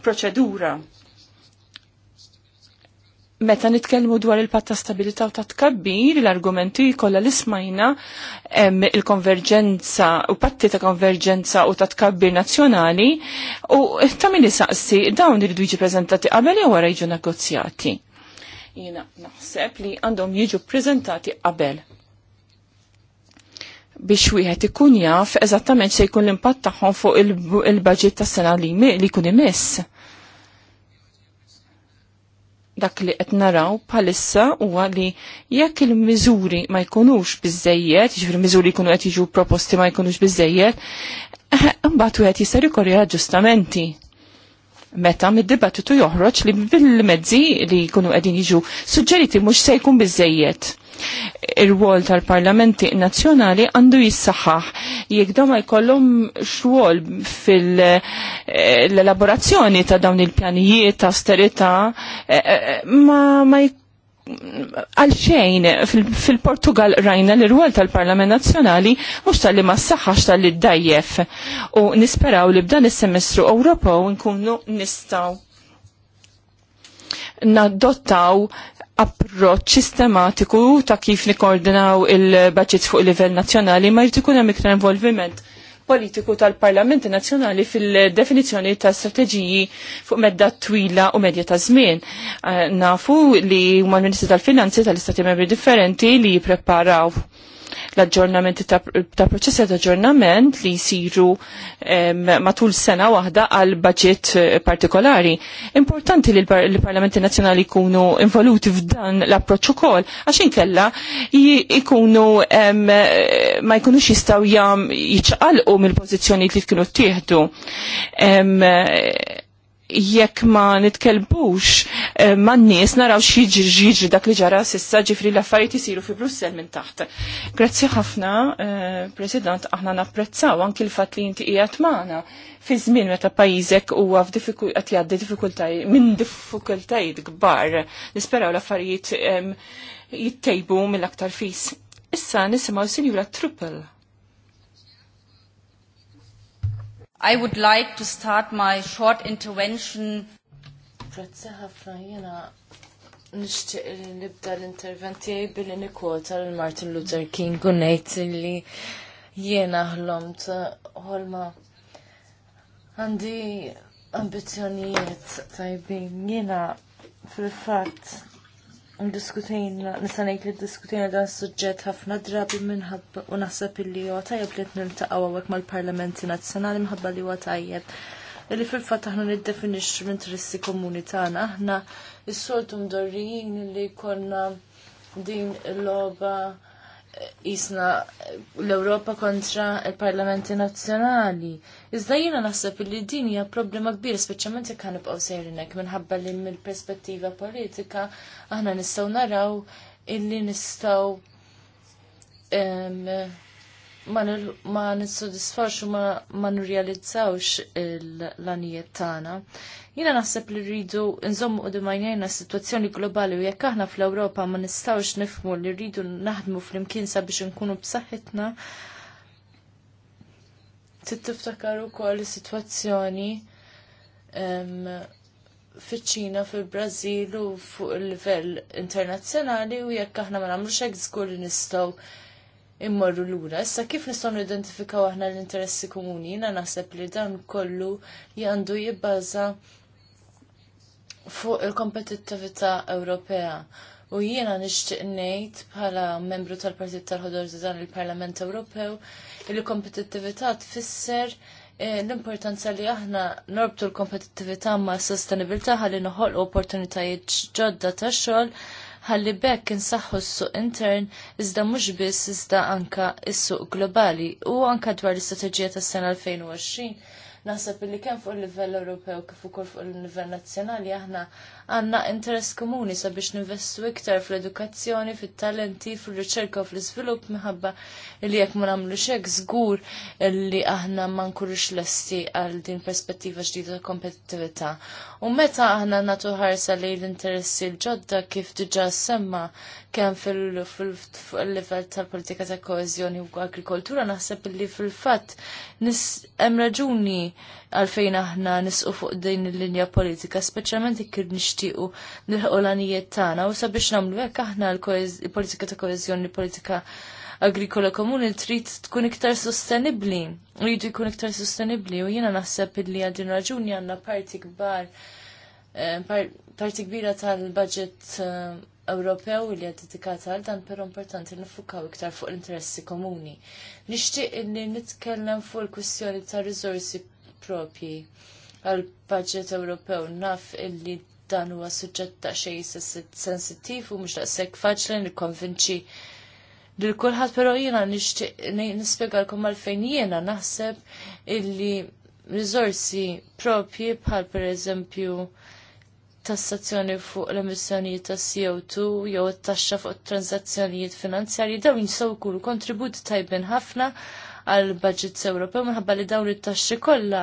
proċedura meta nitkellmu dwar il-patta stabilità u ta' tkabbir, l-argumenti kollha li smajna il-konverġenza u patti ta' konverġenza u ta' tkabbir nazzjonali u ta' min saqsi dawn irridu jiġi preżentati qabel jew wara jiġu negozjati. Jiena naħseb li għandhom jiġu preżentati qabel biex wieħed ikun jaf eżattament se jkun l-impatt tagħhom fuq il-baġit tas-sena li jkun imiss dak li qed naraw bħalissa huwa li jekk il-miżuri ma jkunux biżejjed, jiġri miżuri jkunu qed jiġu proposti ma jkunux biżejjed, mbagħad wieħed jista' jkorri aġġustamenti. Meta mid-dibattitu joħroġ li bil-mezzi li jkunu qegħdin jiġu suġġeriti mhux se jkun biżejjed ir-wol tal-parlamenti nazzjonali għandu jissaxħaħ. Jek dawn ma jkollhom xwol fil-elaborazzjoni ta' dawn il-pjanijiet ta' austerità eh, eh, ma ma għalxejn fil-Portugal rajna l rwol tal-Parlament Nazzjonali mux tal-li ma s saxax tal-li d-dajjef u nisperaw li b'dan is-semestru Ewropew nkunu nistaw nadottaw approċ sistematiku ta' kif nikkoordinaw il-budgets fuq livell nazzjonali ma jrid ikun hemm iktar involviment politiku tal-Parlamenti Nazzjonali fil-definizjoni ta' strateġiji fuq medda twila u medja ta' żmien. Eh, nafu li huma l-Ministri tal-Finanzi tal-Istati Membri differenti li jippreparaw l-aġġornamenti ta' proċessi ta' aġġornament li jisiru matul sena waħda għal budget eh, partikolari. Importanti li l-Parlamenti Nazzjonali jkunu involuti f'dan l-approċċ ukoll għax inkella jkunu ma jkunux jistgħu jam jiċċaqalqu mill-pożizzjoni li kienu ttieħdu jekk ma nitkelbux eh, man nies naraw xieġi ġiġi dak li ġara sissa ġifri l-affarijiet isiru fi Brussel minn taħt. Grazzi ħafna, eh, President, aħna napprezzaw anki l-fat li inti qiegħed magħna fi żmien meta pajjiżek huwa qed jgħaddi diffikultajiet minn diffikultajiet kbar. Nisperaw l-affarijiet eh, jittejbu mill-aktar fis. Issa nisimgħu Sinjura Triple. I would like to start my short intervention. nishtiq li nibda l Martin Luther King u ngħid li ħlomt ħolma għandi tajbin jena fil fat Diskutejna, nisanajt li diskutejna dan suġġett ħafna drabi minħabba u nasab illi huwa għatajab li niltaqgħu hawnhekk mal-Parlamenti Nazzjonali minħabba li huwa tajjeb. Illi fil-fatt aħna niddefinixxu l-interessi komuni tagħna, aħna s-soltu mdorrijin li konna din il-logħba jisna l-Europa kontra il-Parlamenti Nazzjonali. Iżda jina naħseb li din hija problema kbira, speċjalment jekk nibqgħu sejrinek minħabba li mill-perspettiva politika aħna nistgħu naraw illi nistgħu ma nissodisfax u ma nirrealizzawx l-anijiet tagħna. Jiena naħseb li rridu nżommu u dimajnejna situazzjoni globali u jekk aħna fl-Ewropa ma nistgħux nifmu li rridu naħdmu fl-imkien sabiex nkunu b'saħħitna. tiftakar ukoll is-sitwazzjoni fiċ-ċina, fil-Brażil u fuq il-livell internazzjonali u jekk aħna ma nagħmlux hekk żgur li nistgħu immorru lura. Issa kif nistgħu nidentifikaw aħna l-interessi komuni, jiena naħseb li dan kollu għandu jibbaża fuq il-kompetittività Ewropea. U jiena nixtieq ngħid bħala membru tal-Partit tal-Ħodor dan il-Parlament Ewropew il kompetittività tfisser eh, l-importanza li aħna norbtu l-kompetittività ma' s-sostenibilità ħalli noħolqu opportunitajiet ġodda ta' xogħol ħalli bekk insaħħu s-suq intern iżda mhux biss iżda anka s-suq globali u anka dwar l-istrateġija tas-sena 2020 naħseb li kemm fuq il-livell Ewropew kif ukoll fuq il-livell nazzjonali aħna għanna interess komuni sabiex ninvestu iktar fl-edukazzjoni, fit-talenti, fil-riċerka u fl-iżvilupp minħabba li jekk ma namlu xek, żgur li aħna ma nkunux lesti għal din perspettiva ġdida ta' kompetitività U meta aħna nagħtu ħarsa li l-interessi l-ġodda kif diġà semma kemm fil-livell tal-politika ta' koeżjoni u agrikoltura naħseb li fil-fatt nis hemm raġuni għalfejn aħna nisqu fuq din il-linja politika, speċjalment jekk nixtiequ lill-qolanijiet tagħna u sabiex nagħmlu hekk aħna l-politika ta' koeżjoni, politika agrikola komuni trid tkun iktar sostenibbli, rridu jkun iktar sostenibbli u jiena naħseb illi għal din raġuni għandna parti kbar eh, parti kbira tal-budget eh, Ewropew li għad dedikata għal dan però importanti nifukaw iktar fuq l-interessi komuni. Nixtieq li nitkellem fuq il-kwistjoni ta' riżorsi propji għal budget Ewropew naf illi dan huwa suġġett ta' xejn sensittiv u mhux daqshekk faċli nikkonvinċi lil kulħadd però jiena nixtieq nispjegalkom għalfejn jiena naħseb illi riżorsi propji bħal pereżempju tassazzjoni fuq l-emissjonijiet ta' CO2 jew it-taxxa fuq it transazzjonijiet finanzjarji dawn jinsew jkunu kontribut tajbin ħafna għal budgets Ewropew minħabba li dawn it-taxxi kollha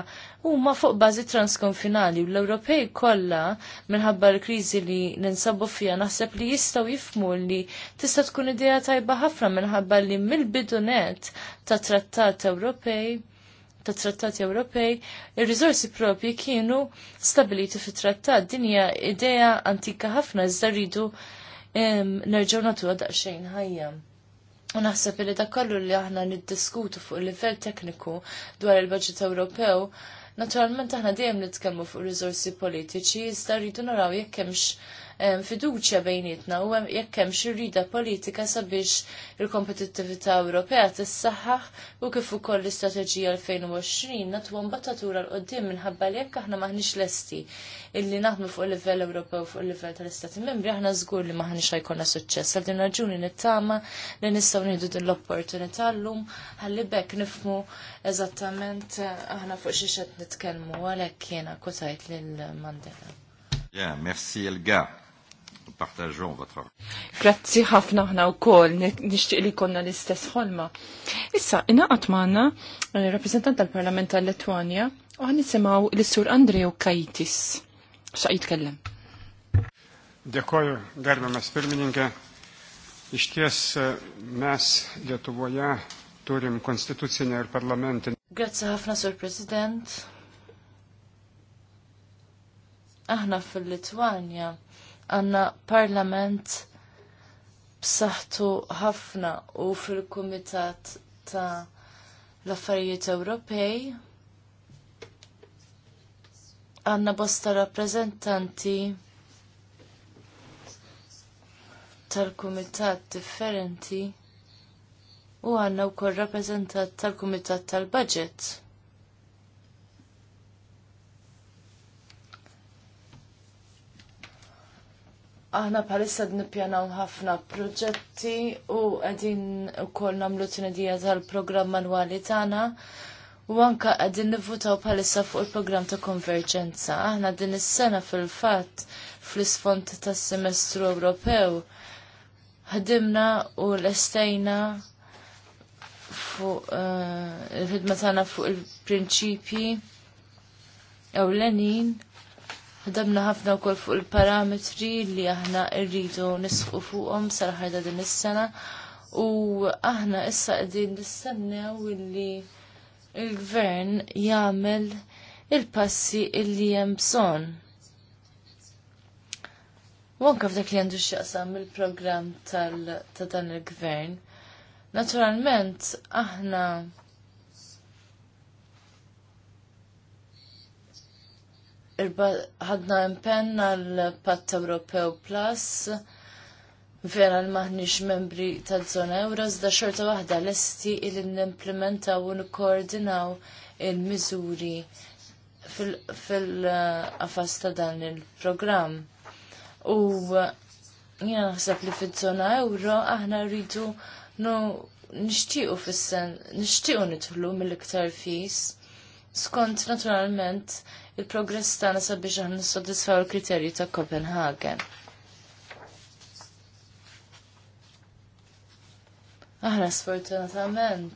huma fuq bażi transkonfinali u l-Ewropej kollha minħabba l-kriżi li ninsabu fija naħseb li jistgħu jifmu li tista' tkun idea tajba ħafna minħabba li mill net ta' trattat Ewropej ta' trattati Ewropej, ir rizorsi propji kienu stabiliti fit-trattat. Din hija idea antika ħafna iżda rridu nerġgħu natu daqsxejn ħajja. U naħseb li dak kollu li aħna niddiskutu fuq il-livell tekniku dwar il-budget Ewropew, naturalment aħna dejjem nitkellmu fuq riżorsi politiċi, iżda rridu naraw jekk hemmx fiduċja bejnietna u jekk hemm rida politika sabiex il-kompetittività Ewropea tissaħħaħ u kif ukoll l-istrateġija 2020 natwom battatura l qoddim minħabba li jekk aħna maħniex lesti illi naħdmu fuq il-livell Ewropew fuq il-livell tal-Istati Membri aħna żgur li maħniex ħajkonna suċċess. Għal din raġuni nittama li nistgħu nieħdu din l-opportunità llum ħalli bekk nifmu eżattament eh, aħna fuq xi qed nitkellmu għalhekk jiena kutajt lil Mandela. Yeah, merci Elga partageons votre. Grazzi ħafna ħna u kol, nishtiq li konna l-istess ħolma. Issa, inaqat maħna, eh, rappresentant tal-Parlament tal-Letwania, u għan nisimaw l-Sur Andrew Kajtis. Xa jitkellem. Dėkoju, gerbiamas pirmininkė. Iš ties eh, mes Lietuvoje turim konstitucinę ir parlamentinę. Grazzi ħafna, Sur President. Aħna fil-Litwanja għanna parlament b'saħħtu ħafna u fil-Kumitat ta' l-Affarijiet Ewropej għanna bosta rappreżentanti tal-Kumitat differenti u għanna u kol rappresentat tal-Kumitat tal-Budget. aħna bħalissa nippjanaw ħafna proġetti u qegħdin ukoll nagħmlu tnedija tal-programm manwali tagħna. U anka għadin nivvutaw bħalissa fuq il-program ta' konverġenza. Aħna din is-sena fil-fatt fl-isfond tas semestru Ewropew ħadimna u l-estejna fuq eh, il-ħidma tagħna fuq il-prinċipji ewlenin Ħdamna ħafna wkoll fuq il-parametri li aħna rridu nisħu fuqhom sal ħajda din is-sena u aħna issa qegħdin nistennew illi il-gvern jagħmel il-passi illi hemm bżonn. Wonka f'dak li għandu x'jaqsam il-programm ta' dan il-gvern. Naturalment aħna ħadna impenn għal patt Ewropew Plus vera l-maħniġ membri tal-zona euro zda xorta waħda l-esti il nimplementaw u n-koordinaw il-mizuri fil afas ta' dan il-program. U jina naħseb li fil-zona euro aħna rridu no nishtiqu sen nishtiqu nitħlu mill-iktar fis, skont naturalment il-progress tagħna sabiex aħna nissodisfaw il-kriterji ta' Copenhagen. Aħna sfortunatament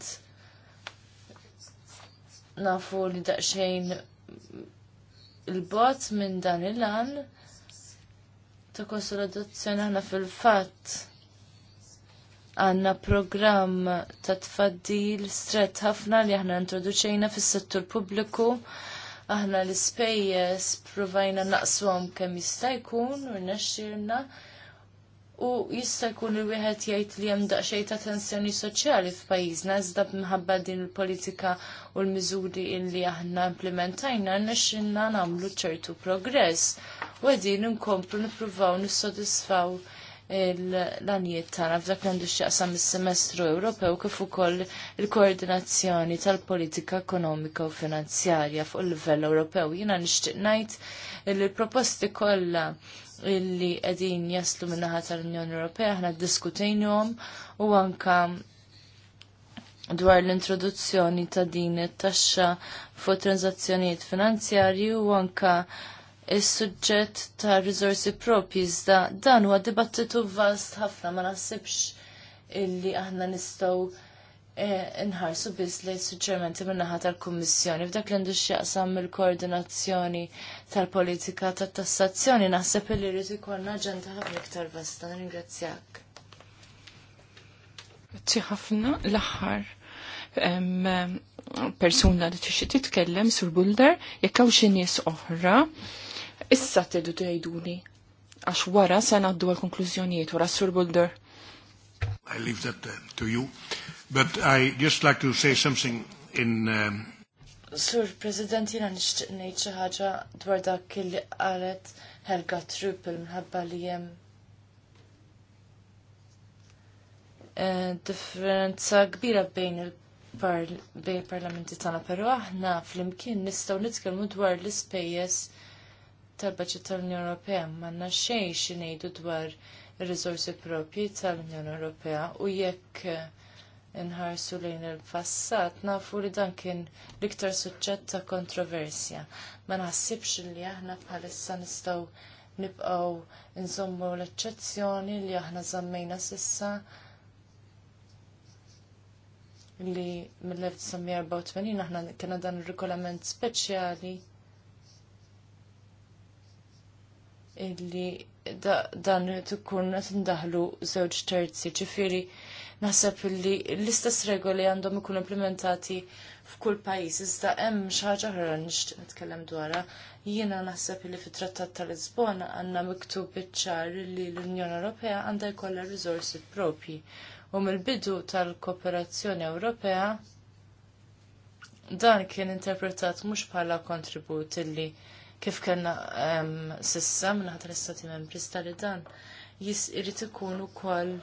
nafu li daqxejn il-bot minn dan il-lan ta' konsolidazzjoni aħna fil-fatt għanna programm ta' tfaddil stret ħafna li aħna introduċejna fis-settur pubbliku aħna l spejjes provajna naqshom kemm jista' jkun u rnexxirna. U jista' jkun li wieħed jgħid li hemm daqsxejn ta' tensjoni soċjali f'pajjiżna iżda minħabba din il-politika u l-miżuri li aħna implementajna nexxinna nagħmlu ċertu progress. U qegħdin inkomplu nippruvaw nissodisfaw l-anijiet tagħna f'dak għandu x'jaqsam is-semestru Ewropew kif ukoll il-koordinazzjoni tal-politika ekonomika u finanzjarja fuq il-livell Ewropew. Jiena nixtieq ngħid li l-proposti kollha illi qegħdin jaslu min-naħa tal-Unjoni Ewropea aħna ddiskutejnhom u anka dwar l-introduzzjoni ta' din it-taxxa fuq transazzjonijiet finanzjarji u anka is-suġġett ta' rizorsi propji iżda dan huwa dibattitu vast ħafna ma naħsibx illi aħna nistgħu eh, nħarsu biss li suġġermenti minnaħa tal-Kummissjoni f'dak li għandu x'jaqsam il-koordinazzjoni tal-politika tat-tassazzjoni naħseb illi rridu ikollna ġenta ħafna iktar vasta. Ningrazzjak. Grazzi ħafna l-aħħar persuna li tixi titkellem sur Bulder jekk hawn xi nies oħra issa tridu tgħiduli għax wara se għaddu għal konklużjonijiet wara Sur Boulder. I leave that uh, to you, but I just like to say something in um... Sur President, jina nishtiq ngħid xi ħaġa dwar dak li qalet Helga Trupel minħabba li hemm uh, differenza kbira bejn il-parlamenti tagħna, pero aħna flimkien nistgħu nitkellmu dwar l-ispejjeż tal-Baġit tal-Unjoni Ewropea m'għandna xejn xi ngħidu dwar ir-riżorsi propji tal-Unjoni Ewropea u jekk inħarsu lejn il-passat nafu li dan kien l-iktar suġġett ta' kontroversja. Ma naħsibx li aħna bħalissa nistgħu nibqgħu nżommu l-eċċezzjoni li aħna żammejna sissa li mill-1984 aħna kena dan ir regolament speċjali illi dan tkun qed indaħlu żewġ terzi, ġifieri naħseb illi l-istess regoli għandhom ikunu implementati f'kull pajjiż iżda hemm xi ħaġa oħra nitkellem dwarha. Jiena naħseb illi fit-Trattat tal-Lisbona għandna miktub iċ ċar li l-Unjoni Ewropea għandha jkollha riżorsi propji. U mill-bidu tal-Kooperazzjoni Ewropea dan kien interpretat mhux bħala kontribut illi kif kellna sissa minnaħat l-istati membri stari dan jis jisqirit ikun ukoll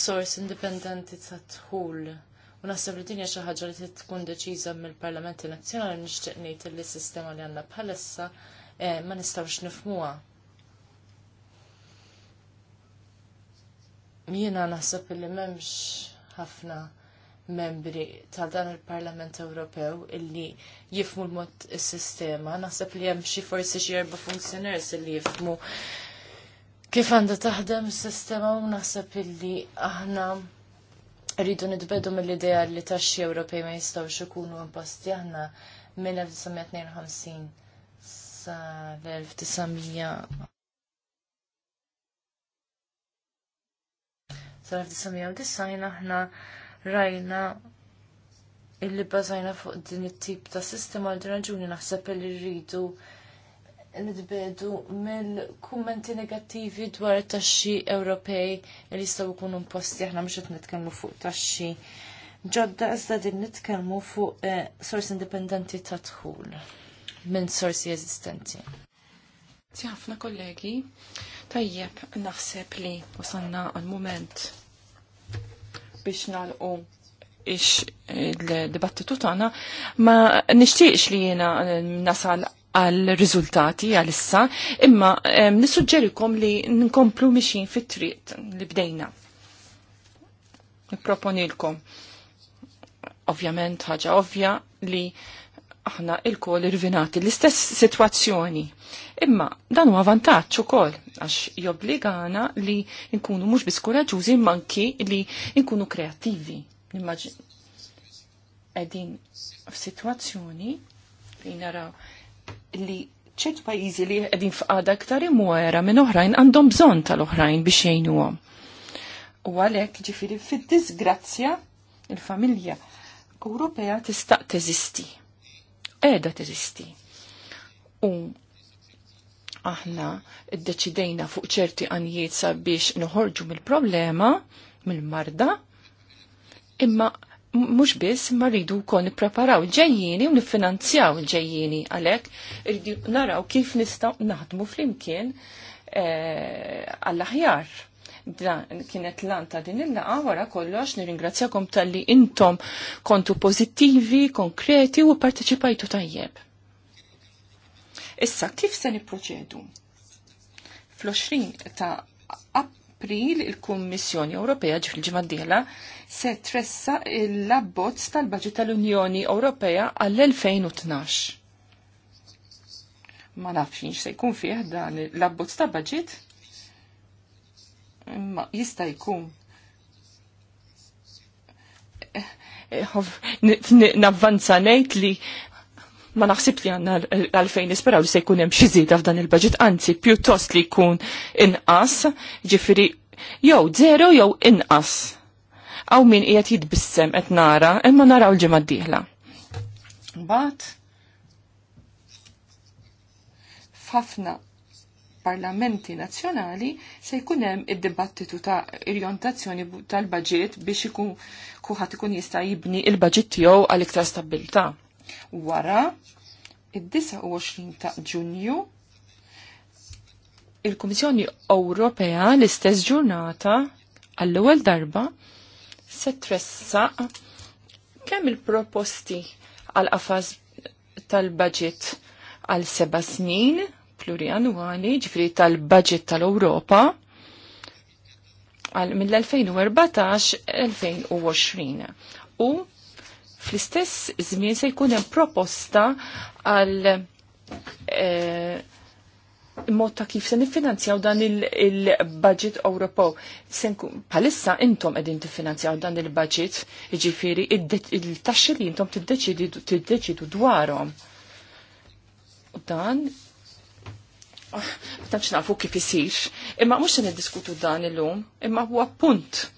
source indipendenti ta' tħul. U naħseb li dinja xi ħaġa li tkun deċiza mill-Parlamenti Nazzjonali nixtieq ngħid li s-sistema li għandna bħalissa eh, ma nistgħux nifmuwa. Jiena naħseb li m'hemmx ħafna membri tal dan il-Parlament Ewropew illi jifmu l-mod is-sistema. Naħseb li hemm xi forsi xi erba' funzjoners illi jifmu kif għanda taħdem is-sistema u naħseb illi aħna rridu nidbedu mill-idea li taxxi Ewropej ma jistgħux ikunu posti aħna mill-1952 sa l-1900 sal-1990 aħna rajna illi bazajna fuq din it-tip ta' sistema għal raġuni naħseb li rridu nidbedu mill-kummenti negattivi dwar it taxxi Ewropej li jistgħu jkunu imposti aħna mhux qed nitkellmu fuq taxxi ġodda iżda din nitkellmu fuq eh, sors indipendenti ta' dħul minn sorsi eżistenti. Ħafna kollegi, tajjeb naħseb li wasanna għal-moment biex nalqu ix il-dibattitu tagħna, ma nixtieqx li jiena eh, nasal għal riżultati għal issa, imma eh, nissuġġerikom li nkomplu mixin fit-triq li bdejna. Nipproponilkom. Ovvjament ħaġa ovvja li aħna il-kol irvinati l-istess situazzjoni. Imma dan huwa vantaġġ ukoll għax jobbligana li nkunu mhux biss imma manki li nkunu kreattivi. Nimmaġin qegħdin f'sitwazzjoni li naraw li ċert pajjiżi li qegħdin f'qada aktar imwera minn oħrajn għandhom bżonn tal-oħrajn biex jgħinuhom. U għalhekk ġifieri fid-disgrazzja il-familja Ewropea tista' teżisti edha t-izisti. U aħna deċidejna fuq ċerti għanijiet sabiex nħorġu mill-problema, mill-marda, imma mux biss ma rridu kon nipreparaw ġejjini u nifinanzjaw ġejjini għalek, rridu naraw kif nistaw naħdmu fl-imkien eh, għall-aħjar. Eh, kienet lan ta' din il-laqa wara kollox nirringrazzjakom tal-li intom kontu pozittivi, konkreti u parteċipajtu tajjeb. Issa, kif se niproċedu? Fl-20 ta' april il-Kummissjoni Ewropea ġifil ġimaddila se tressa l-abbozz tal-Baġit tal-Unjoni Ewropea għall-2012. Ma nafx se jkun fih dan l-abbozz tal baġit Ma jista' jkun eh, eh, navvanza ngħid li ma naħsib li għanna għalfejn isperaw li se jkun hemm xi żieda f'dan il-budget, anzi pjuttost li jkun inqas, ġifieri jew zero jew inqas. Aw min qiegħed jitbissem qed nara, imma naraw l-ġimgħa d-dieħla. Mbagħad f'ħafna parlamenti nazzjonali se jkun hemm id-dibattitu ta' irjontazzjoni tal-baġit biex ikun kuħat ikun jista' jibni il-baġit tiegħu għal iktar stabilità. Wara id-29 ta' Ġunju il-Kummissjoni Ewropea l-istess ġurnata għall-ewwel darba se tressaq kemm il-proposti għal qafas tal baġit għal seba snin plurianwali, ġifri tal-budget tal-Europa, għal mill-2014-2020. U fl-istess żmien se jkun hemm proposta għal eh, mod ta' kif se niffinanzjaw dan il-budget il Ewropew. Palissa intom qegħdin tiffinanzjaw dan il-budget, jiġifieri il-taxxi li intom tiddeċidu dwarhom. Dan Ah, Tamx nafu kif isir. Imma mhux se niddiskutu dan illum, imma huwa punt.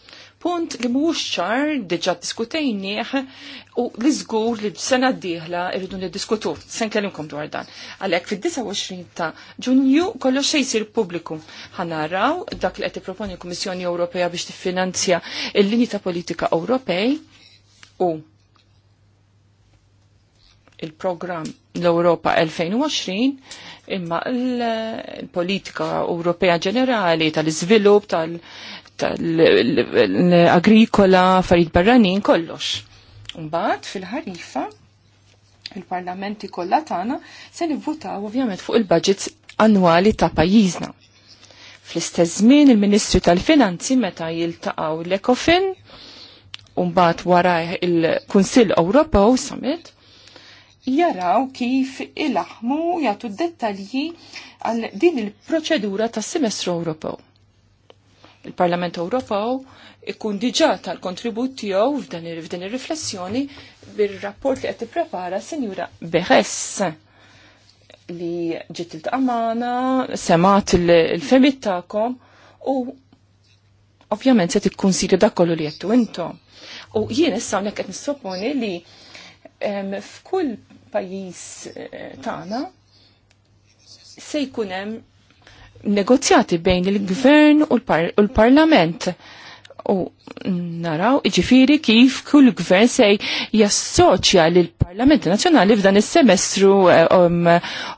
Punt li mhuwiex ċar diġà diskutejnieh u li żgur li sena d-dieħla irridu niddiskutu. Se nkellimkom dwar dan. Għalhekk fid-29 ta' Ġunju kollox se jsir pubbliku. Ħanaraw dak li qed tipproponi l-Kummissjoni Ewropea biex tiffinanzja l-linji ta' politika Ewropej u il-programm l-Europa 2020 imma l-politika Ewropea ġenerali tal-iżvilupp tal-agrikola farid barranin kollox. Mbagħad fil-ħarifa il-parlamenti kollha tagħna se nivvutaw ovvjament fuq il-budgets annwali ta' pajjiżna. Fl-istess żmien il-Ministri tal-Finanzi meta jiltaqgħu l-Ekofin u mbagħad wara il-Kunsill Ewropew Summit jaraw kif ilaħmu jagħtu dettalji għal din il-proċedura tas semestru Ewropew. Il-Parlament Ewropew ikun diġà tal-kontribut tiegħu f'din ir-riflessjoni bir-rapport li qed tipprepara Sinjura Beres li ġiet il-tqamana, semat il-femit tagħkom u ovvjament se tikkunsidru dak kollu li qed intom. U jien issa hawnhekk qed nissoponi li f'kull pajjiż eh, tagħna se jkun hemm negozjati bejn il-gvern u l-parlament. -par u naraw iġifiri kif kull gvern se jassoċja l parlament Nazzjonali f'dan is-semestru eh, um,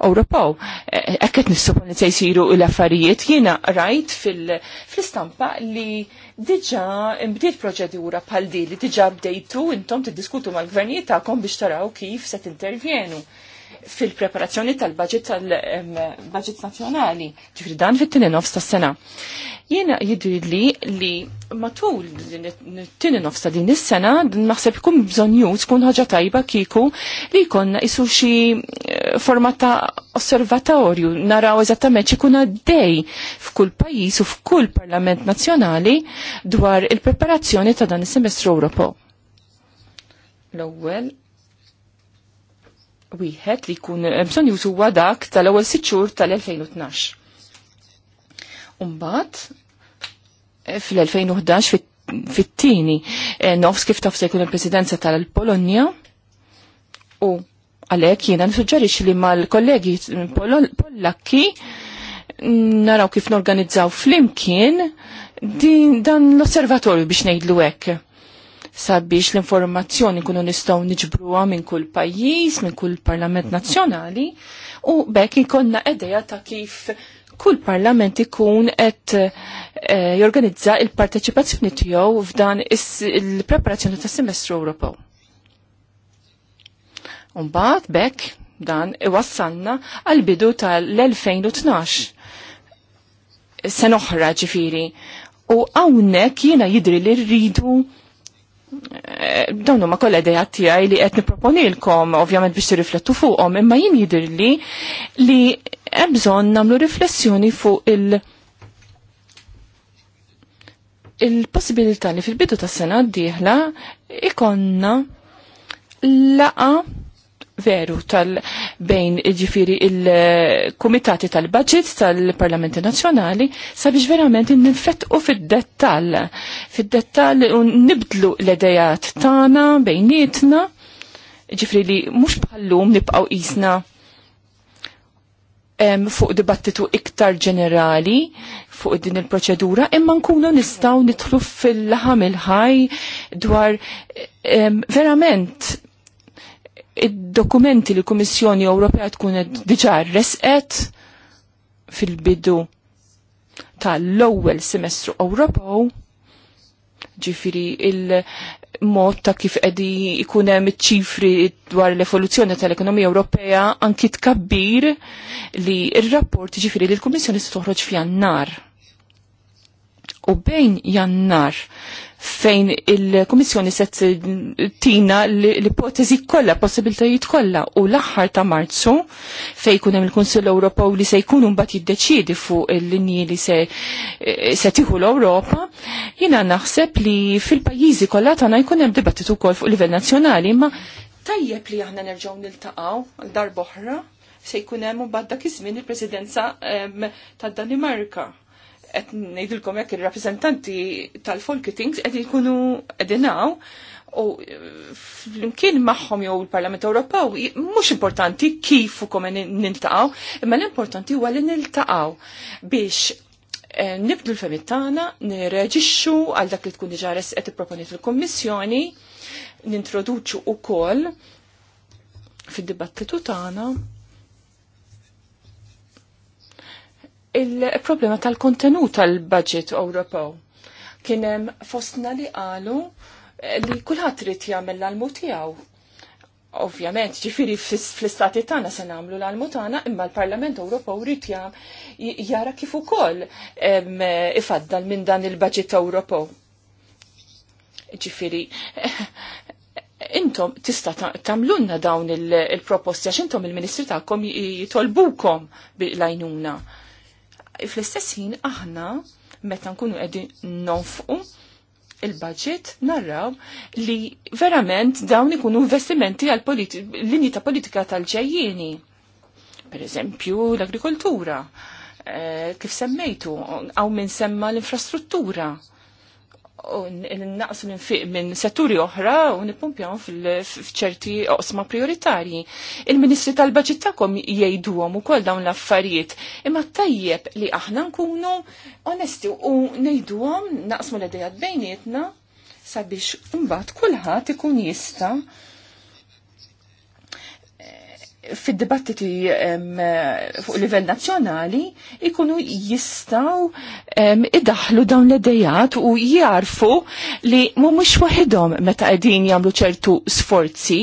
Ewropew. Eh, hekk qed nissupon li se jsiru l-affarijiet jiena rajt fl-istampa li diġa' imbdiet proċedura bħal di li diġa' bdejtu intom tiddiskutu mal-gvernijiet kom biex taraw kif se intervjenu fil-preparazzjoni tal-budget tal-budget nazjonali, ġifri dan fit tininof nofs sena. Jena jidri li matul tini nofs ta' din is-sena, naħseb ikun bżonju tkun ħaġa tajba kiku li jkun isu xi eh, forma ta' osservatorju, naraw eżattament xikun għaddej f'kull pajis u f'kull parlament nazjonali dwar il-preparazzjoni ta' dan is-semestru Ewropew. L-ewwel wieħed li jkun eh, bżonn jużu dak tal-ewwel sitt xhur tal-2012. Umbagħad eh, fil-2011 fit-tieni eh, nofs kif tafse se jkun il-Presidenza tal-Polonja u għalhekk jiena nsuġġerix li mal-kollegi Pollakki mm, naraw kif norganizzaw flimkien din dan l-osservatorju biex ngħidlu hekk sabiex l-informazzjoni kunu nistgħu niġbruha minn kull pajjiż, minn kull parlament mhm. nazzjonali u bekk ikonna edeja ta' kif kull parlament ikun qed eh, jorganizza il-parteċipazzjoni tiegħu f'dan il-preparazzjoni tas semestru Ewropew. Umbagħad bekk dan iwassalna għal bidu tal-2012. Sen oħra ġifiri. U hawnhekk jiena jidri li rridu Eh, dawnu ma kolla ideja tijaj li għetni proponilkom, ovvjament biex riflettu fuqom, imma jien jidirli li ebżon namlu riflessjoni fuq il- il-possibilità li fil-bidu ta' sena d dieħla ikonna laqa veru tal-bejn ġifiri il-Kumitati tal-Budget tal-Parlamenti Nazzjonali sabiex verament ninfettqu fid-dettall. Fid-dettall nibdlu l edajat tana bejnietna ġifiri li mux bħallum nibqaw isna fuq dibattitu iktar ġenerali fuq din il-proċedura imma nkunu nistaw nitlu fil-laħam il-ħaj dwar verament id-dokumenti li l-Kummissjoni Ewropea tkun qed diġà resqet fil-bidu tal-ewwel semestru Ewropew ġifiri il-mod ta' kif qegħdi ikun hemm iċ-ċifri dwar l-evoluzzjoni tal-ekonomija Ewropea anki tkabbir li r-rapport ġifiri li l-Kummissjoni se toħroġ f'Jannar. U bejn Jannar fejn il-Komissjoni set tina l-ipotezi kollha, possibiltajiet kollha u l-aħħar ta' Marzu fejn kunem hemm il-Kunsill u li se jkunu mbagħad jiddeċiedi fuq il-linji li se se tieħu l-Ewropa, jiena naħseb li fil-pajjiżi kollha tagħna jkun hemm dibattitu wkoll fuq livell nazzjonali, ma tajjeb li aħna nerġgħu niltaqgħu għal darboħra se jkun hemm mbagħad dak iż-żmien il-Presidenza ehm, tad-Danimarka qed nejdilkom jekk ir-rappreżentanti tal-Folketings et jikunu edinaw u eh, flimkien magħhom jew il-Parlament Ewropew mhux importanti kif u kome niltaqgħu, imma l-importanti huwa li niltaqgħu biex eh, nibdu l femittana tagħna, nirreġixxu għal dak li tkun diġà qed proponiet l kummissjoni nintroduċu ukoll fid-dibattitu tagħna il-problema tal-kontenut tal-budget Ewropew. Kien hemm fostna li qalu eh, li kulħadd trid jagħmel l-almu tiegħu. Ovvjament, ġifiri fl-istati tagħna se nagħmlu l-almu tagħna, imma l-Parlament Ewropew rrid jara kif ukoll ifaddal minn dan il-budget Ewropew. Ġifiri, intom tista tamlunna dawn il-proposti għax intom il-ministri tagħkom jitolbukom bil-lajnuna fl-istess ħin aħna meta nkunu qegħdin nonfqu il-budget narraw li verament dawn ikunu investimenti għal linji ta' politika tal-ġejjieni. Per eżempju, l-agrikoltura, eh, kif semmejtu, għaw minn semma l-infrastruttura naqsu l-infiq minn setturi oħra u nipumpjaw f'ċerti oqsma prioritarji. Il-Ministri tal-Baġit għom jgħiduhom ukoll dawn l-affarijiet, imma tajjeb li aħna nkunu onesti u ngħiduhom naqsmu l-idejat bejnietna sabiex mbagħad kulħadd ikun jista' fid-dibattiti fuq livell nazzjonali ikunu jistaw idaħlu dawn l-idejat u jarfu li mhumiex waħedhom meta qegħdin jagħmlu ċertu sforzi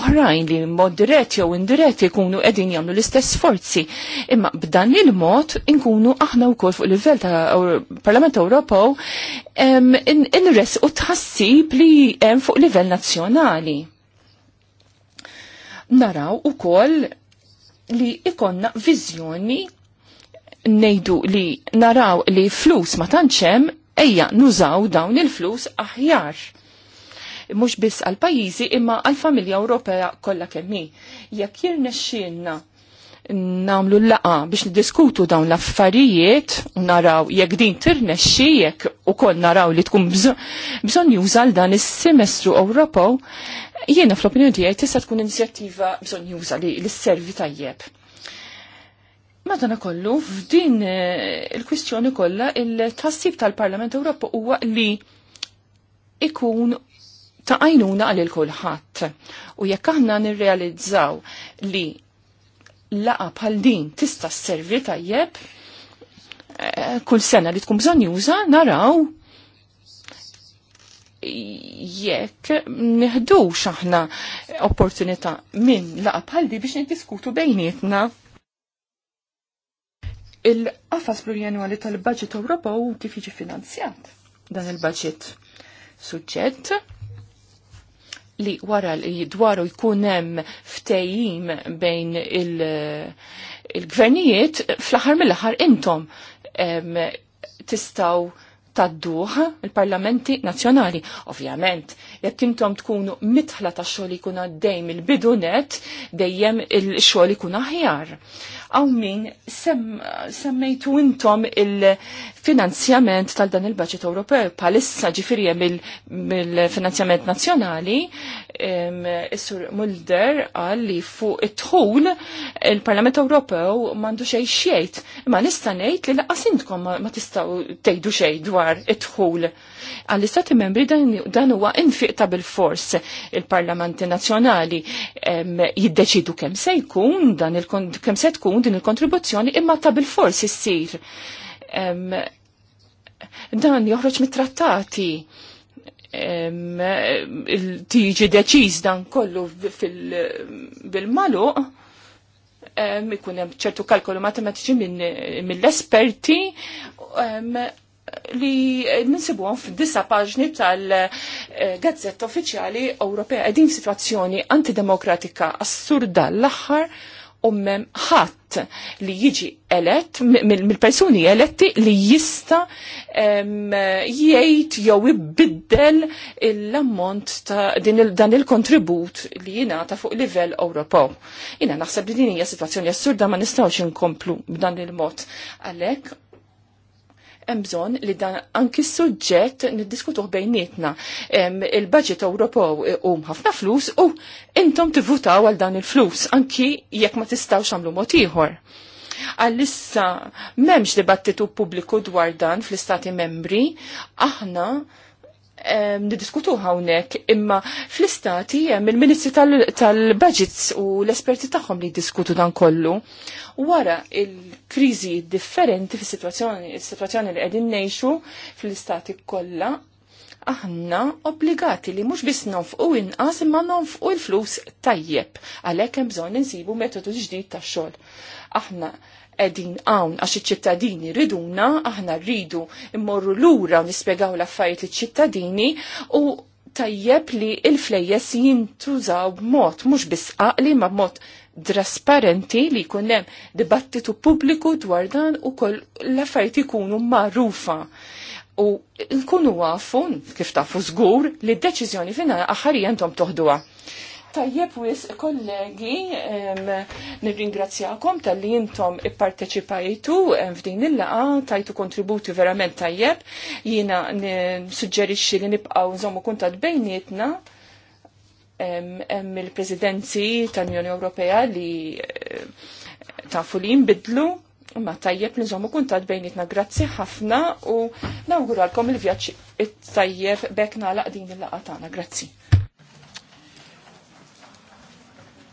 oħrajn li mod dirett jew indirett ikunu qegħdin jagħmlu l-istess sforzi. Imma b'dan il-mod inkunu aħna wkoll fuq livell ta' Parlament Ewropew res u tħassib li hemm fuq livell nazzjonali naraw u koll li ikonna vizjoni nejdu li naraw li flus ma tanċem ejja nużaw dawn il-flus aħjar. Mux biss għal-pajizi imma għal-familja Ewropea kollha kemmi. Jekk jirnexxielna namlu l-laqa biex niddiskutu dawn l-affarijiet u naraw jekk din tirnexxi jekk ukoll naraw li tkun bżonn jużal dan is-semestru Ewropew, jiena fl-opinjoni tiegħi tista' tkun inizjattiva bżonn juża li l-servi tajjeb. Madana kollu, f'din eh, il-kwistjoni kollha il-tassib tal-Parlament Ewropew huwa li ikun ta' għajnuna għal il-kulħadd. U jekk aħna nirrealizzaw li laqa bħal din tista' sservi tajjeb eh, kull sena li tkun bżonn juża naraw jekk neħdux aħna opportunità minn laqa bħal di biex niddiskutu bejnietna il-qafas plurianwali tal-budget Ewropew kif jiġi finanzjat dan il-budget. Suġġett li wara li dwaru jkun hemm ftejjim bejn il-gvernijiet il fl-aħħar mill-aħħar intom tistaw tadduħ il-parlamenti nazjonali. Ovvjament, jekk intom tkunu mitħla ta' xogħol jkun għaddej mill-bidunet dejjem il-xogħol ikun aħjar għaw min semmejtu intom il-finanzjament tal dan il-budget Ewropew palissa ġifiri mill-finanzjament nazjonali Is-sur Mulder għalli li fuq it-tħul il-Parlament Ewropew mandu xej xiejt ma nista' ngħid li laqas intkom ma tistgħu tgħidu xej dwar it-tħul. Għalli istati membri dan huwa infiq ta' bil-fors il-Parlamenti Nazzjonali jiddeċidu kemm se jkun dan il kemm se tkun din il-kontribuzzjoni imma ta' bil-fors issir. Um, dan joħroġ mit-trattati tiġi deċiż dan kollu bil-maluq, ikun hemm ċertu kalkolu matematiċi mill-esperti li ninsibuhom f'disa paġni tal-Gazzetta Uffiċjali Ewropea qegħdin f'sitwazzjoni antidemokratika assurda l-aħħar ummem ħadd li jiġi elett mill-persuni eletti li jista jgħid jew ibiddel l-ammont ta' dan il-kontribut li jingħata fuq livell Ewropew. Jiena naħseb li din hija sitwazzjoni assurda ma nistgħux inkomplu b'dan il-mod. Għalhekk hemm bżonn li dan anki suġġett niddiskutuh bejnietna. Il-budget Ewropew hum ħafna flus u intom tivvutaw għal dan il-flus anki jekk ma tistgħux għamlu mod ieħor. Għalissa m'hemmx dibattitu pubbliku dwar dan fl-istati membri, aħna nidiskutu hawnhekk imma fl-istati hemm il-Ministri tal-Budgets u l-esperti tagħhom li jiddiskutu dan kollu. Wara il-kriżi differenti fis-sitwazzjoni is-sitwazzjoni li qegħdin ngħixu fl-istati kollha, aħna obbligati li mhux biss nonfqu inqas imma u l-flus tajjeb għalhekk hemm bżonn insibu metodu ġdid tax-xogħol. Aħna edin għawn għax iċ-ċittadini riduna, aħna rridu immorru l-ura u nispiegaw l-affarijiet iċ-ċittadini u tajjeb li il-flejjes jintużaw b'mod mhux bisqaqli ma b'mod trasparenti li jkun hemm dibattitu pubbliku dwar dan u koll l-affarijiet ikunu magħrufa. U nkunu għafu, kif tafu żgur, li d-deċiżjoni fina aħħarija intom toħduha. Tajjeb wis, kollegi, nirringrazzjakom tal-li jintom ipparteċipajtu f'din il-laqa, tajtu kontributi verament tajjeb, jina suġġerixxi li nibqaw nżommu kuntat bejnietna hemm il-presidenzi tal-Unjoni Ewropea li eh, tafu li jinbidlu Ma tajjeb li nżommu kuntat bejnietna grazzi ħafna u nawguralkom il-vjaċ it-tajjeb bekna laqdin il-laqa tagħna. Grazzi.